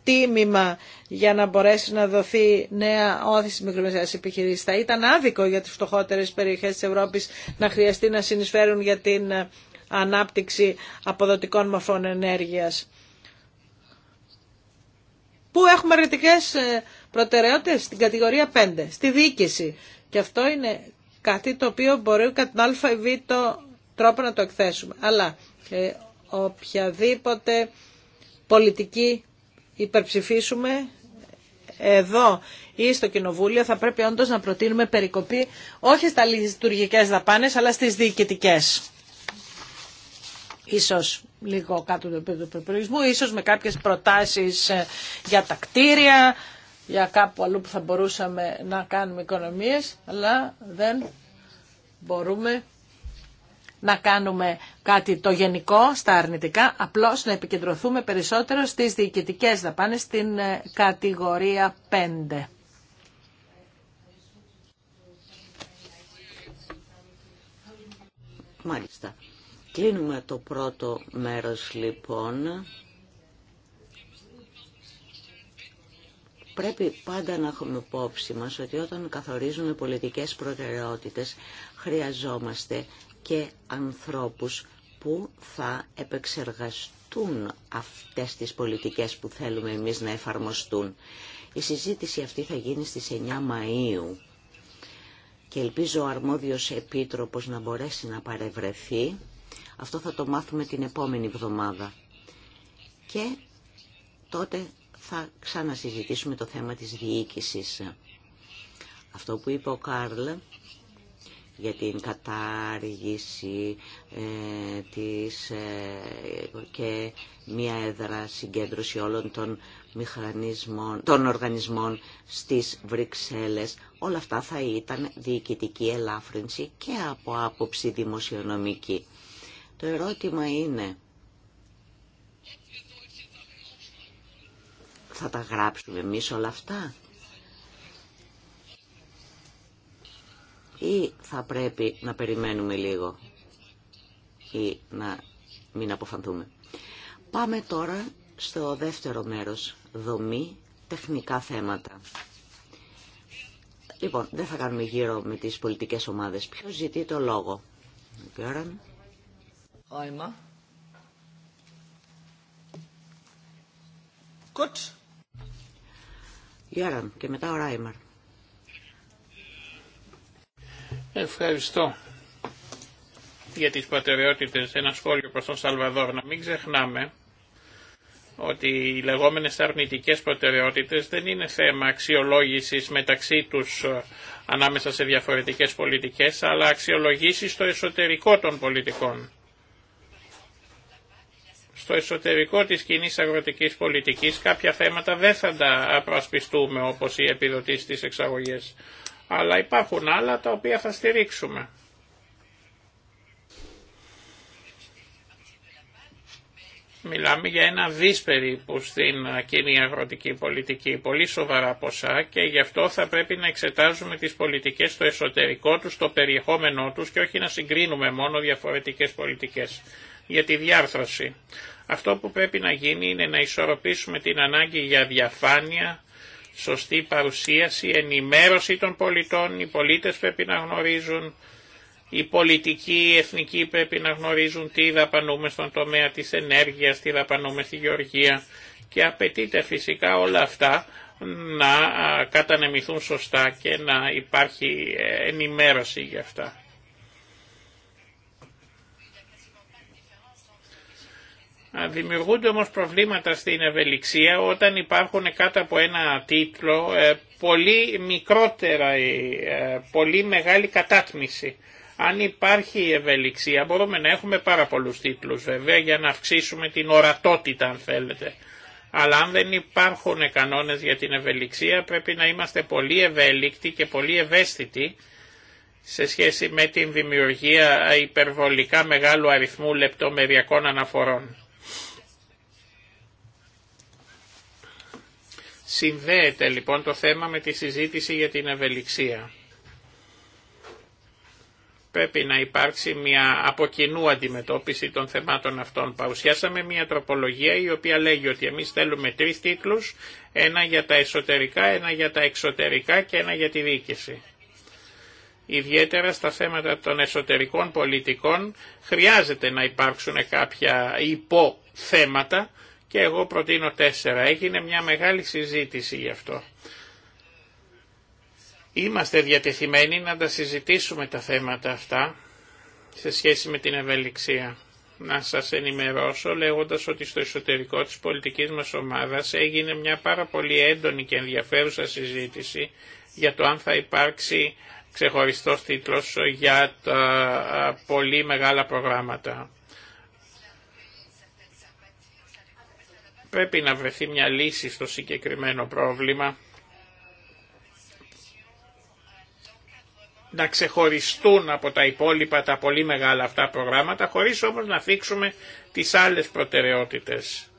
τίμημα για να μπορέσει να δοθεί νέα όθηση μικρομεσαίας επιχειρήσης. Θα ήταν άδικο για τις φτωχότερες περιοχές της Ευρώπης να χρειαστεί να συνεισφέρουν για την ε, ανάπτυξη αποδοτικών μορφών ενέργειας. Πού έχουμε αρνητικές ε, προτεραιότητες στην κατηγορία 5, στη διοίκηση. Και αυτό είναι κάτι το οποίο μπορεί κατά την α τρόπο να το εκθέσουμε. Αλλά ε, οποιαδήποτε πολιτική υπερψηφίσουμε εδώ ή στο Κοινοβούλιο θα πρέπει όντως να προτείνουμε περικοπή όχι στα λειτουργικές δαπάνες αλλά στις διοικητικές. Ίσως λίγο κάτω του επίπεδου προπολογισμού, ίσως με κάποιες προτάσεις ε, για τα κτίρια, για κάπου αλλού που θα μπορούσαμε να κάνουμε οικονομίες, αλλά δεν μπορούμε να κάνουμε κάτι το γενικό στα αρνητικά, απλώς να επικεντρωθούμε περισσότερο στις διοικητικές δαπάνες στην ε, κατηγορία 5.
Μάλιστα. Κλείνουμε το πρώτο μέρος λοιπόν. Πρέπει πάντα να έχουμε υπόψη μας ότι όταν καθορίζουμε πολιτικές προτεραιότητες χρειαζόμαστε και ανθρώπους που θα επεξεργαστούν αυτές τις πολιτικές που θέλουμε εμείς να εφαρμοστούν. Η συζήτηση αυτή θα γίνει στις 9 Μαΐου και ελπίζω ο αρμόδιος επίτροπος να μπορέσει να παρευρεθεί. Αυτό θα το μάθουμε την επόμενη εβδομάδα. Και τότε θα ξανασυζητήσουμε το θέμα της διοίκησης. Αυτό που είπε ο Κάρλ για την κατάργηση ε, της, ε, και μια έδρα συγκέντρωση όλων των, μηχανισμών, των οργανισμών στις Βρυξέλλες. Όλα αυτά θα ήταν διοικητική ελάφρυνση και από άποψη δημοσιονομική. Το ερώτημα είναι θα τα γράψουμε εμείς όλα αυτά. Ή θα πρέπει να περιμένουμε λίγο ή να μην αποφανθούμε. Πάμε τώρα στο δεύτερο μέρος, δομή, τεχνικά θέματα. Λοιπόν, δεν θα κάνουμε γύρω με τις πολιτικές ομάδες. Ποιος ζητεί το λόγο. Άιμα και μετά ο Ράιμαρ. Ευχαριστώ
για τις σε Ένα σχόλιο προς τον Σαλβαδόρ. Να μην ξεχνάμε ότι οι λεγόμενες αρνητικές προτεραιότητες δεν είναι θέμα αξιολόγησης μεταξύ τους ε, ανάμεσα σε διαφορετικές πολιτικές, αλλά αξιολογήσεις στο εσωτερικό των πολιτικών στο εσωτερικό της κοινή αγροτικής πολιτικής κάποια θέματα δεν θα τα απρασπιστούμε όπως οι επιδοτήσεις στις εξαγωγές. Αλλά υπάρχουν άλλα τα οποία θα στηρίξουμε. Μιλάμε για ένα δύσπερι που στην κοινή αγροτική πολιτική, πολύ σοβαρά ποσά και γι' αυτό θα πρέπει να εξετάζουμε τις πολιτικές στο εσωτερικό τους, στο περιεχόμενό τους και όχι να συγκρίνουμε μόνο διαφορετικές πολιτικές για τη διάρθρωση. Αυτό που πρέπει να γίνει είναι να ισορροπήσουμε την ανάγκη για διαφάνεια, σωστή παρουσίαση, ενημέρωση των πολιτών, οι πολίτες πρέπει να γνωρίζουν, οι πολιτικοί, οι εθνικοί πρέπει να γνωρίζουν τι δαπανούμε στον τομέα της ενέργειας, τι δαπανούμε στη γεωργία και απαιτείται φυσικά όλα αυτά να κατανεμηθούν σωστά και να υπάρχει ε, ενημέρωση για αυτά. Δημιουργούνται όμως προβλήματα στην ευελιξία όταν υπάρχουν κάτω από ένα τίτλο ε, πολύ μικρότερα, ε, ε, πολύ μεγάλη κατάτμιση. Αν υπάρχει ευελιξία μπορούμε να έχουμε πάρα πολλούς τίτλους βέβαια για να αυξήσουμε την ορατότητα αν θέλετε. Αλλά αν δεν υπάρχουν κανόνες για την ευελιξία πρέπει να είμαστε πολύ ευέλικτοι και πολύ ευαίσθητοι σε σχέση με την δημιουργία υπερβολικά μεγάλου αριθμού λεπτομεριακών αναφορών. Συνδέεται λοιπόν το θέμα με τη συζήτηση για την ευελιξία. Πρέπει να υπάρξει μια από κοινού αντιμετώπιση των θεμάτων αυτών. Παρουσιάσαμε μια τροπολογία η οποία λέγει ότι εμείς θέλουμε τρεις τίτλους, ένα για τα εσωτερικά, ένα για τα εξωτερικά και ένα για τη διοίκηση. Ιδιαίτερα στα θέματα των εσωτερικών πολιτικών χρειάζεται να υπάρξουν κάποια υποθέματα και εγώ προτείνω τέσσερα. Έγινε μια μεγάλη συζήτηση γι' αυτό. Είμαστε διατεθειμένοι να τα συζητήσουμε τα θέματα αυτά σε σχέση με την ευελιξία. Να σας ενημερώσω λέγοντας ότι στο εσωτερικό της πολιτικής μας ομάδας έγινε μια πάρα πολύ έντονη και ενδιαφέρουσα συζήτηση για το αν θα υπάρξει ξεχωριστός τίτλος για τα πολύ μεγάλα προγράμματα. Πρέπει να βρεθεί μια λύση στο συγκεκριμένο πρόβλημα. να ξεχωριστούν από τα υπόλοιπα τα πολύ μεγάλα αυτά προγράμματα, χωρίς όμως να φίξουμε τις άλλες προτεραιότητες.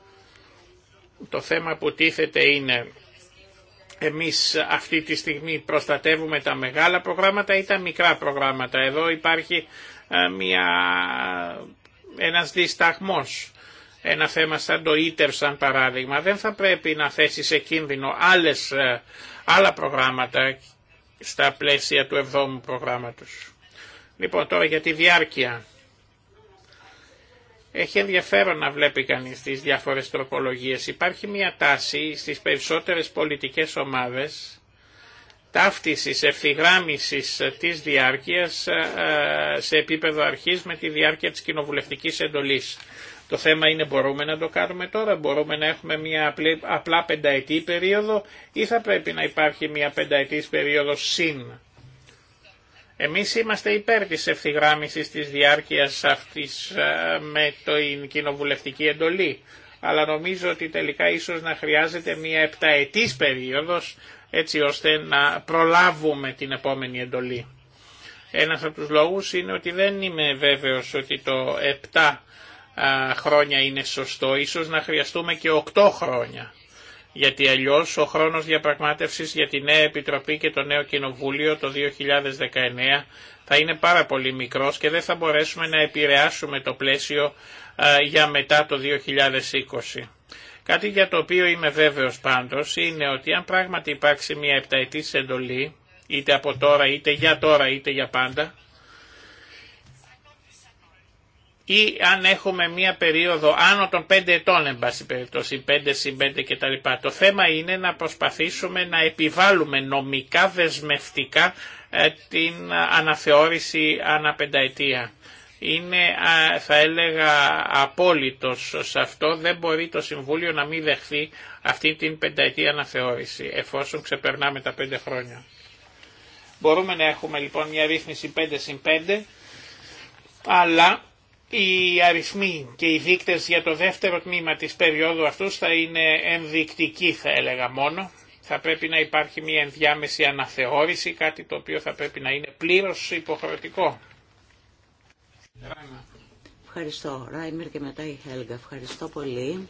Το θέμα που τίθεται είναι, εμείς αυτή τη στιγμή προστατεύουμε τα μεγάλα προγράμματα ή τα μικρά προγράμματα. Εδώ υπάρχει ε, μια, ένας δισταγμός ένα θέμα σαν το ίτερ σαν παράδειγμα δεν θα πρέπει να θέσει σε κίνδυνο άλλες, ε, άλλα προγράμματα στα πλαίσια του εβδόμου προγράμματος. Λοιπόν τώρα για τη διάρκεια. Έχει ενδιαφέρον να βλέπει κανείς τις διάφορες τροπολογίες. Υπάρχει μια τάση στις περισσότερες πολιτικές ομάδες ταύτισης, ευθυγράμμισης της διάρκειας ε, ε, σε επίπεδο αρχής με τη διάρκεια της κοινοβουλευτικής εντολής. Το θέμα είναι μπορούμε να το κάνουμε τώρα, μπορούμε να έχουμε μια απλά πενταετή περίοδο ή θα πρέπει να υπάρχει μια πενταετής περίοδος συν. Εμείς είμαστε υπέρ της ευθυγράμμισης της διάρκειας αυτής ε, με την κοινοβουλευτική εντολή, αλλά νομίζω ότι τελικά ίσως να χρειάζεται μια επταετής περίοδος έτσι ώστε να προλάβουμε την επόμενη εντολή. Ένας από τους λόγους είναι ότι δεν είμαι βέβαιος ότι το 7 χρόνια είναι σωστό, ίσως να χρειαστούμε και 8 χρόνια. Γιατί αλλιώς ο χρόνος διαπραγμάτευσης για τη νέα Επιτροπή και το νέο Κοινοβούλιο το 2019 θα είναι πάρα πολύ μικρός και δεν θα μπορέσουμε να επηρεάσουμε το πλαίσιο για μετά το 2020. Κάτι για το οποίο είμαι βέβαιος πάντως είναι ότι αν πράγματι υπάρξει μια επταετής εντολή, είτε από τώρα είτε για τώρα είτε για πάντα, ή αν έχουμε μία περίοδο άνω των 5 ετών, εν πάση περιπτώσει, 5 συν 5 κτλ. Το θέμα είναι να προσπαθήσουμε να επιβάλλουμε νομικά δεσμευτικά ε, την αναθεώρηση ανά πενταετία. Είναι, θα έλεγα, απόλυτος σε αυτό. Δεν μπορεί το Συμβούλιο να μην δεχθεί αυτή την πενταετία αναθεώρηση, εφόσον ξεπερνάμε τα 5 χρόνια. Μπορούμε να έχουμε λοιπόν μια ρύθμιση 5 συν 5, αλλά οι αριθμοί και οι δείκτες για το δεύτερο τμήμα της περίοδου αυτούς θα είναι ενδεικτικοί θα έλεγα μόνο. Θα πρέπει να υπάρχει μια ενδιάμεση αναθεώρηση, κάτι το οποίο θα πρέπει να είναι πλήρως υποχρεωτικό.
Ευχαριστώ Ράιμερ και μετά η Χέλγα. Ευχαριστώ πολύ.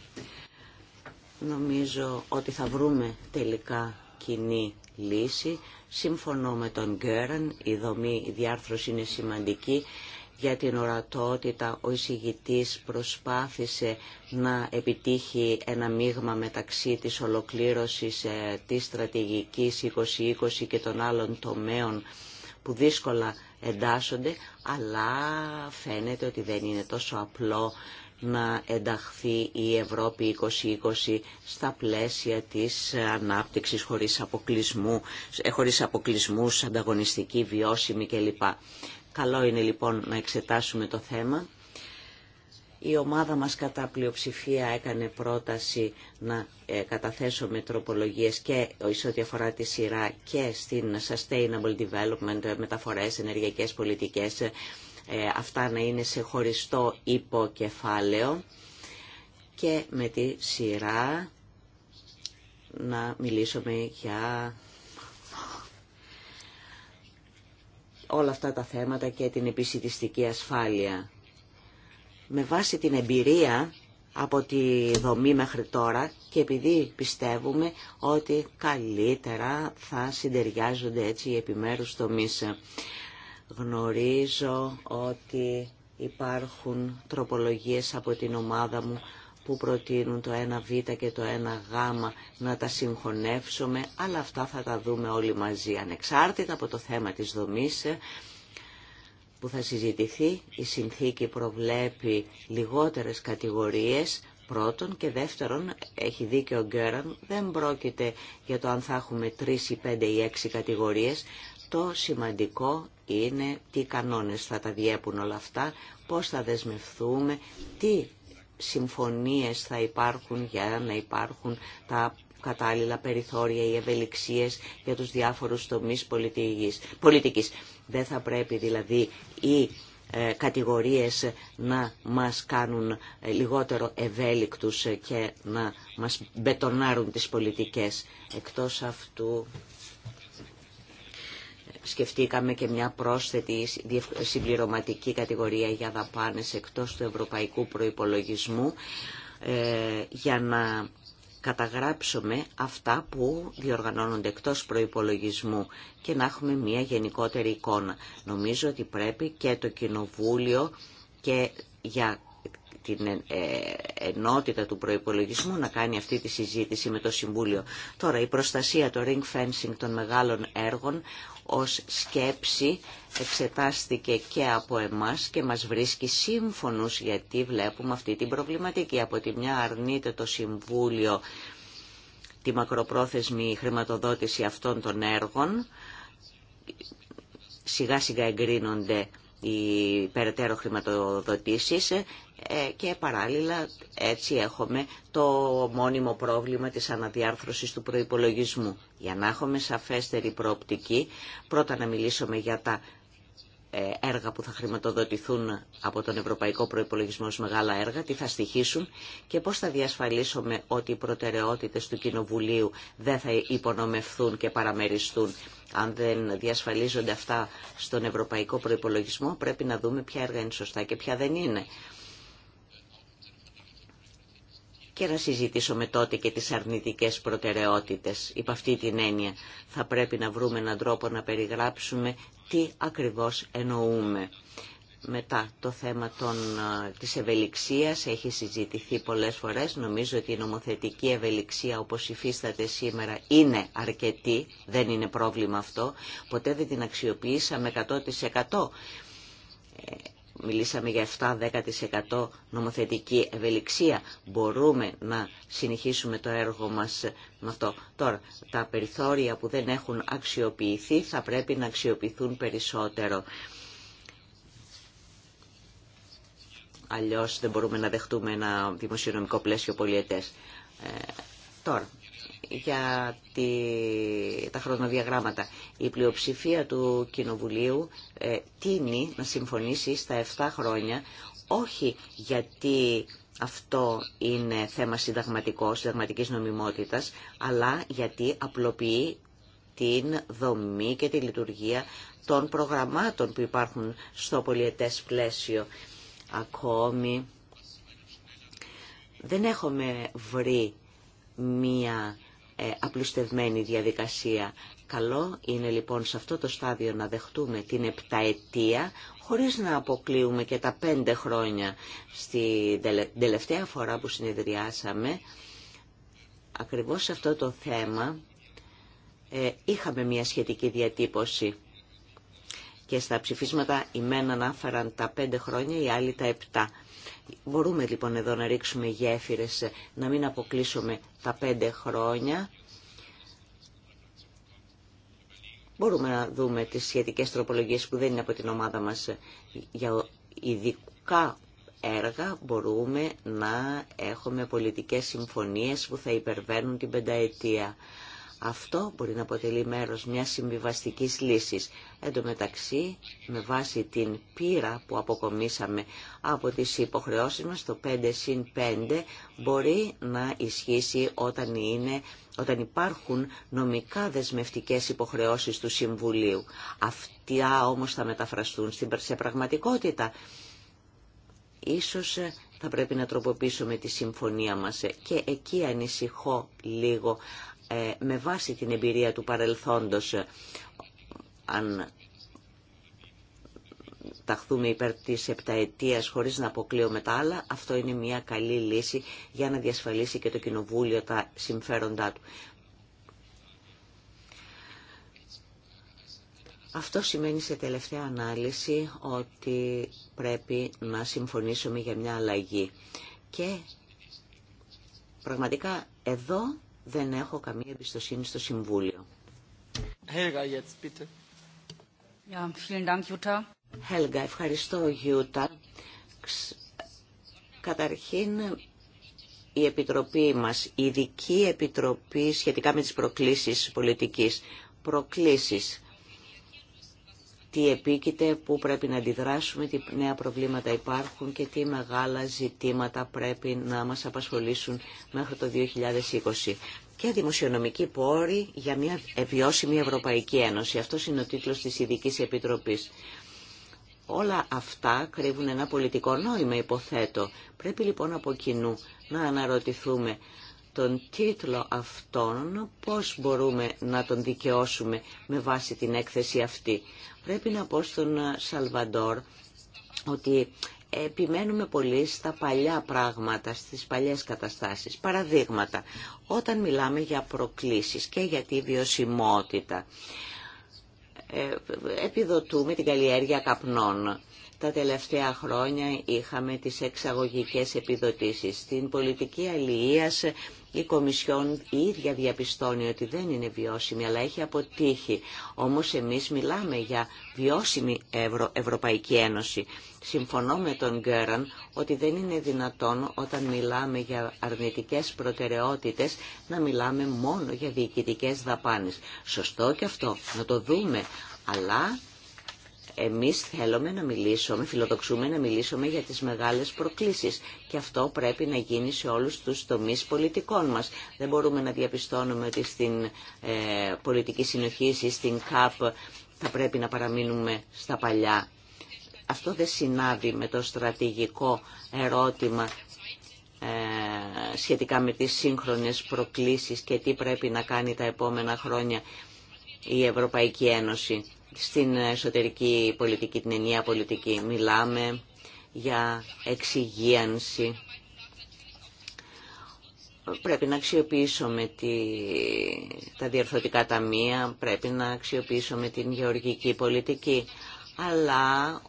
Νομίζω ότι θα βρούμε τελικά κοινή λύση. Σύμφωνο με τον Γκέραν, η δομή, η διάρθρωση είναι σημαντική για την ορατότητα ο εισηγητής προσπάθησε να επιτύχει ένα μείγμα μεταξύ της ολοκλήρωσης ε, της στρατηγικής 2020 και των άλλων τομέων που δύσκολα εντάσσονται, αλλά φαίνεται ότι δεν είναι τόσο απλό να ενταχθεί η Ευρώπη 2020 στα πλαίσια της ανάπτυξης χωρίς, αποκλεισμού, ε, χωρίς αποκλεισμούς, ανταγωνιστική, βιώσιμη κλπ. Καλό είναι λοιπόν να εξετάσουμε το θέμα. Η ομάδα μας κατά πλειοψηφία έκανε πρόταση να ε, καταθέσουμε τροπολογίες και σε ό,τι αφορά τη σειρά και στην sustainable development, ε, μεταφορές, ενεργειακές πολιτικές, ε, αυτά να είναι σε χωριστό υποκεφάλαιο και με τη σειρά να μιλήσουμε για όλα αυτά τα θέματα και την επισητιστική ασφάλεια. Με βάση την εμπειρία από τη δομή μέχρι τώρα και επειδή πιστεύουμε ότι καλύτερα θα συντεριάζονται έτσι οι επιμέρους τομείς. Γνωρίζω ότι υπάρχουν τροπολογίες από την ομάδα μου που προτείνουν το 1β και το 1γ να τα συγχωνεύσουμε, αλλά αυτά θα τα δούμε όλοι μαζί, ανεξάρτητα από το θέμα της δομής ε, που θα συζητηθεί. Η συνθήκη προβλέπει λιγότερες κατηγορίες, πρώτον και δεύτερον, έχει δίκιο ο Γκέραν, δεν πρόκειται για το αν θα έχουμε τρεις ή πέντε ή έξι κατηγορίες, το σημαντικό είναι τι κανόνες θα τα διέπουν όλα αυτά, πώς θα δεσμευθούμε, τι συμφωνίες θα υπάρχουν για να υπάρχουν τα κατάλληλα περιθώρια ή ευελιξίες για τους διάφορους τομείς πολιτικής. Δεν θα πρέπει δηλαδή οι ε, κατηγορίες να μας κάνουν ε, λιγότερο ευέλικτους και να μας μπετονάρουν τις πολιτικές. Εκτός αυτού σκεφτήκαμε και μια πρόσθετη συμπληρωματική κατηγορία για δαπάνες εκτός του ευρωπαϊκού προϋπολογισμού ε, για να καταγράψουμε αυτά που διοργανώνονται εκτός προϋπολογισμού και να έχουμε μια γενικότερη εικόνα. Νομίζω ότι πρέπει και το Κοινοβούλιο και για την ε, ενότητα του προϋπολογισμού να κάνει αυτή τη συζήτηση με το Συμβούλιο. Τώρα, η προστασία, το ring fencing των μεγάλων έργων, ως σκέψη εξετάστηκε και από εμάς και μας βρίσκει σύμφωνους γιατί βλέπουμε αυτή την προβληματική. Από τη μια αρνείται το Συμβούλιο τη μακροπρόθεσμη χρηματοδότηση αυτών των έργων. Σιγά σιγά εγκρίνονται οι περαιτέρω χρηματοδοτήσεις ε, και παράλληλα έτσι έχουμε το μόνιμο πρόβλημα της αναδιάρθρωσης του προϋπολογισμού. Για να έχουμε σαφέστερη προοπτική, πρώτα να μιλήσουμε για τα ε, έργα που θα χρηματοδοτηθούν από τον Ευρωπαϊκό Προϋπολογισμό ως μεγάλα έργα, τι θα στοιχήσουν και πώς θα διασφαλίσουμε ότι οι προτεραιότητες του Κοινοβουλίου δεν θα υπονομευθούν και παραμεριστούν. Αν δεν διασφαλίζονται αυτά στον Ευρωπαϊκό Προϋπολογισμό πρέπει να δούμε ποια έργα είναι σωστά και ποια δεν είναι και να συζητήσουμε τότε και τις αρνητικές προτεραιότητες. Υπ' αυτή την έννοια θα πρέπει να βρούμε έναν τρόπο να περιγράψουμε τι ακριβώς εννοούμε. Μετά το θέμα των, της ευελιξίας έχει συζητηθεί πολλές φορές. Νομίζω ότι η νομοθετική ευελιξία όπως υφίσταται σήμερα είναι αρκετή, δεν είναι πρόβλημα αυτό. Ποτέ δεν την αξιοποιήσαμε 100%. Μιλήσαμε για 7-10% νομοθετική ευελιξία. Μπορούμε να συνεχίσουμε το έργο μας με αυτό. Τώρα, τα περιθώρια που δεν έχουν αξιοποιηθεί θα πρέπει να αξιοποιηθούν περισσότερο. Αλλιώς δεν μπορούμε να δεχτούμε ένα δημοσιονομικό πλαίσιο πολιετές. Ε, τώρα, για τα χρονοδιαγράμματα. Η πλειοψηφία του Κοινοβουλίου ε, τίνει να συμφωνήσει στα 7 χρόνια, όχι γιατί αυτό είναι θέμα συνταγματικό, συνταγματικής νομιμότητας, αλλά γιατί απλοποιεί την δομή και τη λειτουργία των προγραμμάτων που υπάρχουν στο πολιετές πλαίσιο. Ακόμη δεν έχουμε βρει μία ε, απλουστευμένη διαδικασία. Καλό είναι λοιπόν σε αυτό το στάδιο να δεχτούμε την επταετία χωρίς να αποκλείουμε και τα πέντε χρόνια. Στην τελευταία φορά που συνεδριάσαμε, ακριβώς σε αυτό το θέμα, ε, είχαμε μια σχετική διατύπωση και στα ψηφίσματα η μένα ανάφεραν τα πέντε χρόνια, οι άλλοι τα επτά. Μπορούμε λοιπόν εδώ να ρίξουμε γέφυρες, να μην αποκλείσουμε τα πέντε χρόνια. Μπορούμε να δούμε τις σχετικές τροπολογίες που δεν είναι από την ομάδα μας για ειδικά έργα μπορούμε να έχουμε πολιτικές συμφωνίες που θα υπερβαίνουν την πενταετία. Αυτό μπορεί να αποτελεί μέρος μιας συμβιβαστικής λύσης. Εν τω μεταξύ, με βάση την πείρα που αποκομίσαμε από τις υποχρεώσεις μας, το 5 συν 5 μπορεί να ισχύσει όταν, είναι, όταν υπάρχουν νομικά δεσμευτικές υποχρεώσεις του Συμβουλίου. Αυτά όμως θα μεταφραστούν σε πραγματικότητα. Ίσως ε, θα πρέπει να τροποποιήσουμε τη συμφωνία μας ε, και εκεί ανησυχώ λίγο ε, με βάση την εμπειρία του παρελθόντος ε, αν ταχθούμε υπέρ της επταετίας χωρίς να αποκλείω άλλα, αυτό είναι μια καλή λύση για να διασφαλίσει και το Κοινοβούλιο τα συμφέροντά του. Αυτό σημαίνει σε τελευταία ανάλυση ότι πρέπει να συμφωνήσουμε για μια αλλαγή. Και πραγματικά εδώ δεν έχω καμία εμπιστοσύνη στο Συμβούλιο. Helga, jetzt, bitte.
Ja, vielen Dank, Jutta.
Helga, ευχαριστώ Γιούτα. Καταρχήν η Επιτροπή μας, η Ειδική Επιτροπή σχετικά με τις προκλήσεις πολιτικής. Προκλήσεις τι επίκειται, πού πρέπει να αντιδράσουμε, τι νέα προβλήματα υπάρχουν και τι μεγάλα ζητήματα πρέπει να μας απασχολήσουν μέχρι το 2020. Και δημοσιονομική πόρη για μια βιώσιμη Ευρωπαϊκή Ένωση. αυτό είναι ο τίτλος της ειδική Επιτροπής. Όλα αυτά κρύβουν ένα πολιτικό νόημα, υποθέτω. Πρέπει λοιπόν από κοινού να αναρωτηθούμε τον τίτλο αυτόν πώς μπορούμε να τον δικαιώσουμε με βάση την έκθεση αυτή. Πρέπει να πω στον Σαλβαντόρ ότι επιμένουμε πολύ στα παλιά πράγματα, στις παλιές καταστάσεις. Παραδείγματα, όταν μιλάμε για προκλήσεις και για τη βιωσιμότητα, ε, επιδοτούμε την καλλιέργεια καπνών. Τα τελευταία χρόνια είχαμε τις εξαγωγικές επιδοτήσεις. Στην πολιτική αλληλείας η Κομισιόν η ίδια διαπιστώνει ότι δεν είναι βιώσιμη, αλλά έχει αποτύχει. Όμως εμείς μιλάμε για βιώσιμη Ευρω... Ευρωπαϊκή Ένωση. Συμφωνώ με τον Γκέραν ότι δεν είναι δυνατόν όταν μιλάμε για αρνητικές προτεραιότητες να μιλάμε μόνο για διοικητικές δαπάνες. Σωστό και αυτό, να το δούμε. Αλλά εμείς θέλουμε να μιλήσουμε, φιλοδοξούμε να μιλήσουμε για τις μεγάλες προκλήσεις και αυτό πρέπει να γίνει σε όλους τους τομείς πολιτικών μας. Δεν μπορούμε να διαπιστώνουμε ότι στην ε, πολιτική συνοχή ή στην ΚΑΠ θα πρέπει να παραμείνουμε στα παλιά. Αυτό δεν συνάδει με το στρατηγικό ερώτημα ε, σχετικά με τις σύγχρονες προκλήσεις και τι πρέπει να κάνει τα επόμενα χρόνια η Ευρωπαϊκή Ένωση στην εσωτερική πολιτική, την ενιαία πολιτική. Μιλάμε για εξυγίανση. Πρέπει να αξιοποιήσουμε τη, τα διαρθωτικά ταμεία, πρέπει να αξιοποιήσουμε την γεωργική πολιτική. Αλλά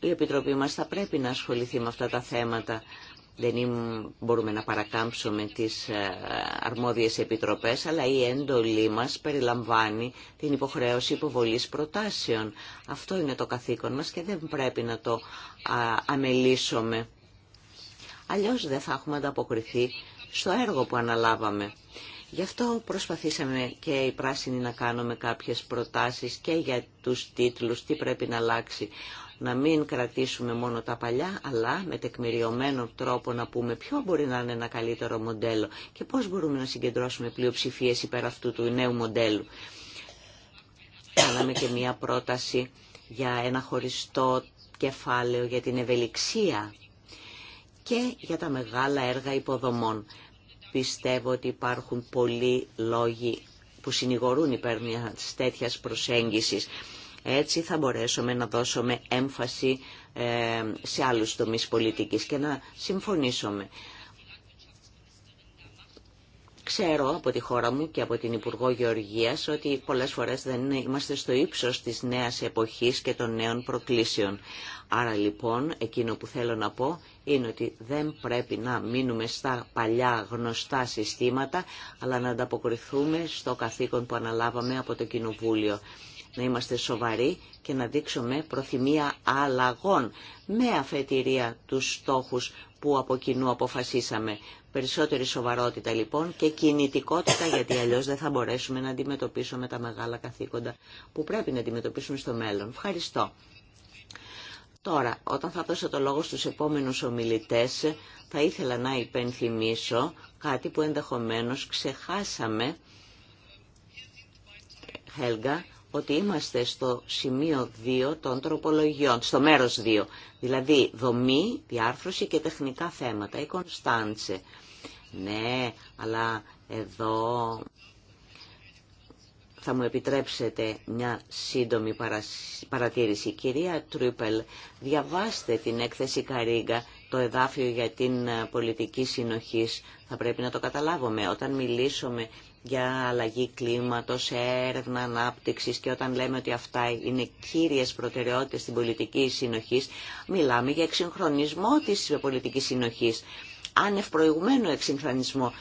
η Επιτροπή μας θα πρέπει να ασχοληθεί με αυτά τα θέματα. Δεν μπορούμε να παρακάμψουμε τις ε, αρμόδιες επιτροπές, αλλά η έντολή μας περιλαμβάνει την υποχρέωση υποβολής προτάσεων. Αυτό είναι το καθήκον μας και δεν πρέπει να το αμελήσουμε. Αλλιώς δεν θα έχουμε ανταποκριθεί στο έργο που αναλάβαμε. Γι' αυτό προσπαθήσαμε και οι πράσινοι να κάνουμε κάποιες προτάσεις και για τους τίτλους, τι πρέπει να αλλάξει να μην κρατήσουμε μόνο τα παλιά, αλλά με τεκμηριωμένο τρόπο να πούμε ποιο μπορεί να είναι ένα καλύτερο μοντέλο και πώς μπορούμε να συγκεντρώσουμε πλειοψηφίε υπέρ αυτού του νέου μοντέλου. Κάναμε και μία πρόταση για ένα χωριστό κεφάλαιο για την ευελιξία και για τα μεγάλα έργα υποδομών. Πιστεύω ότι υπάρχουν πολλοί λόγοι που συνηγορούν υπέρ μιας τέτοιας προσέγγισης. Έτσι θα μπορέσουμε να δώσουμε έμφαση ε, σε άλλους τομείς πολιτικής και να συμφωνήσουμε. Ξέρω από τη χώρα μου και από την Υπουργό Γεωργίας ότι πολλές φορές δεν είμαστε στο ύψος της νέας εποχής και των νέων προκλήσεων. Άρα λοιπόν εκείνο που θέλω να πω είναι ότι δεν πρέπει να μείνουμε στα παλιά γνωστά συστήματα αλλά να ανταποκριθούμε στο καθήκον που αναλάβαμε από το Κοινοβούλιο να είμαστε σοβαροί και να δείξουμε προθυμία αλλαγών με αφετηρία τους στόχου που από κοινού αποφασίσαμε. Περισσότερη σοβαρότητα λοιπόν και κινητικότητα γιατί αλλιώς δεν θα μπορέσουμε να αντιμετωπίσουμε τα μεγάλα καθήκοντα που πρέπει να αντιμετωπίσουμε στο μέλλον. Ευχαριστώ. Τώρα, όταν θα δώσω το λόγο στους επόμενους ομιλητές, θα ήθελα να υπενθυμίσω κάτι που ενδεχομένως ξεχάσαμε, Χέλγα, ότι είμαστε στο σημείο 2 των τροπολογιών, στο μέρος 2, δηλαδή δομή, διάρθρωση και τεχνικά θέματα, η Κωνσταντσε. Ναι, αλλά εδώ θα μου επιτρέψετε μια σύντομη παρατήρηση. Κυρία Τρούπελ, διαβάστε την έκθεση Καρίγκα, το εδάφιο για την ε, πολιτική συνοχής. Θα πρέπει να το καταλάβουμε. Όταν μιλήσουμε για αλλαγή κλίματος, έρευνα, ανάπτυξη και όταν λέμε ότι αυτά είναι κύριες προτεραιότητες στην πολιτική συνοχής, μιλάμε για εξυγχρονισμό της πολιτικής συνοχής. Αν ευπροηγουμένο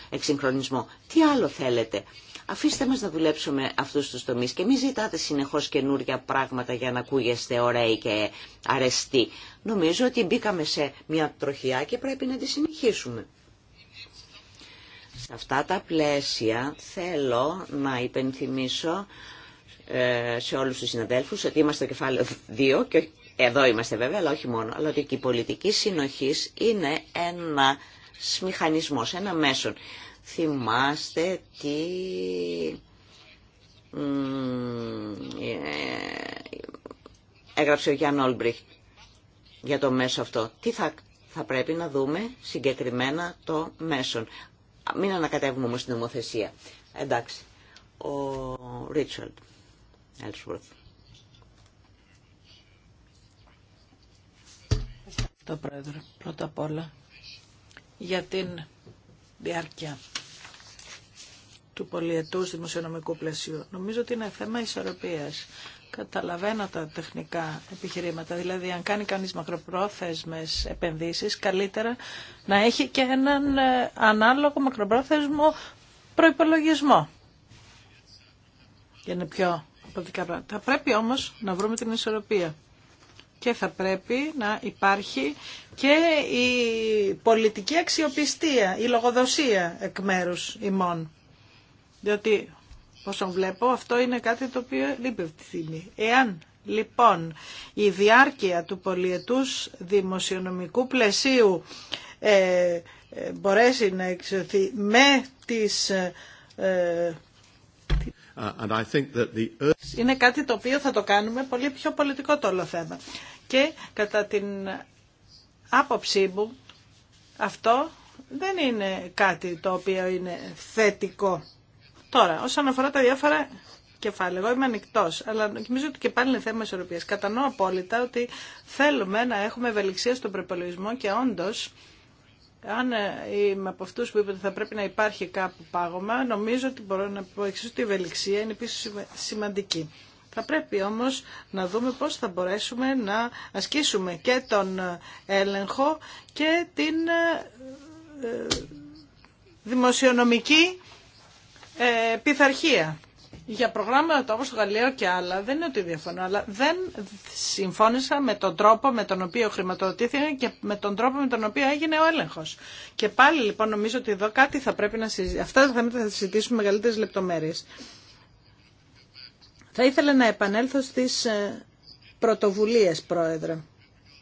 εξυγχρονισμό, Τι άλλο θέλετε. Αφήστε μας να δουλέψουμε αυτούς τους τομείς και μην ζητάτε συνεχώς καινούργια πράγματα για να ακούγεστε ωραίοι και αρεστοί. Νομίζω ότι μπήκαμε σε μια τροχιά και πρέπει να τη συνεχίσουμε. Σε αυτά τα πλαίσια θέλω να υπενθυμίσω ε, σε όλους τους συναδέλφους ότι είμαστε κεφάλαιο 2 και εδώ είμαστε βέβαια, αλλά όχι μόνο, αλλά ότι η πολιτική συνοχής είναι ένα μηχανισμός, ένα μέσον. Θυμάστε τι ε, έγραψε ο Γιάνν Όλμπριχ για το μέσο αυτό. Τι θα, θα πρέπει να δούμε συγκεκριμένα το μέσον. Μην ανακατεύουμε όμως την νομοθεσία. Εντάξει. Ο Ρίτσαρντ Έλσουρθ.
Ευχαριστώ, Πρόεδρε, πρώτα απ' όλα, για την διάρκεια του πολιετούς δημοσιονομικού πλαισίου. Νομίζω ότι είναι θέμα ισορροπίας. Καταλαβαίνω τα τεχνικά επιχειρήματα. Δηλαδή, αν κάνει κανείς μακροπρόθεσμες επενδύσεις, καλύτερα να έχει και έναν ε, ανάλογο μακροπρόθεσμο προϋπολογισμό. Για να πιο Θα πρέπει όμως να βρούμε την ισορροπία. Και θα πρέπει να υπάρχει και η πολιτική αξιοπιστία, η λογοδοσία εκ μέρους ημών. Διότι Όσον βλέπω, αυτό είναι κάτι το οποίο λείπει αυτή τη Εάν λοιπόν η διάρκεια του πολιετούς δημοσιονομικού πλαισίου ε, ε μπορέσει να εξωθεί με τις... Ε, ε, uh, είναι κάτι το οποίο θα το κάνουμε πολύ πιο πολιτικό το όλο θέμα. Και κατά την άποψή μου αυτό δεν είναι κάτι το οποίο είναι θετικό. Τώρα, όσον αφορά τα διάφορα κεφάλαια, εγώ είμαι ανοιχτό, αλλά νομίζω ότι και πάλι είναι θέμα ισορροπία. Κατανοώ απόλυτα ότι θέλουμε να έχουμε ευελιξία στον προπολογισμό και όντω αν ε, είμαι από αυτού που είπε ότι θα πρέπει να υπάρχει κάπου πάγωμα, νομίζω ότι μπορώ να πω εξίσου ότι η ευελιξία είναι επίση σημαντική. Θα πρέπει όμως να δούμε πώς θα μπορέσουμε να ασκήσουμε και τον ε, έλεγχο και την ε, δημοσιονομική ε, πειθαρχία. Για προγράμματα όπως το Γαλλίο και άλλα, δεν είναι ότι διαφωνώ, αλλά δεν συμφώνησα με τον τρόπο με τον οποίο χρηματοδοτήθηκαν και με τον τρόπο με τον οποίο έγινε ο έλεγχος. Και πάλι λοιπόν νομίζω ότι εδώ κάτι θα πρέπει να συζητήσουμε. Αυτά θα συζητήσουμε μεγαλύτερες λεπτομέρειες. Θα ήθελα να επανέλθω στις ε, πρωτοβουλίες, Πρόεδρε.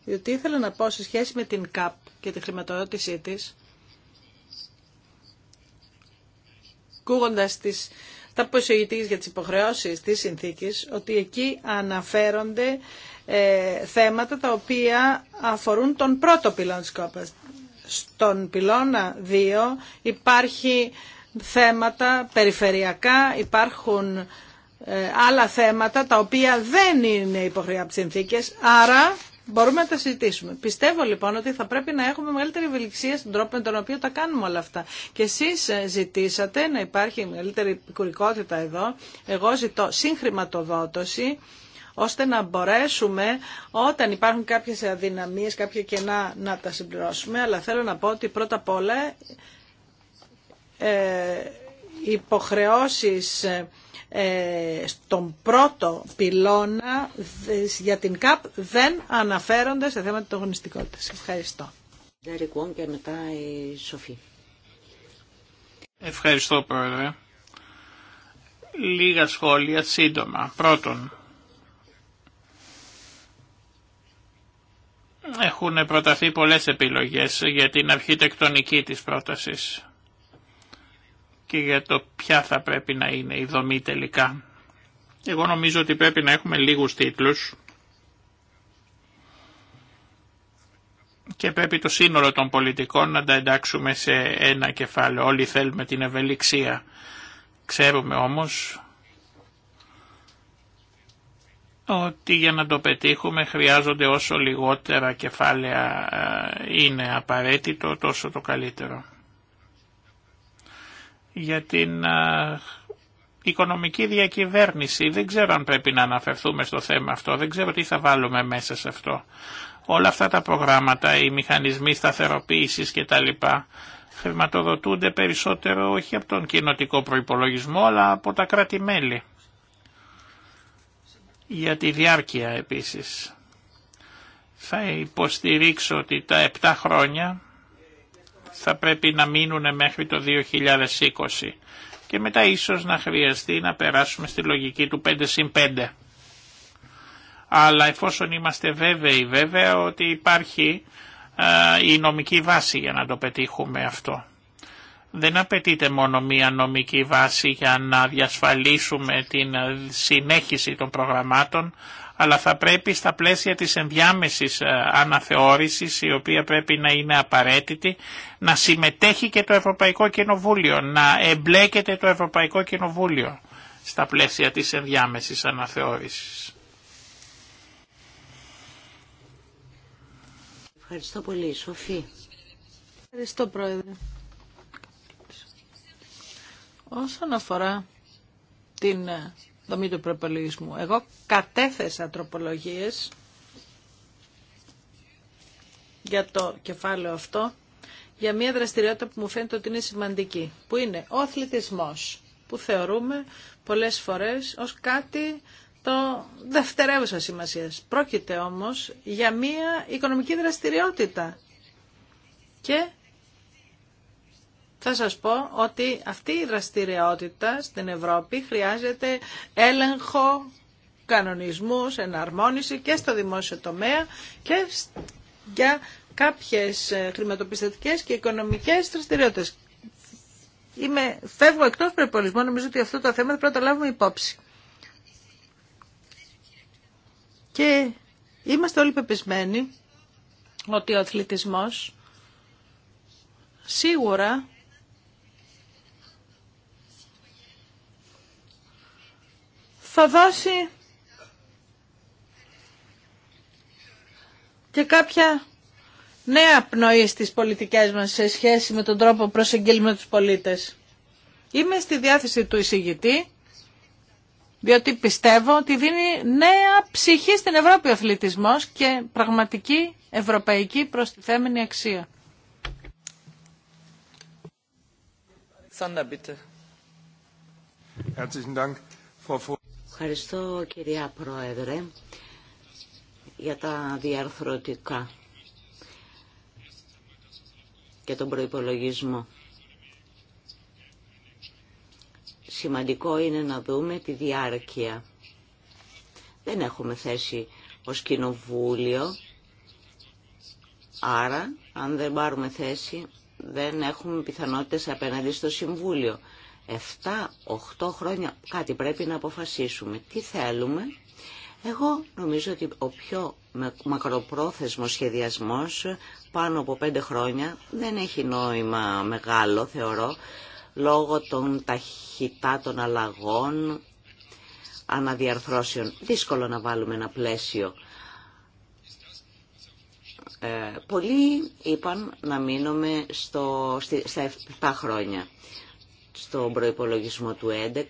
Διότι ήθελα να πω σε σχέση με την ΚΑΠ και τη χρηματοδότησή της, ακούγοντα τα προσεγητής για τις υποχρεώσεις της συνθήκης, ότι εκεί αναφέρονται ε, θέματα τα οποία αφορούν τον πρώτο πυλόν τη κόπας. Στον πυλώνα 2 υπάρχει θέματα περιφερειακά, υπάρχουν ε, άλλα θέματα τα οποία δεν είναι υποχρεωτικά από συνθήκες, άρα Μπορούμε να τα συζητήσουμε. Πιστεύω λοιπόν ότι θα πρέπει να έχουμε μεγαλύτερη ευελιξία στον τρόπο με τον οποίο τα κάνουμε όλα αυτά. Και εσεί ε, ζητήσατε να υπάρχει μεγαλύτερη κουρικότητα εδώ. Εγώ ζητώ συγχρηματοδότηση ώστε να μπορέσουμε όταν υπάρχουν κάποιες αδυναμίες, κάποια κενά να τα συμπληρώσουμε. Αλλά θέλω να πω ότι πρώτα απ' όλα ε, υποχρεώσεις ε, ε, στον πρώτο πυλώνα για την ΚΑΠ δεν αναφέρονται σε θέματα του αγωνιστικότητας. Ευχαριστώ.
και μετά η Σοφή.
Ευχαριστώ Πρόεδρε. Λίγα σχόλια σύντομα. Πρώτον, έχουν προταθεί πολλές επιλογές για την αρχιτεκτονική της πρότασης και για το ποια θα πρέπει να είναι η δομή τελικά. Εγώ νομίζω ότι πρέπει να έχουμε λίγους τίτλους και πρέπει το σύνολο των πολιτικών να τα εντάξουμε σε ένα κεφάλαιο. Όλοι θέλουμε την ευελιξία. Ξέρουμε όμως ότι για να το πετύχουμε χρειάζονται όσο λιγότερα κεφάλαια ε, είναι απαραίτητο τόσο το καλύτερο για την οικονομική διακυβέρνηση. Δεν ξέρω αν πρέπει να αναφερθούμε στο θέμα αυτό, δεν ξέρω τι θα βάλουμε μέσα σε αυτό. Όλα αυτά τα προγράμματα, οι μηχανισμοί σταθεροποίησης κτλ. χρηματοδοτούνται περισσότερο όχι από τον κοινοτικό προϋπολογισμό αλλά από τα κράτη-μέλη. Για τη διάρκεια επίσης. Θα υποστηρίξω ότι τα 7 χρόνια θα πρέπει να μείνουν μέχρι το 2020 και μετά ίσως να χρειαστεί να περάσουμε στη λογική του 5 συν 5. Αλλά εφόσον είμαστε βέβαιοι βέβαια ότι υπάρχει η νομική βάση για να το πετύχουμε αυτό. Δεν απαιτείται μόνο μία νομική βάση για να διασφαλίσουμε την συνέχιση των προγραμμάτων, αλλά θα πρέπει στα πλαίσια της ενδιάμεσης ε, αναθεώρησης, η οποία πρέπει να είναι απαραίτητη, να συμμετέχει και το Ευρωπαϊκό Κοινοβούλιο, να εμπλέκεται το Ευρωπαϊκό Κοινοβούλιο στα πλαίσια της ενδιάμεσης αναθεώρησης.
Ευχαριστώ πολύ, Σοφή. Ευχαριστώ,
Πρόεδρε. Όσον αφορά την ε, δομή του προπολογισμού. Εγώ κατέθεσα τροπολογίες για το κεφάλαιο αυτό για μια δραστηριότητα που μου φαίνεται ότι είναι σημαντική, που είναι ο αθλητισμός, που θεωρούμε πολλές φορές ως κάτι το δευτερεύουσα σημασία. Πρόκειται όμως για μια οικονομική δραστηριότητα και θα σας πω ότι αυτή η δραστηριότητα στην Ευρώπη χρειάζεται έλεγχο κανονισμούς, εναρμόνιση και στο δημόσιο τομέα και για κάποιες ε, χρηματοπιστωτικές και οικονομικές δραστηριότητες. Είμαι, φεύγω εκτός προπολισμού, νομίζω ότι αυτό το θέμα πρέπει να το λάβουμε υπόψη. Και είμαστε όλοι πεπισμένοι ότι ο αθλητισμός σίγουρα θα δώσει και κάποια νέα πνοή στις πολιτικές μας σε σχέση με τον τρόπο προσεγγίλουμε τους πολίτες. Είμαι στη διάθεση του εισηγητή, διότι πιστεύω ότι δίνει νέα ψυχή στην Ευρώπη ο αθλητισμός και πραγματική ευρωπαϊκή προστιθέμενη αξία.
Ευχαριστώ κυρία Πρόεδρε για τα διαρθρωτικά και τον προϋπολογισμό. Σημαντικό είναι να δούμε τη διάρκεια. Δεν έχουμε θέση ως κοινοβούλιο, άρα αν δεν πάρουμε θέση δεν έχουμε πιθανότητες απέναντι στο Συμβούλιο. 7-8 χρόνια κάτι πρέπει να αποφασίσουμε. Τι θέλουμε. Εγώ νομίζω ότι ο πιο μακροπρόθεσμος σχεδιασμός πάνω από 5 χρόνια δεν έχει νόημα μεγάλο θεωρώ λόγω των ταχυτάτων αλλαγών αναδιαρθρώσεων. Δύσκολο να βάλουμε ένα πλαίσιο. Ε, πολλοί είπαν να μείνουμε στο, στα 7 χρόνια στον προϋπολογισμό του 11,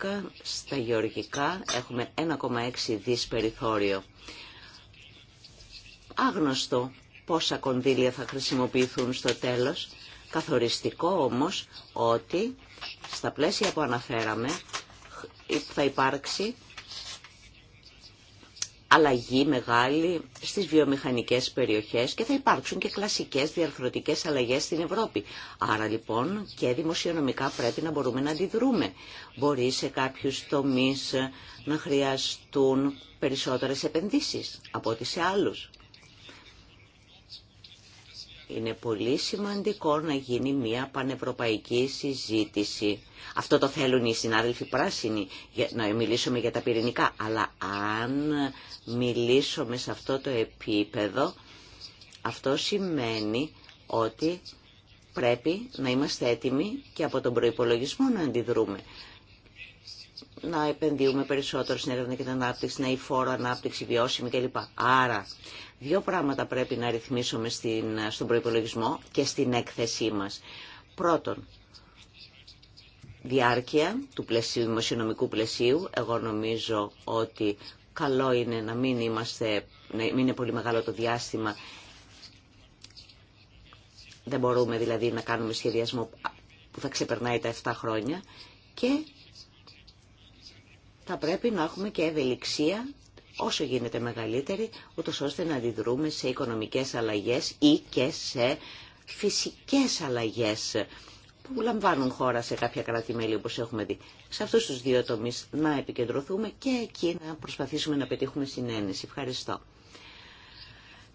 στα γεωργικά έχουμε 1,6 δις περιθώριο. Άγνωστο πόσα κονδύλια θα χρησιμοποιηθούν στο τέλος, καθοριστικό όμως ότι στα πλαίσια που αναφέραμε θα υπάρξει αλλαγή μεγάλη στις βιομηχανικές περιοχές και θα υπάρξουν και κλασικές διαρθρωτικές αλλαγές στην Ευρώπη. Άρα λοιπόν και δημοσιονομικά πρέπει να μπορούμε να αντιδρούμε. Μπορεί σε κάποιους τομείς να χρειαστούν περισσότερες επενδύσεις από ό,τι σε άλλους είναι πολύ σημαντικό να γίνει μια πανευρωπαϊκή συζήτηση. Αυτό το θέλουν οι συνάδελφοι πράσινοι, για να μιλήσουμε για τα πυρηνικά. Αλλά αν μιλήσουμε σε αυτό το επίπεδο, αυτό σημαίνει ότι πρέπει να είμαστε έτοιμοι και από τον προϋπολογισμό να αντιδρούμε. Να επενδύουμε περισσότερο στην έρευνα και την ανάπτυξη, να η φόρο ανάπτυξη βιώσιμη κλπ. Άρα Δύο πράγματα πρέπει να ρυθμίσουμε στον προϋπολογισμό και στην έκθεσή μας. Πρώτον, διάρκεια του πλαισίου, δημοσιονομικού πλαισίου. Εγώ νομίζω ότι καλό είναι να μην, είμαστε, να μην είναι πολύ μεγάλο το διάστημα. Δεν μπορούμε δηλαδή να κάνουμε σχεδιασμό που θα ξεπερνάει τα 7 χρόνια. Και θα πρέπει να έχουμε και ευελιξία όσο γίνεται μεγαλύτερη, ούτω ώστε να αντιδρούμε σε οικονομικές αλλαγές ή και σε φυσικές αλλαγές που λαμβάνουν χώρα σε κάποια κράτη-μέλη όπως έχουμε δει. Σε αυτούς τους δύο τομείς να επικεντρωθούμε και εκεί να προσπαθήσουμε να πετύχουμε συνένεση. Ευχαριστώ.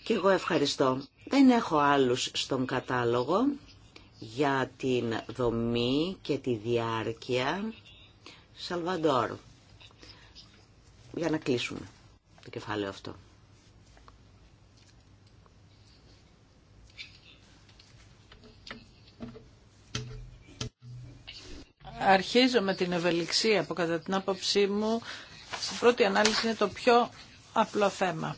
Και εγώ ευχαριστώ. Δεν έχω άλλους στον κατάλογο για την δομή και τη διάρκεια. Σαλβαντόρ, για να κλείσουμε το αυτό.
Αρχίζω με την ευελιξία που κατά την άποψή μου στην πρώτη ανάλυση είναι το πιο απλό θέμα.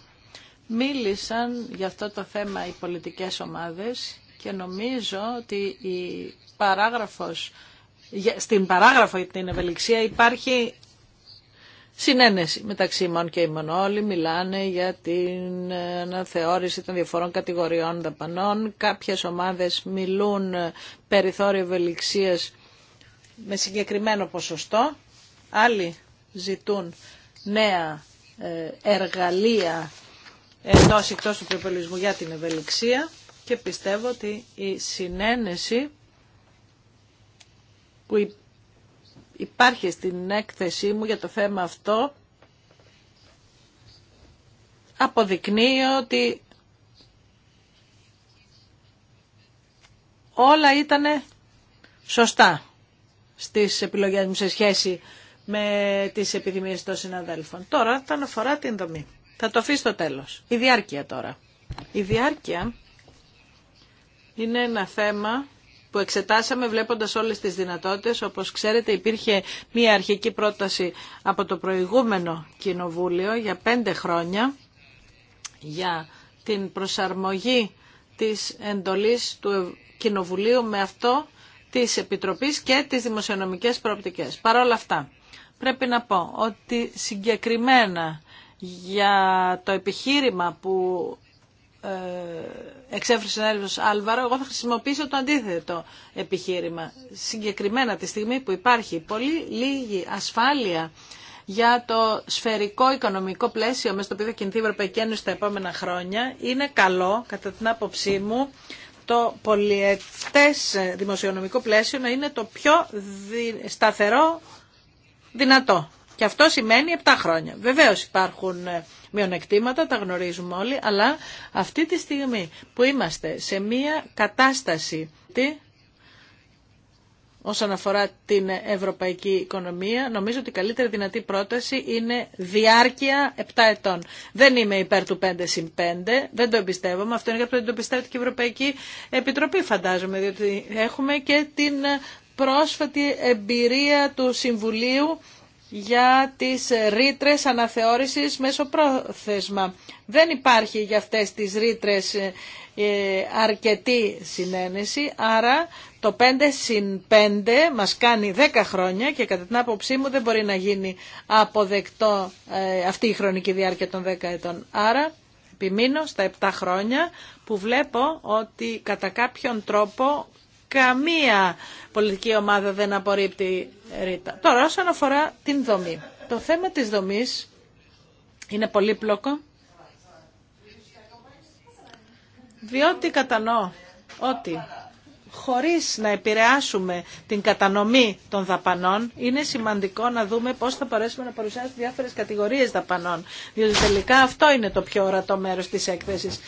Μίλησαν για αυτό το θέμα οι πολιτικές ομάδες και νομίζω ότι η παράγραφος, στην παράγραφο για την ευελιξία υπάρχει συνένεση μεταξύ ημών και ημών. Όλοι μιλάνε για την αναθεώρηση των διαφορών κατηγοριών δαπανών. Κάποιες ομάδες μιλούν περιθώριο ευελιξίας με συγκεκριμένο ποσοστό. Άλλοι ζητούν νέα ε, εργαλεία εντός εκτός του προπολισμού για την ευελιξία και πιστεύω ότι η συνένεση που υπάρχει στην έκθεσή μου για το θέμα αυτό αποδεικνύει ότι όλα ήταν σωστά στις επιλογές μου σε σχέση με τις επιδημίες των συναδέλφων. Τώρα, θα αφορά την δομή, θα το αφήσω στο τέλος. Η διάρκεια τώρα. Η διάρκεια είναι ένα θέμα που εξετάσαμε βλέποντας όλες τις δυνατότητες. Όπως ξέρετε υπήρχε μία αρχική πρόταση από το προηγούμενο Κοινοβούλιο για πέντε χρόνια για την προσαρμογή της εντολής του Κοινοβουλίου με αυτό της Επιτροπής και τις δημοσιονομικές προοπτικές. Παρ' όλα αυτά, πρέπει να πω ότι συγκεκριμένα για το επιχείρημα που ε, εξέφρασε ο Άλβαρο, εγώ θα χρησιμοποιήσω το αντίθετο επιχείρημα. Συγκεκριμένα τη στιγμή που υπάρχει πολύ λίγη ασφάλεια για το σφαιρικό οικονομικό πλαίσιο μέσα στο οποίο θα κινηθεί η Ευρωπαϊκή Ένωση τα επόμενα χρόνια, είναι καλό, κατά την άποψή μου, το πολιετές δημοσιονομικό πλαίσιο να είναι το πιο σταθερό δυνατό. Και αυτό σημαίνει 7 χρόνια. Βεβαίω υπάρχουν ε, μειονεκτήματα, τα γνωρίζουμε όλοι, αλλά αυτή τη στιγμή που είμαστε σε μία κατάσταση τι, όσον αφορά την ευρωπαϊκή οικονομία, νομίζω ότι η καλύτερη δυνατή πρόταση είναι διάρκεια 7 ετών. Δεν είμαι υπέρ του 5 συν 5, δεν το εμπιστεύομαι. Αυτό είναι γιατί δεν το εμπιστεύεται και η Ευρωπαϊκή Επιτροπή, φαντάζομαι, διότι έχουμε και την ε, πρόσφατη εμπειρία του Συμβουλίου για τις ρήτρε αναθεώρησης μέσω πρόθεσμα. Δεν υπάρχει για αυτές τις ρήτρε ε, αρκετή συνένεση, άρα το 5 συν 5 μας κάνει 10 χρόνια και κατά την άποψή μου δεν μπορεί να γίνει αποδεκτό ε, αυτή η χρονική διάρκεια των 10 ετών. Άρα επιμείνω στα 7 χρόνια που βλέπω ότι κατά κάποιον τρόπο καμία πολιτική ομάδα δεν απορρίπτει ρήτα. Τώρα, όσον αφορά την δομή. Το θέμα της δομής είναι πολύπλοκο, διότι κατανοώ ότι χωρίς να επηρεάσουμε την κατανομή των δαπανών, είναι σημαντικό να δούμε πώς θα μπορέσουμε να παρουσιάσουμε διάφορες κατηγορίες δαπανών, διότι τελικά αυτό είναι το πιο ορατό μέρος της έκθεσης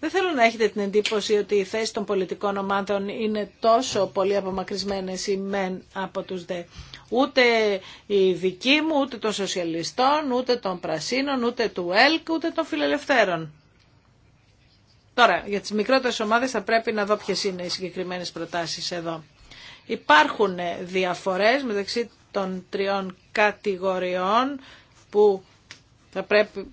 δεν θέλω να έχετε την εντύπωση ότι οι θέσει των πολιτικών ομάδων είναι τόσο πολύ απομακρυσμένε ή μεν από τους δε. Ούτε η δική μου, ούτε των σοσιαλιστών, ούτε των πρασίνων, ούτε του ΕΛΚ, ούτε των φιλελευθέρων. Τώρα, για τις μικρότερες ομάδες θα πρέπει να δω ποιες είναι οι συγκεκριμένες προτάσεις εδώ. Υπάρχουν διαφορές μεταξύ των τριών κατηγοριών που θα πρέπει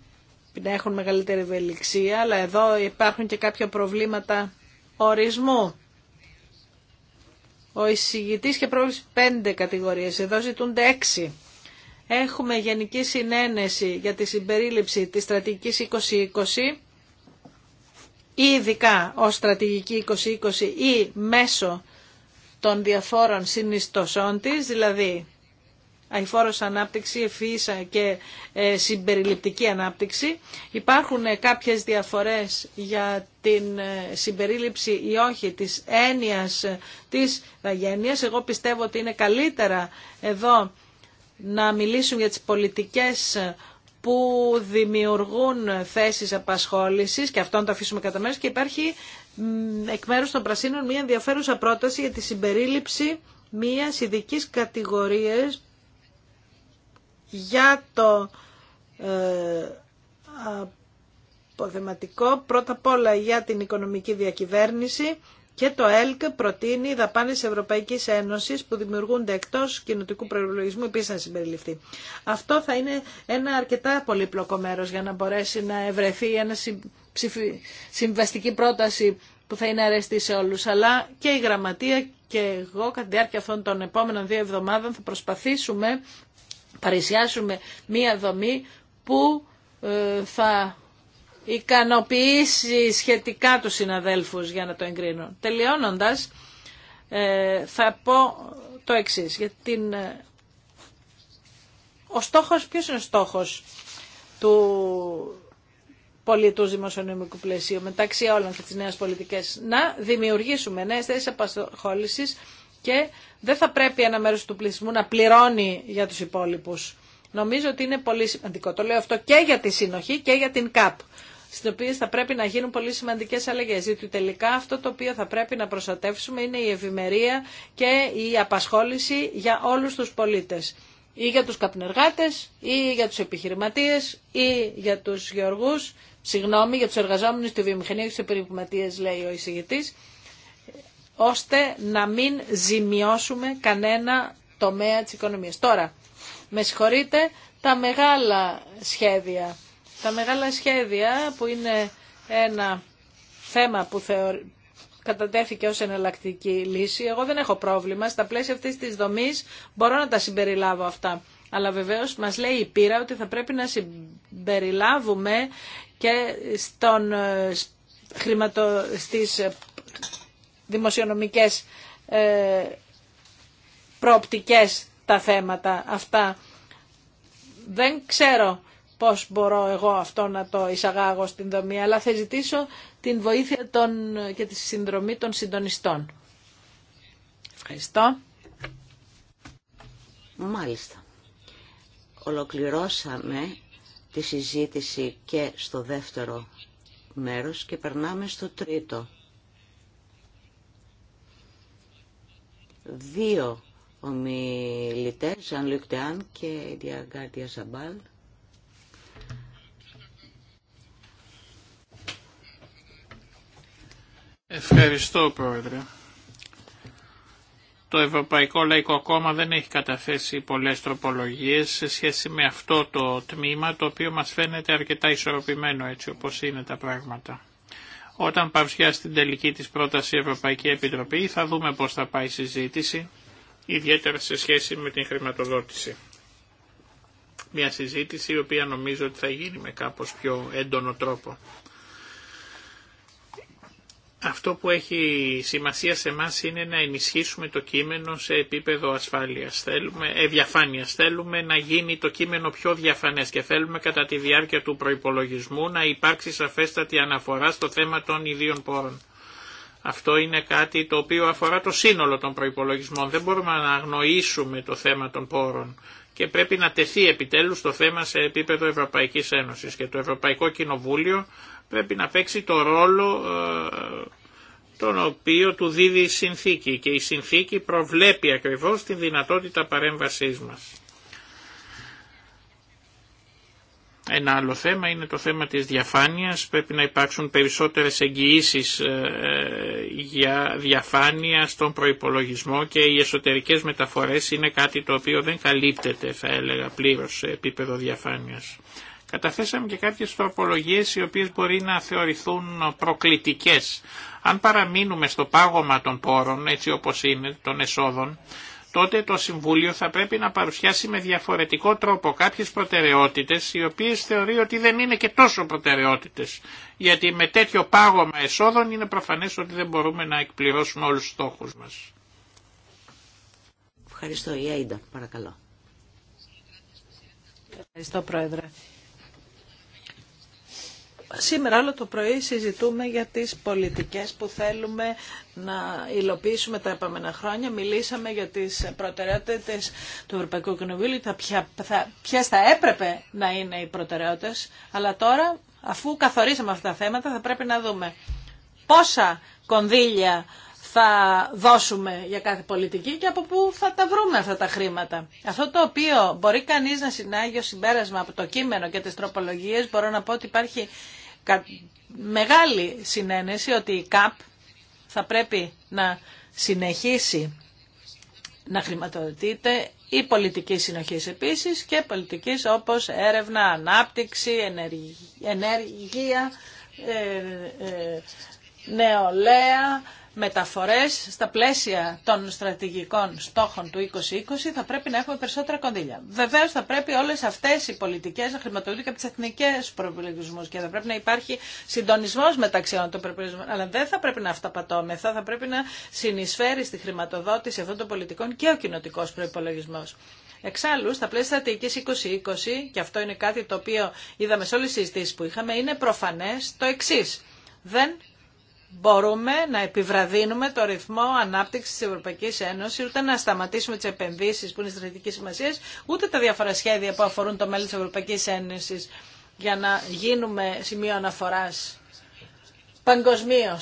να έχουν μεγαλύτερη ευελιξία, αλλά εδώ υπάρχουν και κάποια προβλήματα ορισμού. Ο εισηγητή και πρόβληση πέντε κατηγορίες, εδώ ζητούνται έξι. Έχουμε γενική συνένεση για τη συμπερίληψη της στρατηγικής 2020 ή ειδικά ως στρατηγική 2020 ή μέσω των διαφόρων συνιστοσών της, δηλαδή αηφόρος ανάπτυξη, ευφύησα και ε, συμπεριληπτική ανάπτυξη. Υπάρχουν ε, κάποιες διαφορές για την ε, συμπερίληψη ή όχι της έννοιας της δαγένειας. Εγώ πιστεύω ότι είναι καλύτερα εδώ να μιλήσουν για τις πολιτικές που δημιουργούν θέσεις απασχόλησης και αυτόν το αφήσουμε κατά μέρος και υπάρχει εκ μέρους των Πρασίνων μια ενδιαφέρουσα πρόταση για τη συμπερίληψη μιας ειδική κατηγορίας για το ε, αποδεματικό, πρώτα απ' όλα για την οικονομική διακυβέρνηση και το ΕΛΚ προτείνει οι δαπάνε Ευρωπαϊκή Ένωση που δημιουργούνται εκτός κοινοτικού προπολογισμού επίσης να συμπεριληφθεί. Αυτό θα είναι ένα αρκετά πολύπλοκο μέρο για να μπορέσει να ευρεθεί ένα συμβαστική πρόταση που θα είναι αρεστή σε όλου. Αλλά και η Γραμματεία και εγώ κατά τη διάρκεια αυτών των επόμενων δύο εβδομάδων θα προσπαθήσουμε παρουσιάσουμε μία δομή που ε, θα ικανοποιήσει σχετικά του συναδέλφους για να το εγκρίνουν. Τελειώνοντας, ε, θα πω το εξής. Για την... Ε, ο στόχος, ποιος είναι ο στόχος του πολιτού δημοσιονομικού πλαισίου μεταξύ όλων και της νέας πολιτικές. Να δημιουργήσουμε νέες θέσεις απασχόλησης και δεν θα πρέπει ένα μέρος του πληθυσμού να πληρώνει για τους υπόλοιπους. Νομίζω ότι είναι πολύ σημαντικό. Το λέω αυτό και για τη συνοχή και για την ΚΑΠ, στις οποίες θα πρέπει να γίνουν πολύ σημαντικές αλλαγές, διότι τελικά αυτό το οποίο θα πρέπει να προστατεύσουμε είναι η ευημερία και η απασχόληση για όλους τους πολίτες. Ή για τους καπνεργάτες, ή για τους επιχειρηματίες, ή για τους γεωργούς, συγγνώμη, για τους εργαζόμενους στη βιομηχανία και τους επιχειρηματίες, λέει ο εισηγητής, ώστε να μην ζημιώσουμε κανένα τομέα της οικονομίας. Τώρα, με συγχωρείτε, τα μεγάλα σχέδια. Τα μεγάλα σχέδια που είναι ένα θέμα που κατατέθηκε ως εναλλακτική λύση. Εγώ δεν έχω πρόβλημα. Στα πλαίσια αυτής της δομής μπορώ να τα συμπεριλάβω αυτά. Αλλά βεβαίως μας λέει η πείρα ότι θα πρέπει να συμπεριλάβουμε και στον, ε, χρηματο, δημοσιονομικές ε, προοπτικές τα θέματα αυτά. Δεν ξέρω πώς μπορώ εγώ αυτό να το εισαγάγω στην δομή, αλλά θα ζητήσω την βοήθεια των, και τη συνδρομή των συντονιστών.
Ευχαριστώ. Μάλιστα. Ολοκληρώσαμε τη συζήτηση και στο δεύτερο μέρος και περνάμε στο τρίτο. δύο ομιλητές, αν Λουκτεάν και η Διαγκάρτια Σαμπάλ.
Ευχαριστώ Πρόεδρε. Το Ευρωπαϊκό Λαϊκό Κόμμα δεν έχει καταθέσει πολλές τροπολογίες σε σχέση με αυτό το τμήμα το οποίο μας φαίνεται αρκετά ισορροπημένο έτσι όπως είναι τα πράγματα. Όταν παρουσιάσει την τελική της πρόταση η Ευρωπαϊκή Επιτροπή θα δούμε πώς θα πάει η συζήτηση, ιδιαίτερα σε σχέση με την χρηματοδότηση. Μια συζήτηση η οποία νομίζω ότι θα γίνει με κάπως πιο έντονο τρόπο. Αυτό που έχει σημασία σε εμά είναι να ενισχύσουμε το κείμενο σε επίπεδο ασφάλειας. Θέλουμε, ε, Θέλουμε να γίνει το κείμενο πιο διαφανές και θέλουμε κατά τη διάρκεια του προϋπολογισμού να υπάρξει σαφέστατη αναφορά στο θέμα των ιδίων πόρων. Αυτό είναι κάτι το οποίο αφορά το σύνολο των προϋπολογισμών. Δεν μπορούμε να αγνοήσουμε το θέμα των πόρων και πρέπει να τεθεί επιτέλους το θέμα σε επίπεδο Ευρωπαϊκής Ένωσης και το Ευρωπαϊκό Κοινοβούλιο πρέπει να παίξει το ρόλο ε, τον οποίο του δίδει η συνθήκη και η συνθήκη προβλέπει ακριβώς τη δυνατότητα παρέμβασής μας. Ένα άλλο θέμα είναι το θέμα της διαφάνειας. Πρέπει να υπάρξουν περισσότερες εγγυήσει ε, για διαφάνεια στον προϋπολογισμό και οι εσωτερικές μεταφορές είναι κάτι το οποίο δεν καλύπτεται, θα έλεγα, πλήρως σε επίπεδο διαφάνειας. Καταθέσαμε και κάποιες τροπολογίες οι οποίες μπορεί να θεωρηθούν προκλητικές. Αν παραμείνουμε στο πάγωμα των πόρων, έτσι όπως είναι, των εσόδων, τότε το Συμβούλιο θα πρέπει να παρουσιάσει με διαφορετικό τρόπο κάποιες προτεραιότητες, οι οποίες θεωρεί ότι δεν είναι και τόσο προτεραιότητες, γιατί με τέτοιο πάγωμα εσόδων είναι προφανές ότι δεν μπορούμε να εκπληρώσουμε όλους τους
στόχους μας. Ευχαριστώ. Η Αΐντα, παρακαλώ.
Ευχαριστώ, Πρόεδρε. Σήμερα όλο το πρωί συζητούμε για τις πολιτικές που θέλουμε να υλοποιήσουμε τα επόμενα χρόνια. Μιλήσαμε για τις προτεραιότητες του Ευρωπαϊκού Κοινοβούλου, ποιε θα έπρεπε να είναι οι προτεραιότητες. Αλλά τώρα, αφού καθορίσαμε αυτά τα θέματα, θα πρέπει να δούμε πόσα κονδύλια θα δώσουμε για κάθε πολιτική και από πού θα τα βρούμε αυτά τα χρήματα. Αυτό το οποίο μπορεί κανείς να συνάγει ως συμπέρασμα από το κείμενο και τις τροπολογίες, μπορώ να πω ότι υπάρχει μεγάλη συνένεση ότι η ΚΑΠ θα πρέπει να συνεχίσει να χρηματοδοτείται η πολιτική συνοχή επίσης και πολιτική όπως έρευνα, ανάπτυξη, ενέργεια, ενέργεια νεολαία, μεταφορές στα πλαίσια των στρατηγικών στόχων του 2020 θα πρέπει να έχουμε περισσότερα κονδύλια. Βεβαίως θα πρέπει όλες αυτές οι πολιτικές να χρηματοδοτούνται και από τις εθνικές προπολογισμούς και θα πρέπει να υπάρχει συντονισμός μεταξύ των προπολογισμών. Αλλά δεν θα πρέπει να αυταπατώμεθα, θα πρέπει να συνεισφέρει στη χρηματοδότηση αυτών των πολιτικών και ο κοινοτικό προπολογισμό. Εξάλλου, στα πλαίσια στρατηγική 2020, και αυτό είναι κάτι το οποίο είδαμε σε όλε τι συζητήσει που είχαμε, είναι προφανέ το εξή. Δεν μπορούμε να επιβραδύνουμε το ρυθμό ανάπτυξη τη Ευρωπαϊκή Ένωση, ούτε να σταματήσουμε τι επενδύσει που είναι στρατηγική σημασία, ούτε τα διάφορα σχέδια που αφορούν το μέλλον τη Ευρωπαϊκή Ένωση για να γίνουμε σημείο αναφορά παγκοσμίω.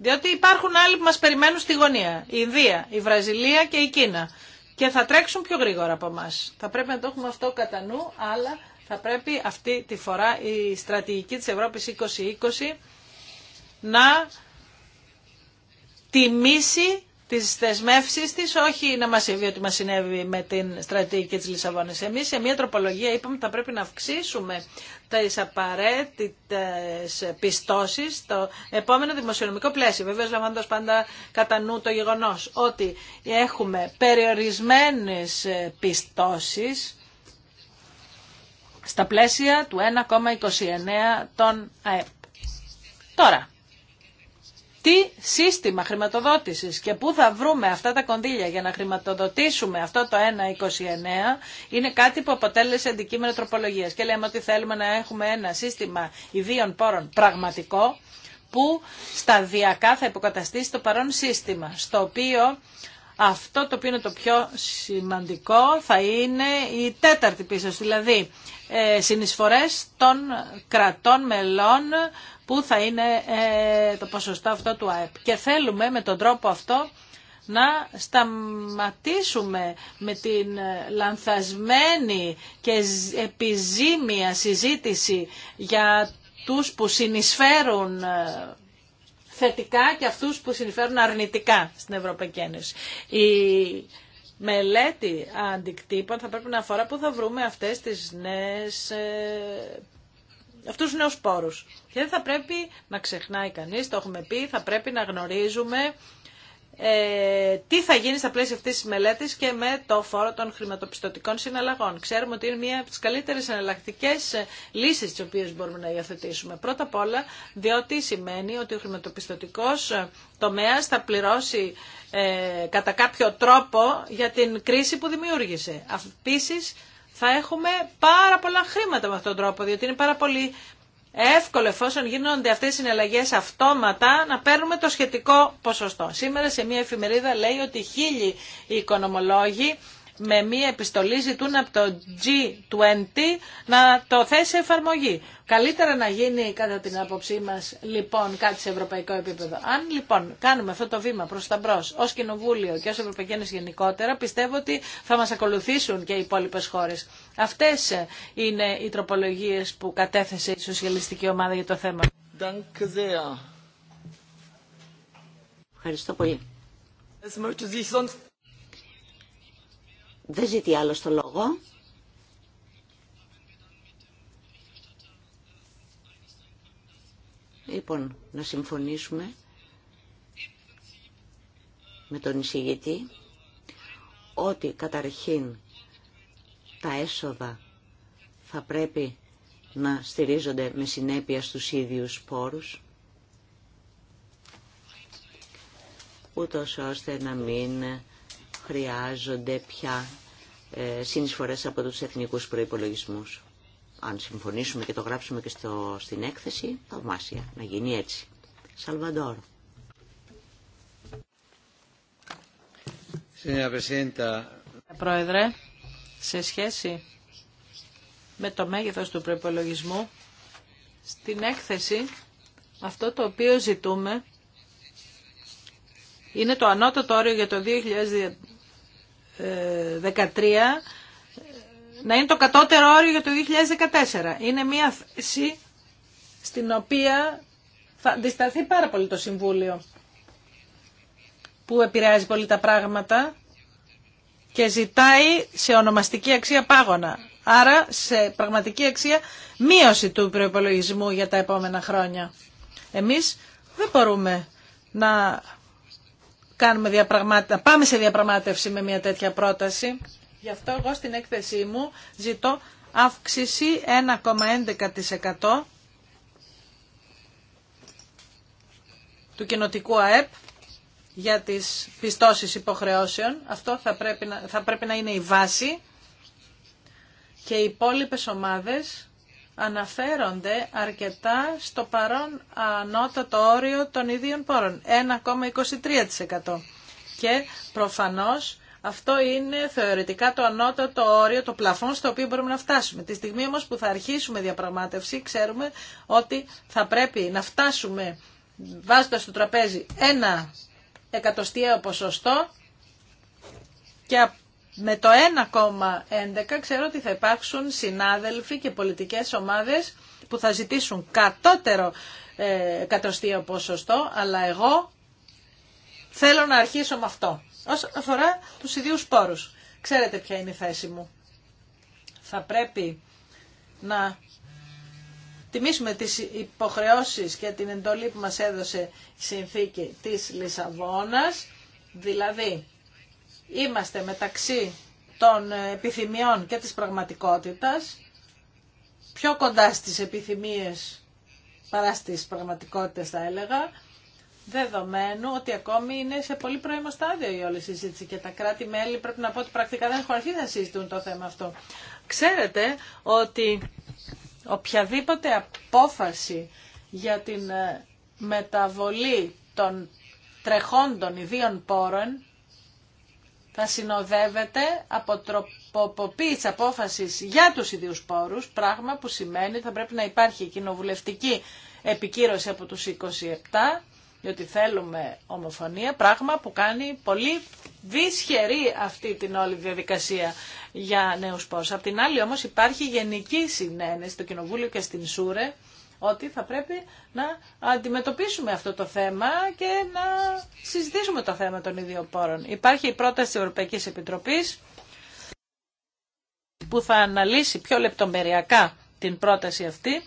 Διότι υπάρχουν άλλοι που μα περιμένουν στη γωνία. Η Ινδία, η Βραζιλία και η Κίνα. Και θα τρέξουν πιο γρήγορα από εμά. Θα πρέπει να το έχουμε αυτό κατά νου, αλλά θα πρέπει αυτή τη φορά η στρατηγική της Ευρώπης 2020 να τιμήσει τις θεσμεύσεις της, όχι να μας συμβεί ότι μας συνέβη με την στρατηγική της Λισαβόνης. Εμείς σε μια τροπολογία είπαμε ότι θα πρέπει να αυξήσουμε τις απαραίτητες πιστώσεις στο επόμενο δημοσιονομικό πλαίσιο. Βέβαια, λαμβάνοντας πάντα κατά νου το γεγονός ότι έχουμε περιορισμένες πιστώσεις στα πλαίσια του 1,29 των ΑΕΠ. Τώρα, τι σύστημα χρηματοδότησης και πού θα βρούμε αυτά τα κονδύλια για να χρηματοδοτήσουμε αυτό το 1,29 είναι κάτι που αποτέλεσε αντικείμενο τροπολογίας. Και λέμε ότι θέλουμε να έχουμε ένα σύστημα ιδίων πόρων πραγματικό που σταδιακά θα υποκαταστήσει το παρόν σύστημα, στο οποίο αυτό το οποίο είναι το πιο σημαντικό θα είναι η τέταρτη πίσω, δηλαδή ε, συνεισφορές των κρατών μελών που θα είναι ε, το ποσοστό αυτό του ΑΕΠ. Και θέλουμε με τον τρόπο αυτό να σταματήσουμε με την λανθασμένη και επιζήμια συζήτηση για τους που συνεισφέρουν ε, θετικά και αυτούς που συμφέρουν αρνητικά στην Ευρωπαϊκή Ένωση. Η μελέτη αντικτύπων θα πρέπει να αφορά πού θα βρούμε αυτές τις νέες, ε, αυτούς τους νέους πόρους. Και δεν θα πρέπει να ξεχνάει κανείς, το έχουμε πει, θα πρέπει να γνωρίζουμε ε, τι θα γίνει στα πλαίσια αυτής της μελέτης και με το φόρο των χρηματοπιστωτικών συναλλαγών. Ξέρουμε ότι είναι μία από τις καλύτερες εναλλακτικέ ε, λύσεις τις οποίες μπορούμε να υιοθετήσουμε. Πρώτα απ' όλα διότι σημαίνει ότι ο χρηματοπιστωτικός ε, τομέας θα πληρώσει ε, κατά κάποιο τρόπο για την κρίση που δημιούργησε. Επίση θα έχουμε πάρα πολλά χρήματα με αυτόν τον τρόπο, διότι είναι πάρα πολύ εύκολο εφόσον γίνονται αυτές οι συναλλαγές αυτόματα να παίρνουμε το σχετικό ποσοστό. Σήμερα σε μια εφημερίδα λέει ότι χίλιοι οι οικονομολόγοι με μία επιστολή ζητούν από το G20 να το θέσει εφαρμογή. Καλύτερα να γίνει κατά την άποψή μας λοιπόν κάτι σε ευρωπαϊκό επίπεδο. Αν λοιπόν κάνουμε αυτό το βήμα προς τα μπρος ως Κοινοβούλιο και ως Ευρωπαϊκή γενικότερα πιστεύω ότι θα μας ακολουθήσουν και οι υπόλοιπες χώρες. Αυτές ε, είναι οι τροπολογίες που κατέθεσε η Σοσιαλιστική Ομάδα για το θέμα.
Ευχαριστώ πολύ. Δεν ζητεί άλλο το λόγο. Λοιπόν, να συμφωνήσουμε με τον εισηγητή ότι καταρχήν τα έσοδα θα πρέπει να στηρίζονται με συνέπεια στους ίδιους πόρους, ούτως ώστε να μην χρειάζονται πια ε, συνεισφορές από τους εθνικούς προϋπολογισμούς. Αν συμφωνήσουμε και το γράψουμε και στο, στην έκθεση, θαυμάσια, να γίνει έτσι. Σαλβαντόρ. Πρόεδρε,
σε σχέση με το μέγεθος του προϋπολογισμού, στην έκθεση αυτό το οποίο ζητούμε είναι το ανώτατο όριο για το 2013 να είναι το κατώτερο όριο για το 2014. Είναι μια θέση στην οποία θα αντισταθεί πάρα πολύ το Συμβούλιο που επηρεάζει πολύ τα πράγματα και ζητάει σε ονομαστική αξία πάγωνα. Άρα σε πραγματική αξία μείωση του προϋπολογισμού για τα επόμενα χρόνια. Εμείς δεν μπορούμε να, κάνουμε να πάμε σε διαπραγμάτευση με μια τέτοια πρόταση. Γι' αυτό εγώ στην έκθεσή μου ζητώ αύξηση 1,11% του κοινοτικού ΑΕΠ για τις πιστώσεις υποχρεώσεων. Αυτό θα πρέπει να, θα πρέπει να είναι η βάση και οι υπόλοιπες ομάδες αναφέρονται αρκετά στο παρόν ανώτατο όριο των ίδιων πόρων, 1,23%. Και προφανώς αυτό είναι θεωρητικά το ανώτατο όριο, το πλαφόν στο οποίο μπορούμε να φτάσουμε. Τη στιγμή όμως που θα αρχίσουμε διαπραγμάτευση, ξέρουμε ότι θα πρέπει να φτάσουμε βάζοντας στο τραπέζι ένα εκατοστιαίο ποσοστό και με το 1,11 ξέρω ότι θα υπάρξουν συνάδελφοι και πολιτικές ομάδες που θα ζητήσουν κατώτερο ε, εκατοστιαίο ποσοστό, αλλά εγώ θέλω να αρχίσω με αυτό. Όσον αφορά τους ιδίους πόρους. Ξέρετε ποια είναι η θέση μου. Θα πρέπει να τιμήσουμε τις υποχρεώσεις και την εντολή που μας έδωσε η συνθήκη της Λισαβόνας, δηλαδή είμαστε μεταξύ των επιθυμιών και της πραγματικότητας, πιο κοντά στις επιθυμίες παρά στις πραγματικότητες θα έλεγα, δεδομένου ότι ακόμη είναι σε πολύ πρώιμο στάδιο η όλη συζήτηση και τα κράτη-μέλη πρέπει να πω ότι πρακτικά δεν έχουν αρχίσει να συζητούν το θέμα αυτό. Ξέρετε ότι οποιαδήποτε απόφαση για την ε, μεταβολή των τρεχόντων ιδίων πόρων θα συνοδεύεται από τροποποίηση απόφασης για τους ιδίους πόρους, πράγμα που σημαίνει ότι θα πρέπει να υπάρχει κοινοβουλευτική επικύρωση από τους 27 διότι θέλουμε ομοφωνία, πράγμα που κάνει πολύ δυσχερή αυτή την όλη διαδικασία για νέους πόρους. Απ' την άλλη όμως υπάρχει γενική συνένεση στο Κοινοβούλιο και στην ΣΟΥΡΕ ότι θα πρέπει να αντιμετωπίσουμε αυτό το θέμα και να συζητήσουμε το θέμα των ίδιων πόρων. Υπάρχει η πρόταση της Ευρωπαϊκής Επιτροπής που θα αναλύσει πιο λεπτομεριακά την πρόταση αυτή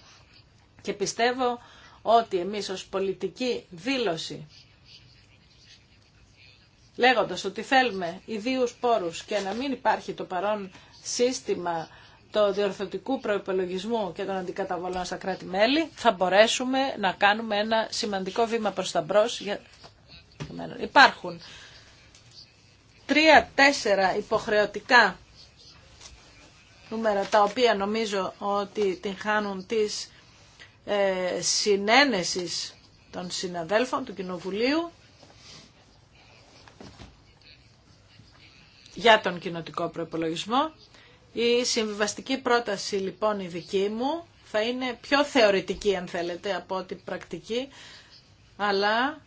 και πιστεύω ότι εμείς ως πολιτική δήλωση λέγοντας ότι θέλουμε ιδίους πόρους και να μην υπάρχει το παρόν σύστημα το διορθωτικού προϋπολογισμού και των αντικαταβολών στα κράτη-μέλη, θα μπορέσουμε να κάνουμε ένα σημαντικό βήμα προς τα μπρος. Υπάρχουν τρία-τέσσερα υποχρεωτικά νούμερα τα οποία νομίζω ότι την χάνουν τις ε, συνένεσης των συναδέλφων του Κοινοβουλίου για τον κοινοτικό προπολογισμό. Η συμβιβαστική πρόταση λοιπόν η δική μου θα είναι πιο θεωρητική αν θέλετε από ό,τι πρακτική, αλλά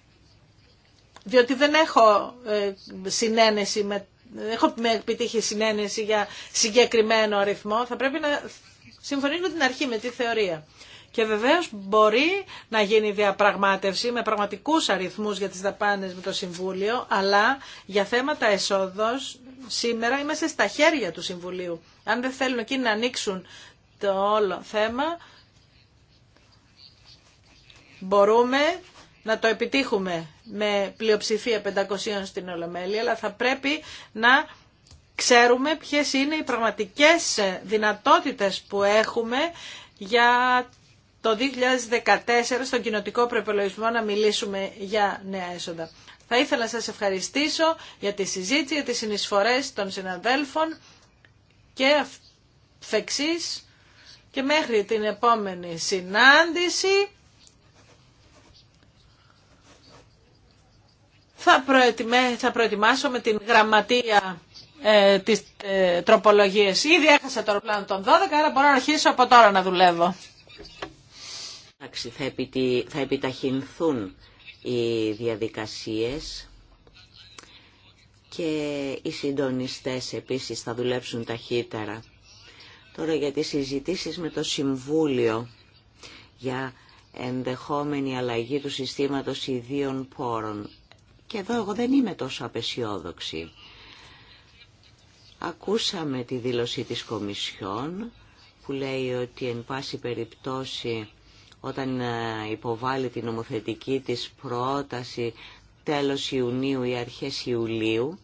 διότι δεν έχω ε, συνένεση με Έχω επιτύχει συνένεση για συγκεκριμένο αριθμό. Θα πρέπει να συμφωνήσω την αρχή, με τη θεωρία. Και βεβαίω μπορεί να γίνει διαπραγμάτευση με πραγματικούς αριθμούς για τις δαπάνε με το Συμβούλιο, αλλά για θέματα εσόδο σήμερα είμαστε στα χέρια του Συμβουλίου. Αν δεν θέλουν εκείνοι να ανοίξουν το όλο θέμα, μπορούμε να το επιτύχουμε με πλειοψηφία 500 στην Ολομέλεια, αλλά θα πρέπει να ξέρουμε ποιες είναι οι πραγματικές δυνατότητες που έχουμε για το 2014 στον κοινοτικό προπολογισμό να μιλήσουμε για νέα έσοδα. Θα ήθελα να σας ευχαριστήσω για τη συζήτηση, για τις συνεισφορές των συναδέλφων και φεξής και μέχρι την επόμενη συνάντηση θα, θα προετοιμάσω με την γραμματεία ε, τις ε, Ήδη έχασα το πλάνο των 12, άρα μπορώ να αρχίσω από τώρα να δουλεύω
θα επιταχυνθούν οι διαδικασίες και οι συντονιστές επίσης θα δουλέψουν ταχύτερα. Τώρα για τις συζητήσεις με το Συμβούλιο για ενδεχόμενη αλλαγή του συστήματος ιδίων πόρων. Και εδώ εγώ δεν είμαι τόσο απεσιόδοξη. Ακούσαμε τη δήλωση της Κομισιόν που λέει ότι εν πάση περιπτώσει όταν ε, υποβάλει την νομοθετική της πρόταση τέλος Ιουνίου ή αρχές Ιουλίου,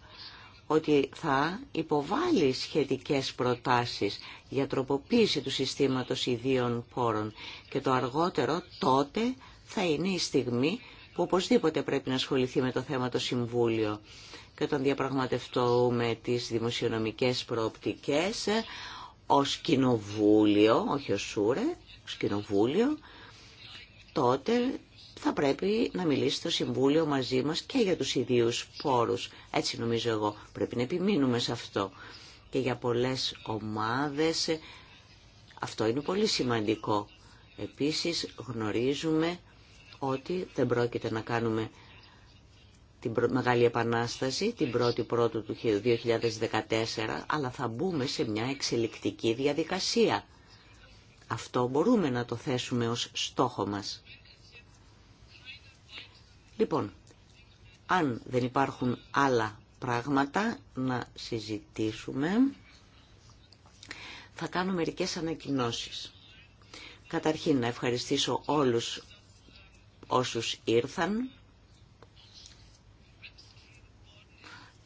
ότι θα υποβάλει σχετικές προτάσεις για τροποποίηση του συστήματος ιδίων πόρων και το αργότερο τότε θα είναι η στιγμή που οπωσδήποτε πρέπει να ασχοληθεί με το θέμα το Συμβούλιο και όταν διαπραγματευτούμε τις δημοσιονομικές προοπτικές ε, ως κοινοβούλιο, όχι ως σούρε, ως κοινοβούλιο, τότε θα πρέπει να μιλήσει το Συμβούλιο μαζί μας και για τους ιδίους πόρους. Έτσι νομίζω εγώ. Πρέπει να επιμείνουμε σε αυτό. Και για πολλές ομάδες ε, αυτό είναι πολύ σημαντικό. Επίσης γνωρίζουμε ότι δεν πρόκειται να κάνουμε την Μεγάλη Επανάσταση, την 1η Πρώτου του 2014, αλλά θα μπούμε σε μια εξελικτική διαδικασία. Αυτό μπορούμε να το θέσουμε ως στόχο μας. Λοιπόν, αν δεν υπάρχουν άλλα πράγματα να συζητήσουμε, θα κάνω μερικές ανακοινώσεις. Καταρχήν να ευχαριστήσω όλους όσους ήρθαν.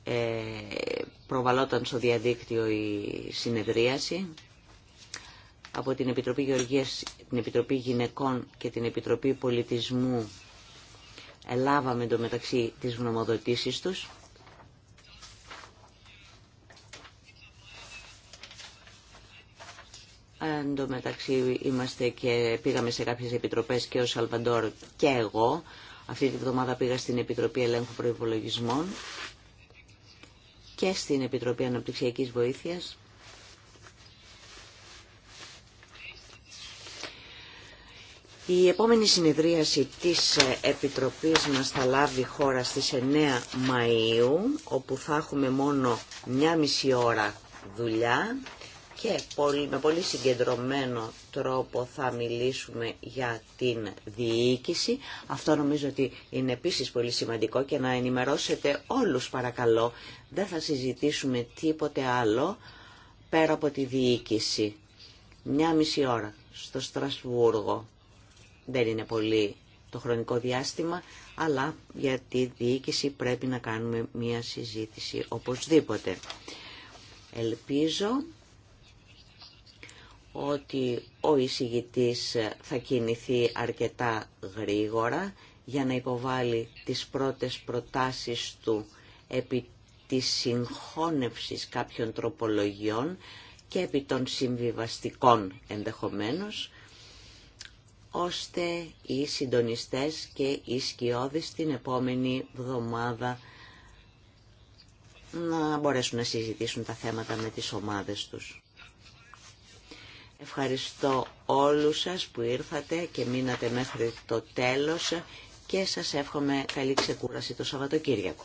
Ε, προβαλόταν στο διαδίκτυο η συνεδρίαση από την Επιτροπή Γεωργίας, την Επιτροπή Γυναικών και την Επιτροπή Πολιτισμού ελάβαμε το μεταξύ τις γνωμοδοτήσεις τους. Εν μεταξύ είμαστε και πήγαμε σε κάποιες επιτροπές και ο Σαλβαντόρ και εγώ. Αυτή τη βδομάδα πήγα στην Επιτροπή Ελέγχου Προϋπολογισμών και στην Επιτροπή Αναπτυξιακής Βοήθειας. Η επόμενη συνεδρίαση της ε, Επιτροπής μας θα λάβει χώρα στις 9 Μαΐου, όπου θα έχουμε μόνο μια μισή ώρα δουλειά και με πολύ συγκεντρωμένο τρόπο θα μιλήσουμε για την διοίκηση. Αυτό νομίζω ότι είναι επίσης πολύ σημαντικό και να ενημερώσετε όλους παρακαλώ. Δεν θα συζητήσουμε τίποτε άλλο πέρα από τη διοίκηση. Μια μισή ώρα στο Στρασβούργο. Δεν είναι πολύ το χρονικό διάστημα, αλλά για τη διοίκηση πρέπει να κάνουμε μία συζήτηση οπωσδήποτε. Ελπίζω ότι ο εισηγητής θα κινηθεί αρκετά γρήγορα για να υποβάλει τις πρώτες προτάσεις του επί της συγχώνευσης κάποιων τροπολογιών και επί των συμβιβαστικών ενδεχομένως ώστε οι συντονιστές και οι σκιώδεις την επόμενη βδομάδα να μπορέσουν να συζητήσουν τα θέματα με τις ομάδες τους. Ευχαριστώ όλους σας που ήρθατε και μείνατε μέχρι το τέλος και σας εύχομαι καλή ξεκούραση το Σαββατοκύριακο.